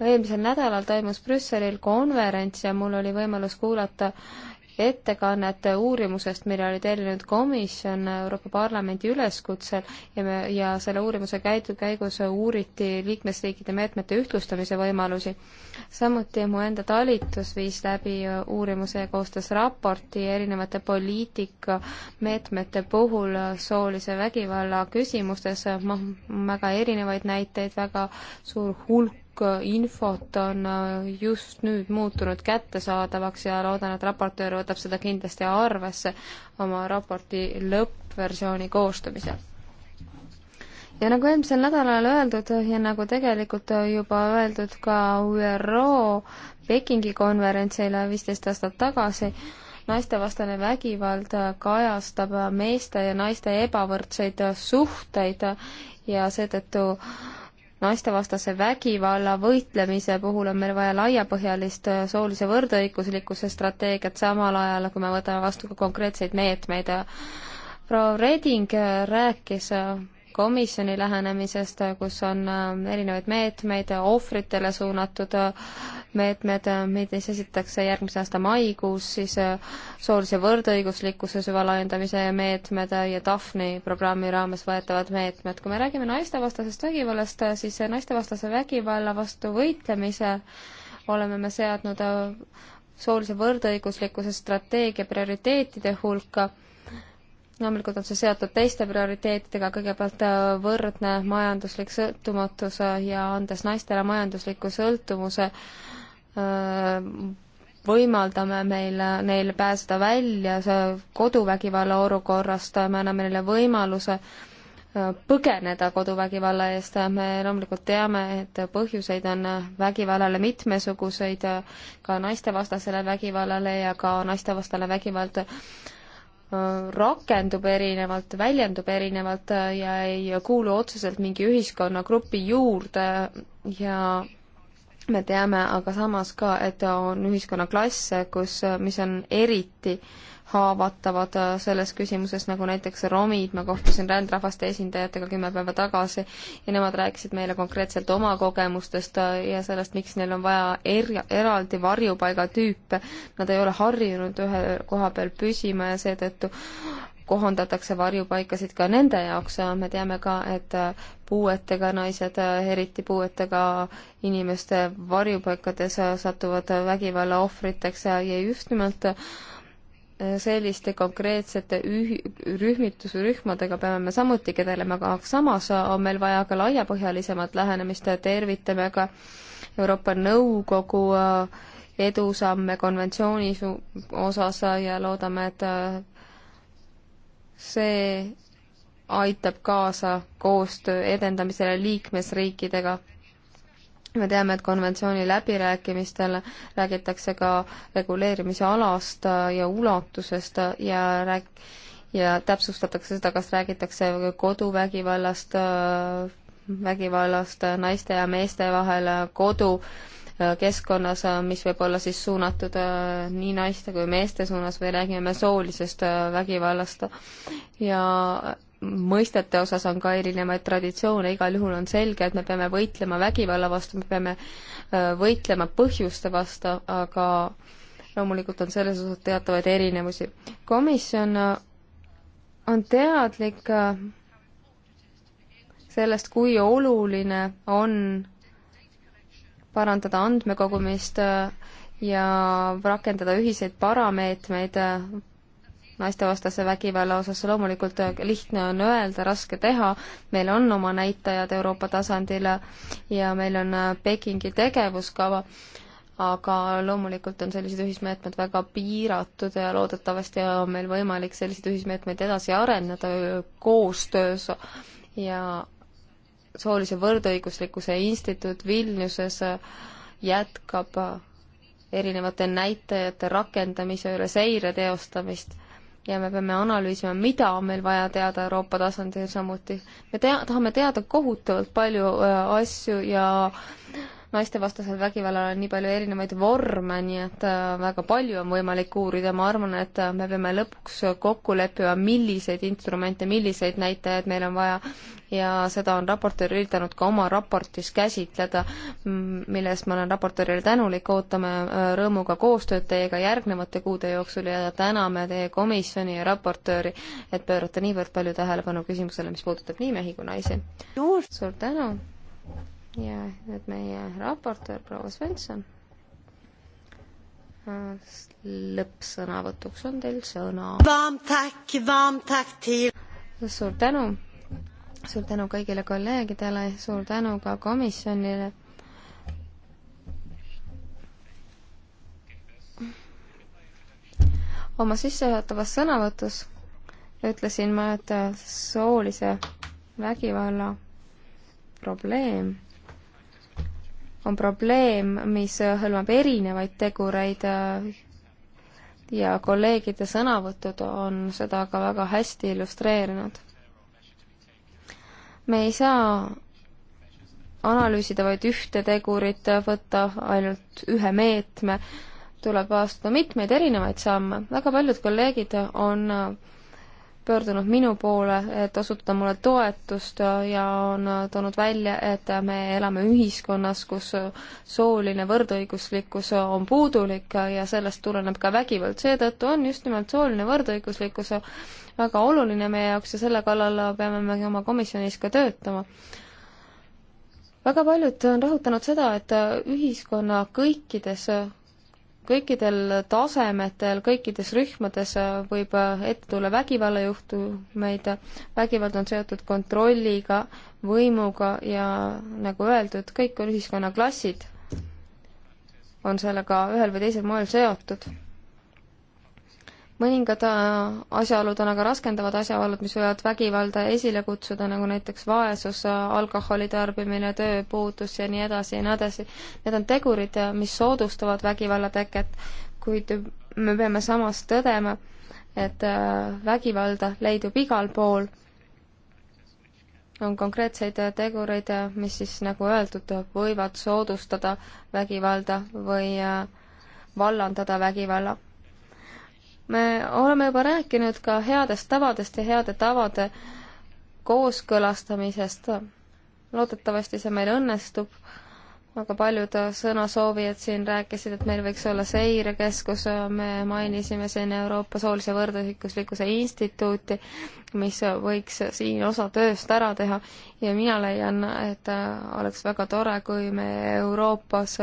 eelmisel nädalal toimus Brüsselil konverents ja mul oli võimalus kuulata ettekannet uurimusest, mille oli tellinud komisjon Euroopa Parlamendi üleskutsel ja me, ja selle uurimuse käidu, käigus uuriti liikmesriikide meetmete ühtlustamise võimalusi. samuti mu enda talitus viis läbi uurimuse ja koostas raporti erinevate poliitikameetmete puhul soolise vägivalla küsimustes, noh, väga erinevaid näiteid, väga suur hulk hulk infot on äh, just nüüd muutunud kättesaadavaks ja loodan, et raportöör võtab seda kindlasti arvesse oma raporti lõppversiooni koostamisel. ja nagu eelmisel nädalal öeldud ja nagu tegelikult juba öeldud ka ÜRO Pekingi konverentsile viisteist aastat tagasi, naistevastane vägivald kajastab meeste ja naiste ebavõrdseid suhteid ja seetõttu naistevastase vägivalla võitlemise puhul on meil vaja laiapõhjalist äh, soolise võrdõiguslikkuse strateegiat, samal ajal kui me võtame vastu ka konkreetseid meetmeid. proua Reding äh, rääkis äh, komisjoni lähenemisest, kus on äh, erinevaid meetmeid, ohvritele suunatud äh, meetmed, äh, mis esitatakse järgmise aasta maikuus, siis soolise võrdõiguslikkuse süvalaiendamise meetmed ja DAFNI programmi raames võetavad meetmed. kui me räägime naistevastasest vägivallast, siis naistevastase vägivalla vastu võitlemise oleme me seadnud soolise võrdõiguslikkuse strateegia prioriteetide hulka loomulikult on see seotud teiste prioriteetidega, kõigepealt äh, võrdne majanduslik sõltumatus äh, ja andes naistele majandusliku sõltumuse, äh, võimaldame meil, neil pääseda välja koduvägivalla olukorrast, me anname neile võimaluse põgeneda koduvägivalla eest, me loomulikult teame, et põhjuseid on vägivallale mitmesuguseid, ka naistevastasele vägivallale ja ka naistevastane vägivald rakendub erinevalt, väljendub erinevalt ja ei kuulu otseselt mingi ühiskonnagrupi juurde ja me teame aga samas ka, et on ühiskonnaklasse, kus, mis on eriti äh, haavatavad äh, selles küsimuses, nagu näiteks romid, ma kohtusin rändrahvaste esindajatega kümme päeva tagasi ja nemad rääkisid meile konkreetselt oma kogemustest äh, ja sellest, miks neil on vaja er-, eraldi varjupaigatüüpe. Nad ei ole harjunud ühe koha peal püsima ja seetõttu kohandatakse varjupaikasid ka nende jaoks, me teame ka, et äh, puuetega naised, eriti puuetega inimeste varjupaikades satuvad vägivalla ohvriteks ja just nimelt selliste konkreetsete üh-, rühmitusrühmadega peame me samuti tegelema, aga samas on meil vaja ka laiapõhjalisemat lähenemist, tervitame ka Euroopa Nõukogu äh, edusamme konventsiooni osas ja loodame, et äh, see aitab kaasa koostöö edendamisele liikmesriikidega me teame, et konventsiooni läbirääkimistel räägitakse ka reguleerimise alast ja ulatusest ja rääg-, ja täpsustatakse seda, kas räägitakse koduvägivallast, vägivallast naiste ja meeste vahel kodu keskkonnas, mis võib olla siis suunatud äh, nii naiste kui meeste suunas või räägime soolisest äh, vägivallast. ja mõistete osas on ka erinevaid traditsioone, igal juhul on selge, et me peame võitlema vägivalla vastu, me peame äh, võitlema põhjuste vastu, aga loomulikult on selles osas teatavaid erinevusi. komisjon äh, on teadlik äh, sellest, kui oluline on parandada andmekogumist ja rakendada ühiseid parameetmeid naistevastase vägivalla osas loomulikult äh, lihtne on öelda, raske teha, meil on oma näitajad Euroopa tasandil ja meil on äh, Pekingi tegevuskava, aga loomulikult on sellised ühismeetmed väga piiratud ja loodetavasti on meil võimalik selliseid ühismeetmeid edasi arendada koostöös ja soolise võrdõiguslikkuse instituut Vilniuses äh, jätkab erinevate näitajate rakendamise üle seire teostamist ja me peame analüüsima, mida on meil vaja teada Euroopa tasandil samuti. me tea-, tahame teada kohutavalt palju äh, asju ja äh, naistevastasel vägivallal on nii palju erinevaid vorme, nii et äh, väga palju on võimalik uurida, ma arvan, et äh, me peame lõpuks kokku leppima, milliseid instrumente, milliseid näitajaid meil on vaja ja seda on raportöör üritanud ka oma raportis käsitleda, mille eest ma olen raportöörile tänulik, ootame äh, rõõmuga koostööd teiega järgnevate kuude jooksul ja täname teie komisjoni ja raportööri, et pöörate niivõrd palju tähelepanu küsimusele, mis puudutab nii mehi kui naisi. suur tänu! ja nüüd meie raportöör proua Svensson. Äh, lõppsõnavõtuks on teil sõna. suur tänu, suur tänu kõigile kolleegidele, suur tänu ka komisjonile. oma sissejuhatavas sõnavõtus ütlesin ma, et soolise vägivalla probleem on probleem, mis hõlmab erinevaid tegureid äh, ja kolleegide sõnavõtud on seda ka väga hästi illustreerinud. me ei saa analüüsida vaid ühte tegurit, võtta ainult ühe meetme, tuleb astuda mitmeid erinevaid samme, väga paljud kolleegid on äh, pöördunud minu poole, et osutada mulle toetust ja on toonud välja, et me elame ühiskonnas, kus sooline võrdõiguslikkus on puudulik ja sellest tuleneb ka vägivald. seetõttu on just nimelt sooline võrdõiguslikkus väga oluline meie jaoks ja selle kallal peame me oma komisjonis ka töötama väga paljud on rõhutanud seda, et ühiskonna kõikides kõikidel tasemetel, kõikides rühmades võib ette tulla vägivallajuhtumeid, vägivald on seotud kontrolliga, võimuga ja nagu öeldud, kõik ühiskonnaklassid on sellega ühel või teisel moel seotud mõningad äh, asjaolud on aga raskendavad asjaolud, mis võivad vägivalda esile kutsuda, nagu näiteks vaesus, äh, alkoholi tarbimine, tööpuudus ja nii edasi ja nii edasi. Need on tegurid, äh, mis soodustavad vägivalla teket, kuid me peame samas tõdema, et vägivalda leidub igal pool. on konkreetseid tegureid, mis siis, nagu öeldud, võivad soodustada vägivalda või vallandada vägivalla me oleme juba rääkinud ka headest tavadest ja heade tavade kooskõlastamisest. loodetavasti see meil õnnestub, aga paljud sõnasoovijad siin rääkisid, et meil võiks olla seirekeskus, me mainisime siin Euroopa Soolise Võrdõiguslikkuse Instituuti, mis võiks siin osa tööst ära teha ja mina leian, et oleks väga tore, kui me Euroopas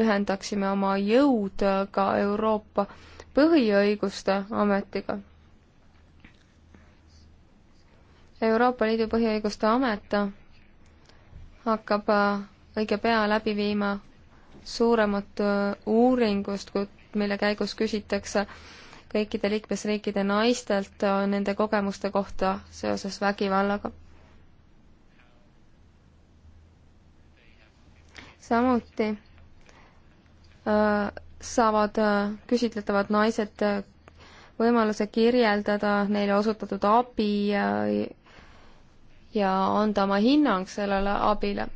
ühendaksime oma jõud ka Euroopa põhiõiguste ametiga. Euroopa Liidu põhiõiguste amet hakkab äh, õige pea läbi viima suuremat äh, uuringust, mille käigus küsitakse kõikide liikmesriikide naistelt äh, nende kogemuste kohta seoses vägivallaga. samuti saavad äh, küsitletavad naised äh, võimaluse kirjeldada neile osutatud abi ja, äh, ja anda oma hinnang sellele abile.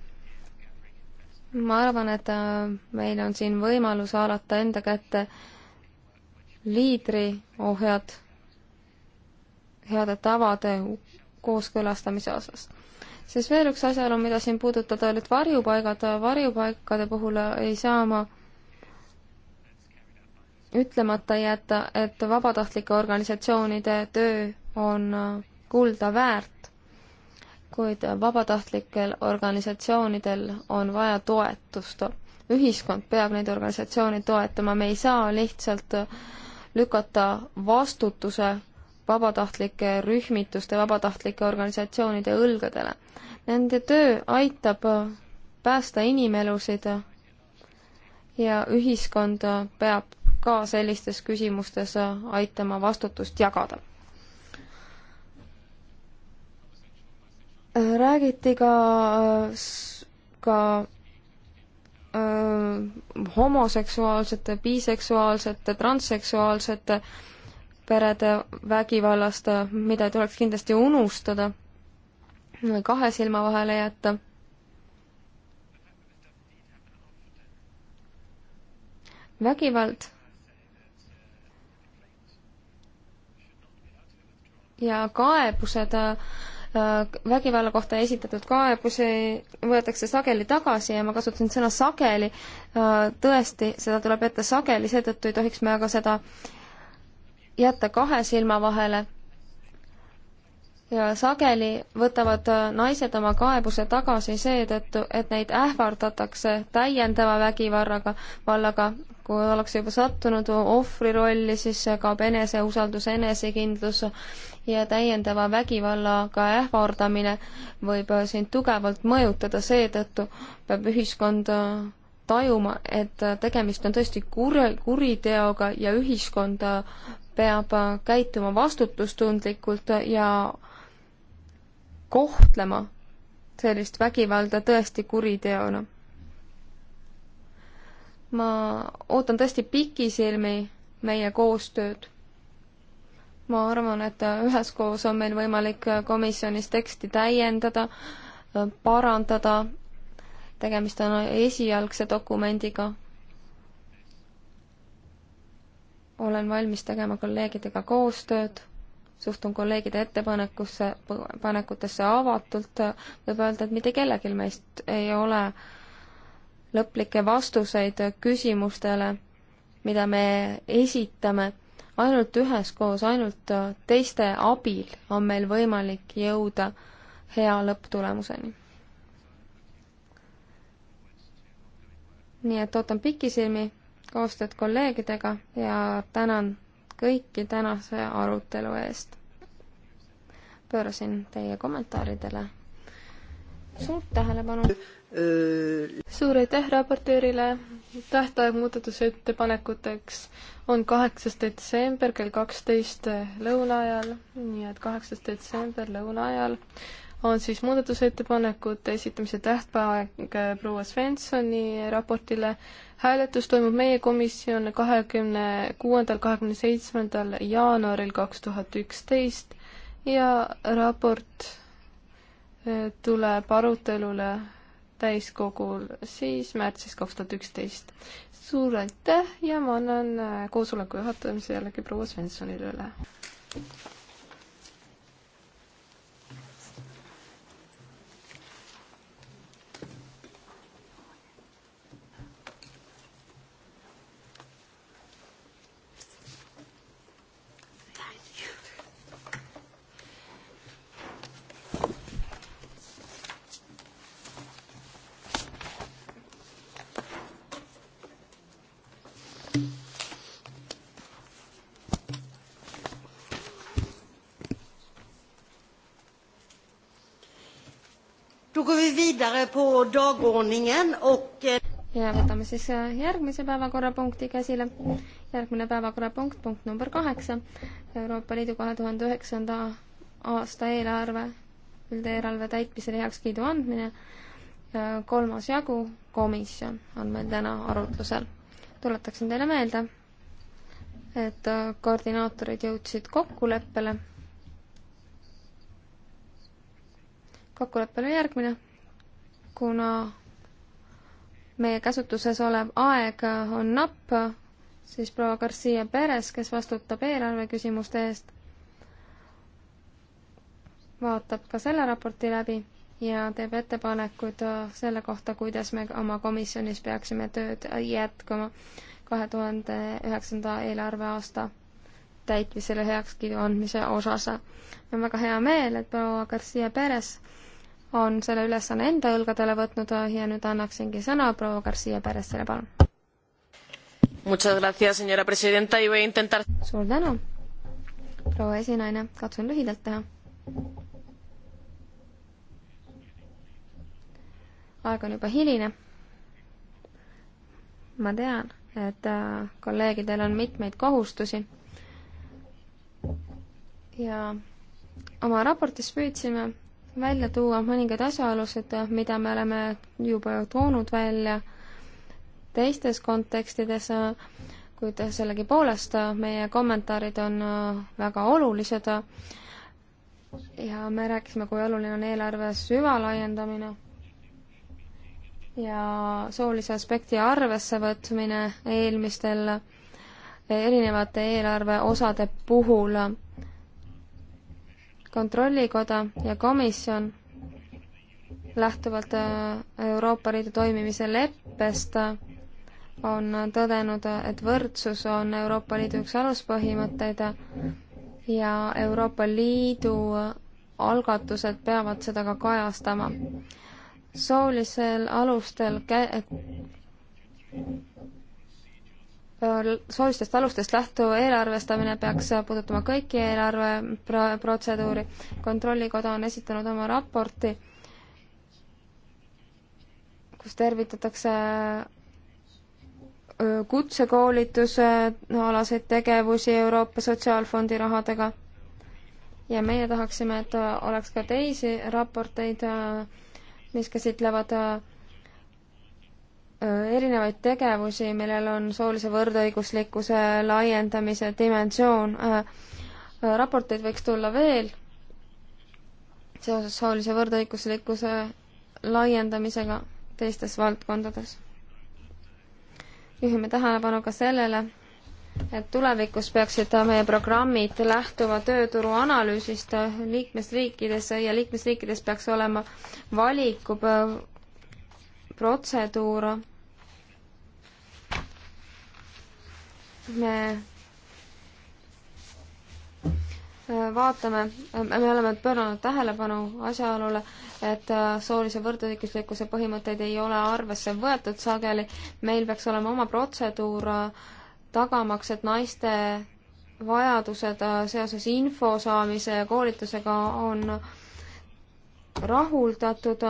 ma arvan, et meil on siin võimalus haarata enda kätte liidriohjad heade tavade kooskõlastamise osas. siis veel üks asjaolu, mida siin puudutada, olid varjupaigad. varjupaikade puhul ei saa ma ütlemata jätta, et vabatahtlike organisatsioonide töö on kulda väärt, kuid vabatahtlikel organisatsioonidel on vaja toetust. ühiskond peab neid organisatsioone toetama, me ei saa lihtsalt lükata vastutuse vabatahtlike rühmituste, vabatahtlike organisatsioonide õlgadele. Nende töö aitab päästa inimelusid ja ühiskond peab ka sellistes küsimustes äh, aitama vastutust jagada. Äh, räägiti ka, äh, ka homoseksuaalsete, biseksuaalsete, transseksuaalsete perede vägivallast, mida ei tuleks kindlasti unustada või kahe silma vahele jätta. vägivald ja kaebused äh, äh, vägivalla kohta esitatud kaebusi võetakse sageli tagasi ja ma kasutasin sõna sageli, äh, tõesti, seda tuleb jätta sageli, seetõttu ei tohiks me aga seda jätta kahe silma vahele. ja sageli võtavad naised oma kaebuse tagasi seetõttu, et neid ähvardatakse täiendava vägivarraga, vallaga, kui ollakse juba sattunud ohvri rolli, siis kaob eneseusaldus, enesekindlus ja täiendava vägivallaga ähvardamine võib äh, sind tugevalt mõjutada, seetõttu peab ühiskond äh, tajuma, et äh, tegemist on tõesti kurja, kuriteoga ja ühiskond peab käituma vastutustundlikult ja kohtlema sellist vägivalda tõesti kuriteona. ma ootan tõesti pikisilmi meie koostööd ma arvan, et üheskoos on meil võimalik komisjonis teksti täiendada, parandada, tegemist on esialgse dokumendiga. olen valmis tegema kolleegidega koostööd, suhtun kolleegide ettepanekusse, panekutesse avatult, võib öelda, et mitte kellelgi meist ei ole lõplikke vastuseid küsimustele, mida me esitame ainult üheskoos, ainult äh, teiste abil on meil võimalik jõuda hea lõpptulemuseni. nii et ootan pikisilmi koostööd kolleegidega ja tänan kõiki tänase arutelu eest. pöörasin teie kommentaaridele suurt tähelepanu. Äh, suur aitäh raportöörile. tähtaeg muudatusettepanekuteks on kaheksas detsember kell kaksteist lõuna ajal, nii et kaheksas detsember lõuna ajal on siis muudatusettepanekute esitamise tähtpäev äh, proua Svensoni raportile. hääletus toimub meie komisjon kahekümne kuuendal, kahekümne seitsmendal jaanuaril kaks tuhat üksteist ja raport tuleb arutelule täiskogul siis märtsis kaks tuhat üksteist. suur aitäh ja ma annan äh, koosoleku juhatamise jällegi proua Svenssonile üle. Eh, ja võtame siis eh, järgmise päevakorrapunkti käsile. järgmine päevakorrapunkt, punkt number kaheksa, Euroopa Liidu kahe tuhande üheksanda aasta eelarve, üldeelarve täitmisele heakskiidu andmine. kolmas jagu, komisjon on meil täna arutlusel. tuletaksin teile meelde, et eh, koordinaatorid jõudsid kokkuleppele kokkulepe oli järgmine kuna meie käsutuses olev aeg on napp, siis proua Garcia Perez, kes vastutab eelarve küsimuste eest, vaatab ka selle raporti läbi ja teeb ettepanekuid selle kohta, kuidas me oma komisjonis peaksime tööd jätkama kahe tuhande üheksanda eelarveaasta täitmisele heakskiidu andmise osas. on väga hea meel, et proua Garcia Perez on selle ülesanne enda õlgadele võtnud äh, ja nüüd annaksingi sõna proua Garcia Peressele, palun. Intentar... suur tänu, proua esinaine, katsun lühidalt teha. aeg on juba hiline. ma tean, et äh, kolleegidel on mitmeid kohustusi ja oma raportis püüdsime välja tuua mõningad asjaolusid, mida me oleme juba toonud välja teistes kontekstides, kuid sellegipoolest meie kommentaarid on väga olulised. ja me rääkisime, kui oluline on eelarve süvalaiendamine ja soolise aspekti arvessevõtmine eelmistel erinevate eelarveosade puhul kontrollikoda ja komisjon lähtuvalt äh, Euroopa Liidu toimimise leppest on tõdenud, et võrdsus on Euroopa Liidu üks aluspõhimõtteid ja Euroopa Liidu algatused peavad seda ka kajastama. soolisel alustel kä-, Äh, soolistest alustest lähtuv eelarvestamine peaks puudutama kõiki eelarveprotseduuri. kontrollikoda on esitanud oma raporti, kus tervitatakse äh, kutsekoolituse äh, alaseid tegevusi Euroopa Sotsiaalfondi rahadega. ja meie tahaksime, et oleks ka teisi raporteid, mis käsitlevad Äh, erinevaid tegevusi, millel on soolise võrdõiguslikkuse laiendamise dimensioon. Äh, äh, raporteid võiks tulla veel seoses soolise võrdõiguslikkuse laiendamisega teistes valdkondades. juhime tähelepanu ka sellele, et tulevikus peaksid meie programmid lähtuma tööturu analüüsist liikmesriikides ja liikmesriikides peaks olema valiku protseduur. me äh, vaatame, äh, me oleme pööranud tähelepanu asjaolule, et äh, soolise võrdõiguslikkuse põhimõtteid ei ole arvesse võetud sageli. meil peaks olema oma protseduur tagamaks, et naiste vajadused seoses info saamise ja koolitusega on rahuldatud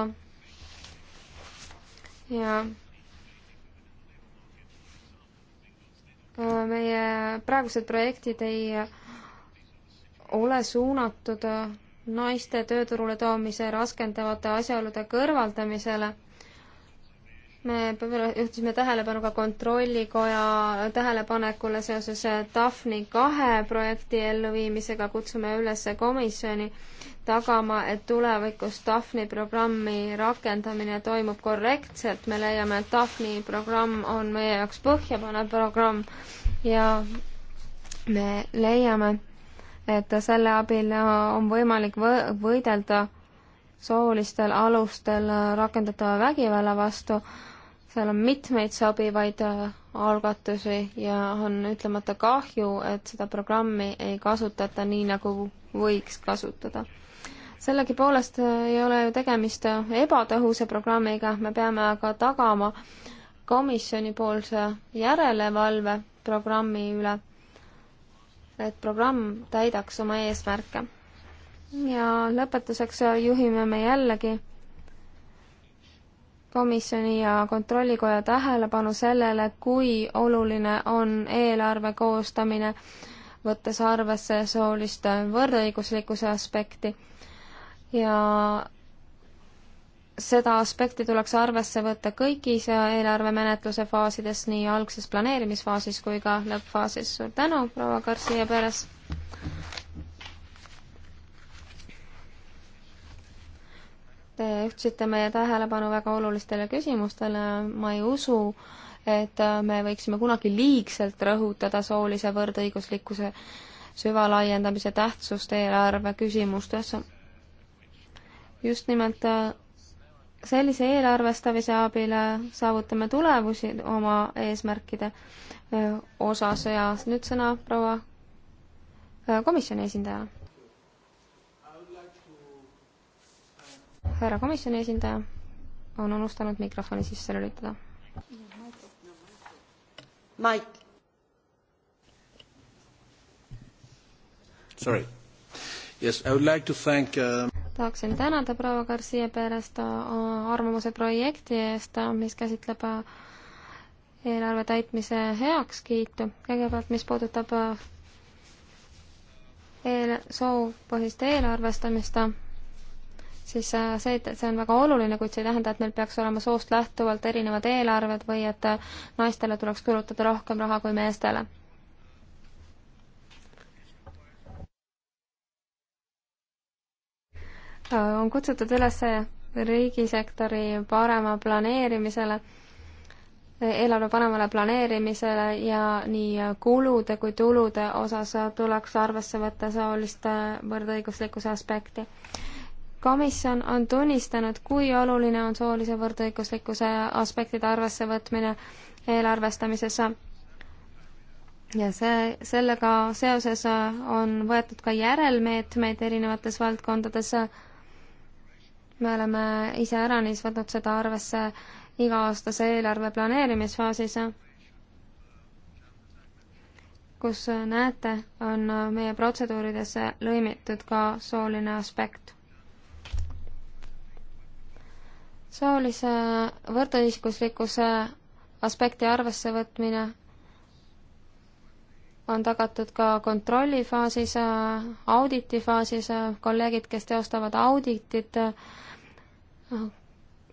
ja äh, meie praegused projektid ei ole suunatud äh, naiste tööturule toomise raskendavate asjaolude kõrvaldamisele me juhtisime tähelepanu ka Kontrollikoja tähelepanekule seoses Daphne kahe projekti elluviimisega, kutsume üles komisjoni tagama, et tulevikus Daphne programmi rakendamine toimub korrektselt, me leiame, et Daphne programm on meie jaoks põhjapanev programm ja me leiame, et selle abil on võimalik võ võidelda soolistel alustel rakendatava vägivalla vastu seal on mitmeid sobivaid äh, algatusi ja on ütlemata kahju, et seda programmi ei kasutata nii, nagu võiks kasutada. sellegipoolest äh, ei ole ju tegemist äh, ebatõhusa programmiga, me peame aga tagama komisjonipoolse järelevalve programmi üle, et programm täidaks oma eesmärke. ja lõpetuseks juhime me jällegi komisjoni ja kontrollikoja tähelepanu sellele, kui oluline on eelarve koostamine, võttes arvesse soolist võrdõiguslikkuse aspekti ja seda aspekti tuleks arvesse võtta kõigis eelarvemenetluse faasides, nii algses planeerimisfaasis kui ka lõppfaasis. suur tänu, proua Garcia Perez! Te juhtisite meie tähelepanu väga olulistele küsimustele, ma ei usu, et me võiksime kunagi liigselt rõhutada soolise võrdõiguslikkuse süvalaiendamise tähtsust eelarve küsimustes. just nimelt äh, sellise eelarvestamise abil äh, saavutame tulemusi oma eesmärkide äh, osas ja nüüd sõna proua komisjoni esindajale. härra komisjoni esindaja on unustanud mikrofoni sisse lülitada. Mike. Sorry. Yes, I would like to thank uh... tahaksin tänada proua Garcia Perest uh, arvamuse projekti eest, uh, mis käsitleb uh, eelarve täitmise heakskiitu. kõigepealt, mis puudutab eel-, soopõhist eelarvestamist, siis äh, see, see on väga oluline, kuid see ei tähenda, et meil peaks olema soost lähtuvalt erinevad eelarved või et äh, naistele tuleks kulutada rohkem raha kui meestele. Äh, on kutsutud üles riigisektori parema planeerimisele eelarve panemale planeerimisele ja nii kulude kui tulude osas tuleks arvesse võtta soolist võrdõiguslikkuse aspekti komisjon on tunnistanud, kui oluline on soolise võrdõiguslikkuse aspektide arvessevõtmine eelarvestamises. ja see, sellega seoses on võetud ka järelmeetmeid erinevates valdkondades. me oleme iseäranis võtnud seda arvesse iga-aastase eelarve planeerimisfaasis, kus näete, on meie protseduuridesse lõimitud ka sooline aspekt soolise võrdõiguslikkuse aspekti arvesse võtmine on tagatud ka kontrollifaasis, auditifaasis, kolleegid, kes teostavad auditit,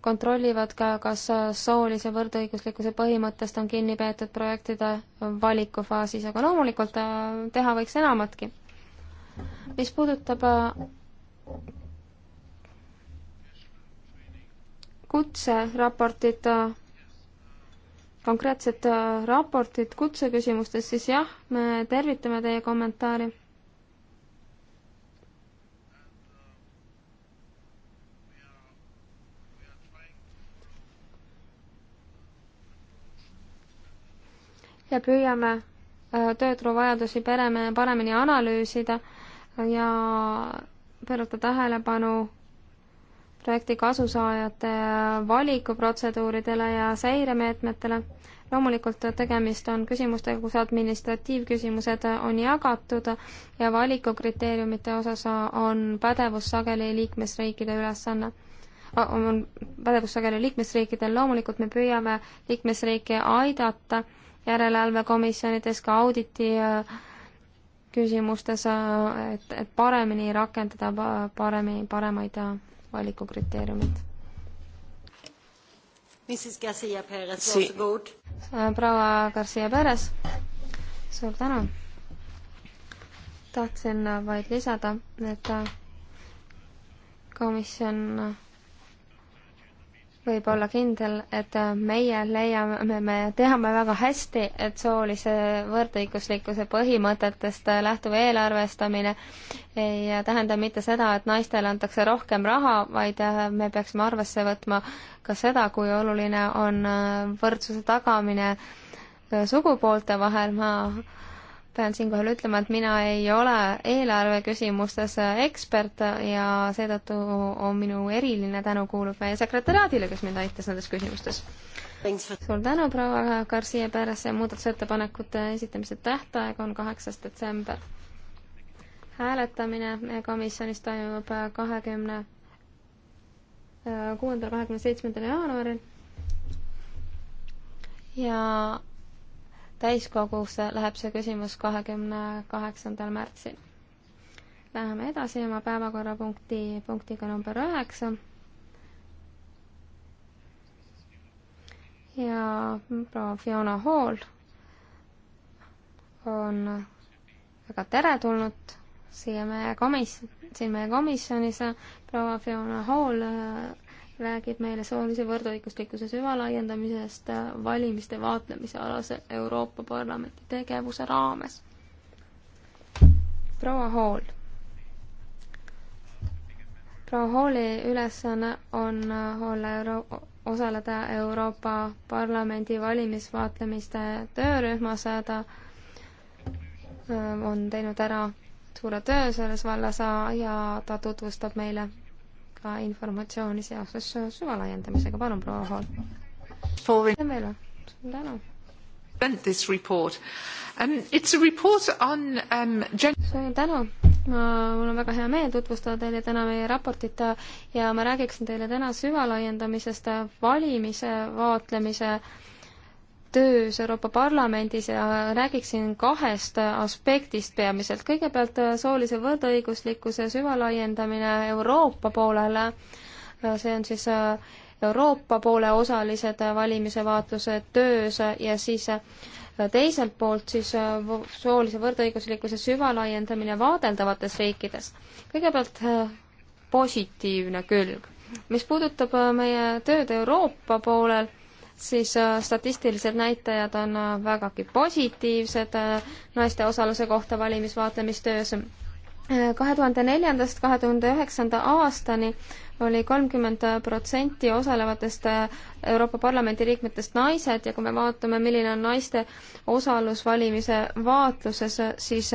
kontrollivad ka, kas soolise võrdõiguslikkuse põhimõttest on kinni peetud projektide valikufaasis, aga loomulikult äh, teha võiks enamatki. mis puudutab äh, kutseraportit, äh, konkreetset äh, raportit kutseküsimustes, siis jah, me tervitame teie kommentaari. ja püüame äh, tööturu vajadusi pereme paremini analüüsida ja pöörata tähelepanu projekti kasusaajate valikuprotseduuridele ja seiremeetmetele. loomulikult tegemist on küsimustega, kus administratiivküsimused on jagatud ja valikukriteeriumite osas on pädevus sageli liikmesriikide ülesanne on pädevus sageli liikmesriikidel, loomulikult me püüame liikmesriike aidata järelevalvekomisjonides ka auditi äh, küsimustes, äh, et, et paremini rakendada paremini, paremaid äh, valikukriteeriumid. Äh, proua Garcia Perez, suur tänu. tahtsin vaid lisada, et äh, komisjon äh, võib olla kindel, et meie leiame, me, me teame väga hästi, et soolise võrdõiguslikkuse põhimõtetest lähtuv eelarvestamine ei tähenda mitte seda, et naistele antakse rohkem raha, vaid me peaksime arvesse võtma ka seda, kui oluline on võrdsuse tagamine sugupoolte vahel. ma pean siinkohal ütlema, et mina ei ole eelarve küsimustes ekspert ja seetõttu on minu eriline tänu kuulub meie sekretäraadile, kes mind aitas nendes küsimustes. suur tänu, proua Garcia Perez, muudatusettepanekute esitamise tähtaeg on kaheksas detsember. hääletamine meie komisjonis toimub kahekümne kuuendal, kahekümne seitsmendal jaanuaril ja täiskogusse läheb see küsimus kahekümne kaheksandal märtsil. Läheme edasi oma päevakorrapunkti, punktiga number üheksa. ja proua Fiona Hall on väga teretulnud siia meie komis-, siin meie komisjonis. proua Fiona Hall räägib meile soolise võrdõiguslikkuse süvalaiendamisest valimiste vaatlemise alase Euroopa Parlamenti tegevuse raames. proua Hall. proua Halli ülesanne on olla Euro-, osaleda Euroopa Parlamendi valimisvaatlemiste töörühmas, ta äh, on teinud ära suure töö selles vallas ja ta tutvustab meile ka informatsiooni seoses süva laiendamisega, palun proua Hall. aitäh meile, suur tänu. This report. Um, it's a report on um, gen- suur tänu, ma, mul on väga hea meel tutvustada teile täna meie raportit ja ma räägiksin teile täna süvalaiendamisest valimise vaatlemise äh, töös Euroopa Parlamendis ja räägiksin kahest aspektist peamiselt. kõigepealt äh, soolise võrdõiguslikkuse süvalaiendamine Euroopa poolele, see on siis äh, Euroopa poole osalised äh, valimise vaatluse töös ja siis teiselt poolt siis soolise võrdõiguslikkuse süvalaiendamine vaadeldavates riikides. kõigepealt positiivne külg. mis puudutab meie tööd Euroopa poolel, siis äh, statistilised näitajad on äh, vägagi positiivsed äh, naiste osaluse kohta valimisvaatlemistöös. kahe tuhande neljandast kahe tuhande üheksanda aastani oli kolmkümmend protsenti osalevatest Euroopa Parlamendi liikmetest naised ja kui me vaatame, milline on naiste osalus valimise vaatluses, siis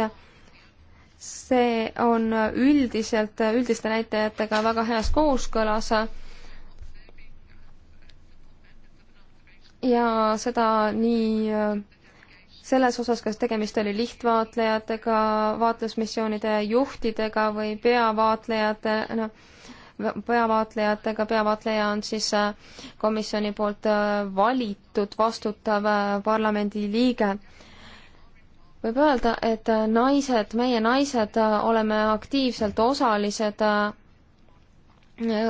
see on üldiselt, üldiste näitajatega väga heas kooskõlas ja seda nii äh, selles osas, kas tegemist oli lihtvaatlejatega, vaatlusmissioonide juhtidega või peavaatlejate, noh, peavaatlejatega, peavaatleja on siis äh, komisjoni poolt äh, valitud vastutav parlamendiliige. võib öelda, et naised, meie naised oleme aktiivselt osalised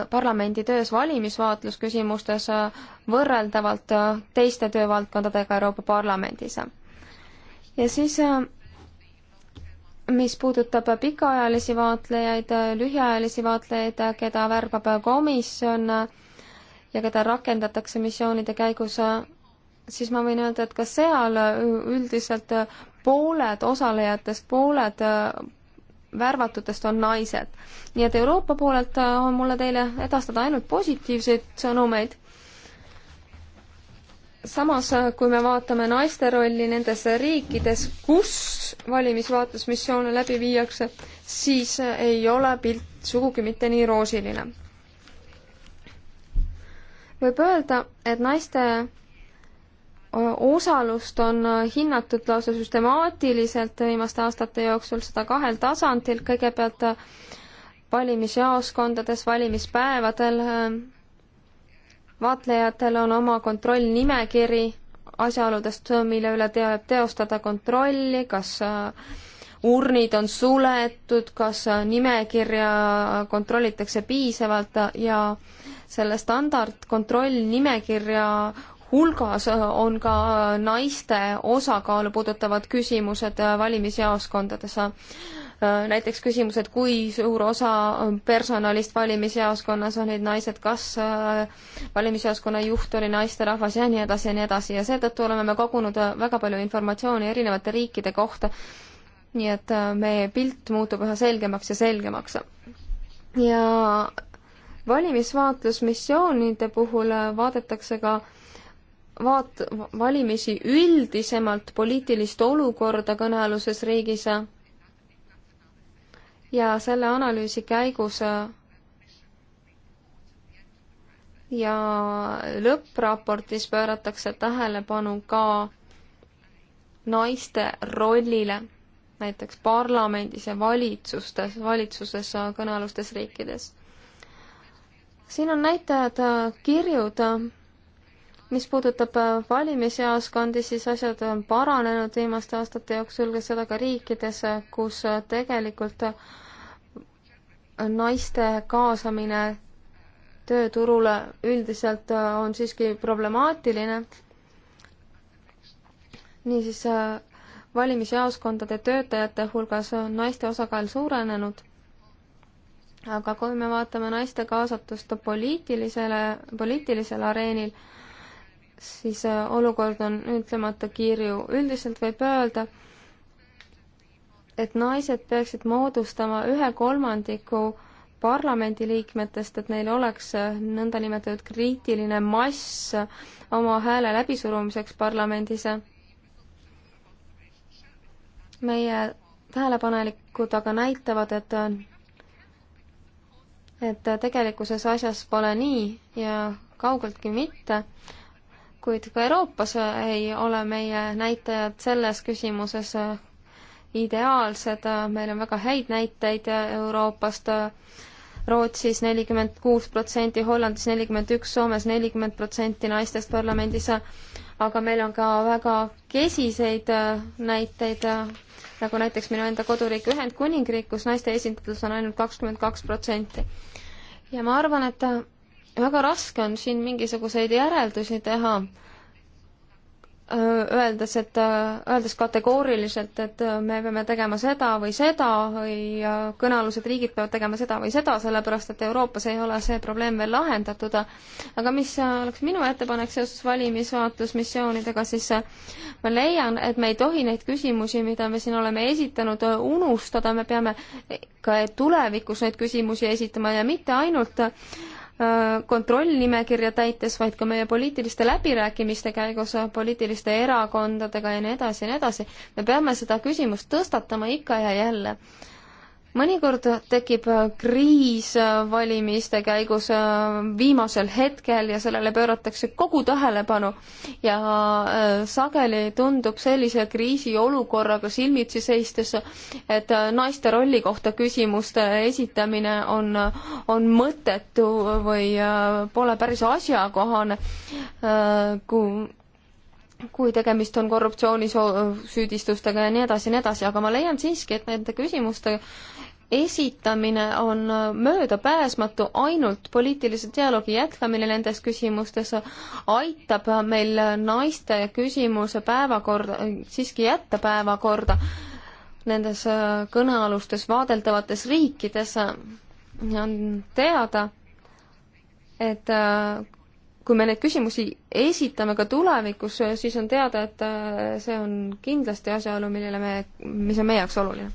parlamendi töös valimisvaatlusküsimustes äh, võrreldavalt äh, teiste töövaldkondadega Euroopa Parlamendis. ja siis, äh, mis puudutab pikaajalisi vaatlejaid, lühiajalisi vaatlejaid, keda värbab komisjon ja keda rakendatakse missioonide käigus, siis ma võin öelda, et ka seal üldiselt pooled osalejatest, pooled värvatutest on naised. nii et Euroopa poolelt äh, on mulle teile edastada ainult positiivseid sõnumeid. samas, äh, kui me vaatame naiste rolli nendes riikides, kus valimisvaatlusmissioone läbi viiakse, siis äh, ei ole pilt sugugi mitte nii roosiline. võib öelda, et naiste osalust on hinnatud lausa süstemaatiliselt viimaste aastate jooksul, seda kahel tasandil, kõigepealt valimisjaoskondades, valimispäevadel vaatlejatel on oma kontrollnimekiri asjaoludest, mille üle teab teostada kontrolli, kas äh, urnid on suletud, kas äh, nimekirja kontrollitakse piisavalt ja selle standardkontrollnimekirja hulgas äh, on ka äh, naiste osakaalu puudutavad küsimused äh, valimisjaoskondades. näiteks küsimus, et kui suur osa personalist valimisjaoskonnas olid naised, kas valimisjaoskonna juht oli naisterahvas ja nii edasi ja nii edasi ja seetõttu oleme me kogunud väga palju informatsiooni erinevate riikide kohta. nii et meie pilt muutub üha selgemaks ja selgemaks. ja valimisvaatlusmissioonide puhul vaadatakse ka äh, vaat-, valimisi üldisemalt, poliitilist olukorda kõnealuses riigis ja selle analüüsi käigus ja lõppraportis pööratakse tähelepanu ka naiste rollile näiteks parlamendis ja valitsustes, valitsuses kõnealustes riikides. siin on näitajad kirjud mis puudutab äh, valimisjaoskondi, siis asjad on paranenud viimaste aastate jooksul ka seda ka riikides, äh, kus äh, tegelikult naiste kaasamine tööturule üldiselt on siiski problemaatiline. niisiis valimisjaoskondade töötajate hulgas on naiste osakaal suurenenud aga kui me vaatame naiste kaasatust poliitilisele, poliitilisel areenil, siis äh, olukord on ütlemata kirju. üldiselt võib öelda, et naised peaksid moodustama ühe kolmandiku parlamendiliikmetest, et neil oleks äh, nõndanimetatud kriitiline mass äh, oma hääle läbisurumiseks parlamendis. meie tähelepanelikud aga näitavad, et et tegelikkuses asjas pole nii ja kaugeltki mitte kuid ka Euroopas äh, ei ole meie näitajad selles küsimuses äh, ideaalsed, äh, meil on väga häid näiteid Euroopast, Rootsis nelikümmend kuus protsenti, Hollandis nelikümmend üks, Soomes nelikümmend protsenti naistest parlamendis, aga meil on ka väga kesiseid näiteid, nagu näiteks minu enda koduriik Ühendkuningriik, kus naiste esindatus on ainult kakskümmend kaks protsenti. ja ma arvan, et väga raske on siin mingisuguseid järeldusi teha, öeldes, et, öeldes kategooriliselt, et me peame tegema seda või seda või kõnealused riigid peavad tegema seda või seda, sellepärast et Euroopas ei ole see probleem veel lahendatud. aga mis oleks minu ettepanek seoses valimisvaatlusmissioonidega, siis ma leian, et me ei tohi neid küsimusi, mida me siin oleme esitanud, unustada, me peame ka tulevikus neid küsimusi esitama ja mitte ainult äh, Äh, kontrollnimekirja täites, vaid ka meie poliitiliste läbirääkimiste käigus poliitiliste erakondadega ja nii edasi ja nii edasi. me peame seda küsimust tõstatama ikka ja jälle mõnikord tekib äh, kriis äh, valimiste käigus äh, viimasel hetkel ja sellele pööratakse kogu tähelepanu ja sageli tundub sellise kriisiolukorraga silmitsi seistes, et naiste rolli kohta küsimuste esitamine on, on mõttetu või pole päris asjakohane, kui kui tegemist on korruptsioonisüüdistustega ja nii edasi ja nii edasi, aga ma leian siiski, et nende küsimuste esitamine on möödapääsmatu, ainult poliitilise dialoogi jätkamine nendes küsimustes aitab meil naiste küsimuse päevakorda, siiski jätta päevakorda nendes kõnealustes vaadeldavates riikides. on teada, et äh, kui me neid küsimusi esitame ka tulevikus, siis on teada, et äh, see on kindlasti asjaolu, millele me, mis on meie jaoks oluline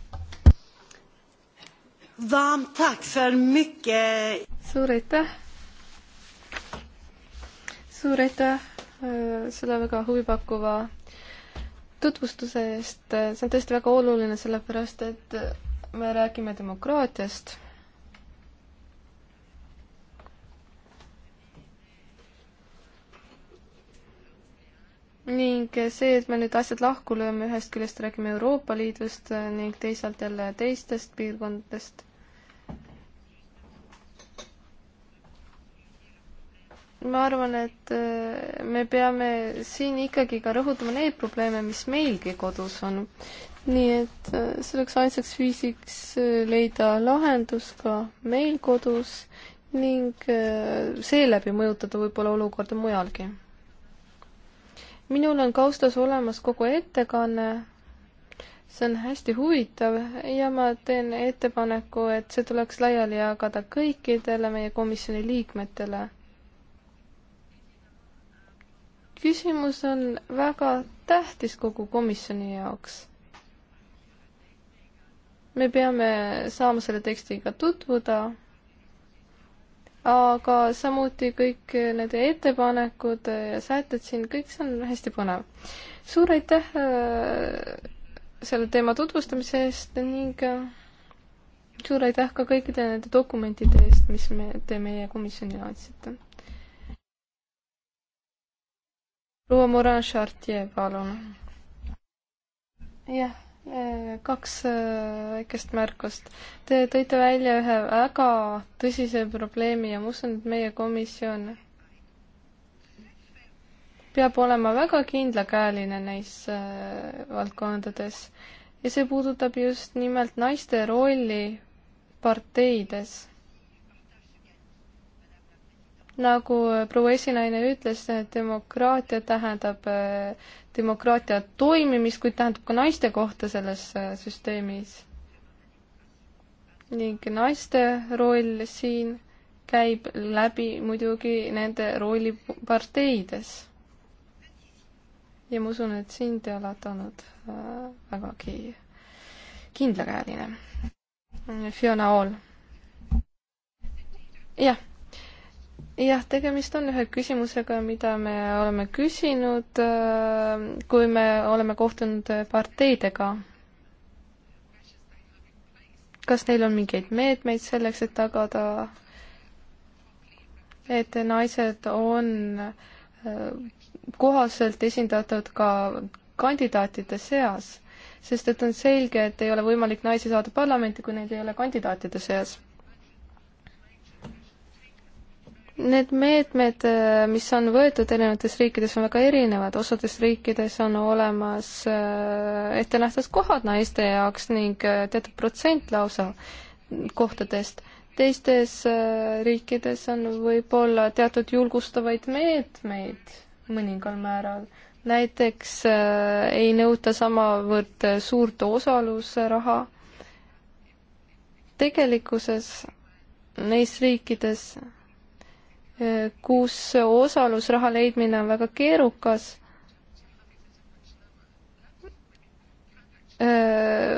varmt tack för mycket. suur aitäh. suur aitäh äh, selle väga huvipakkuva tutvustuse eest, äh, see on tõesti väga oluline, sellepärast et äh, me räägime demokraatiast ning see, et me nüüd asjad lahku lööme, ühest küljest räägime Euroopa Liidust äh, ning teisalt jälle teistest piirkondadest. ma arvan, et äh, me peame siin ikkagi ka rõhutama neid probleeme, mis meilgi kodus on. nii et äh, selleks ainsaks viisiks leida lahendus ka meil kodus ning seeläbi mõjutada võib-olla olukorda mujalgi minul on kaustas olemas kogu ettekanne, see on hästi huvitav ja ma teen ettepaneku, et see tuleks laiali jagada kõikidele meie komisjoni liikmetele. küsimus on väga tähtis kogu komisjoni jaoks. me peame saama selle tekstiga tutvuda aga samuti kõik need ettepanekud ja sätted siin, kõik see on hästi põnev. suur aitäh äh, selle teema tutvustamise eest ning äh, suur aitäh ka kõikide nende dokumentide eest, mis me, te meie komisjonile andsite. proua Morin Chartier, palun. jah Äh, kaks äh, väikest märkust. Te tõite välja ühe väga tõsise probleemi ja ma usun, et meie komisjon peab olema väga kindlakäeline neis äh, valdkondades ja see puudutab just nimelt naiste rolli parteides nagu proua esinaine ütles, demokraatia tähendab demokraatia toimimist, kuid tähendab ka naiste kohta selles äh, süsteemis. ning naiste roll siin käib läbi muidugi nende rooli parteides. ja ma usun, et siin te olete olnud äh, vägagi kindlakäeline. Fiona Hall. jah jah, tegemist on ühe küsimusega, mida me oleme küsinud, äh, kui me oleme kohtunud parteidega. kas neil on mingeid meetmeid selleks, et tagada, et naised on äh, kohaselt esindatud ka kandidaatide seas, sest et on selge, et ei ole võimalik naisi saada parlamenti, kui neid ei ole kandidaatide seas Need meetmed, äh, mis on võetud erinevates riikides, on väga erinevad, osades riikides on olemas äh, ette nähtud kohad naiste jaoks ning äh, teatud protsent lausa kohtadest. teistes riikides on võib-olla teatud julgustavaid meetmeid mõningal määral, näiteks ei nõuta samavõrd suurt osalusraha. tegelikkuses neis riikides kus osalusraha leidmine on väga keerukas,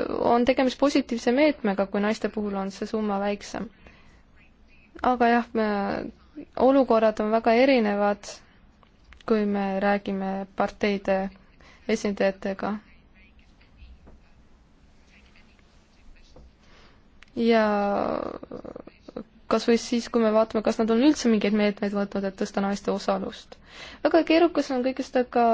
on tegemist positiivse meetmega, kui naiste puhul on see summa väiksem. aga jah, olukorrad on väga erinevad, kui me räägime parteide esindajatega. ja kas või siis, kui me vaatame, kas nad on üldse mingeid meetmeid võtnud, et tõsta naiste osalust. väga keerukas on kõike seda ka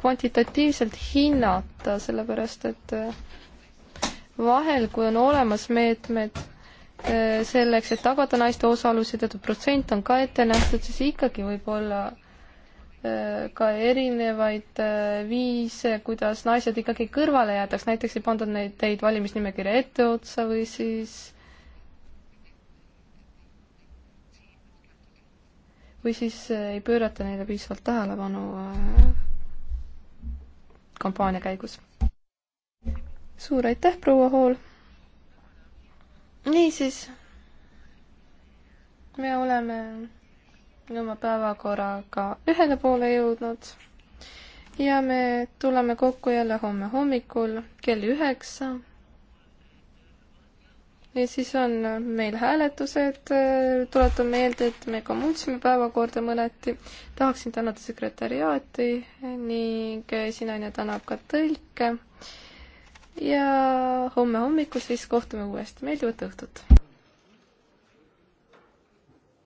kvantitatiivselt hinnata, sellepärast et eh, vahel, kui on olemas meetmed eh, selleks, et tagada naiste osalus ja teatud protsent on ka ette nähtud, siis ikkagi võib olla eh, ka erinevaid viise, kuidas naised ikkagi kõrvale jäetakse, näiteks ei pandud neid teid valimisnimekirja etteotsa või siis või siis äh, ei pöörata neile piisavalt tähelepanu äh, kampaania käigus. suur aitäh, proua Hool! niisiis, me oleme oma päevakorraga ühele poole jõudnud ja me tuleme kokku jälle homme hommikul kell üheksa ja siis on meil hääletused, tuletan meelde, et me ka muutsime päevakorda mõneti. tahaksin tänada sekretäriaati ning esinaine tänab ka tõlke. ja homme hommikul siis kohtume uuesti, meeldivat õhtut!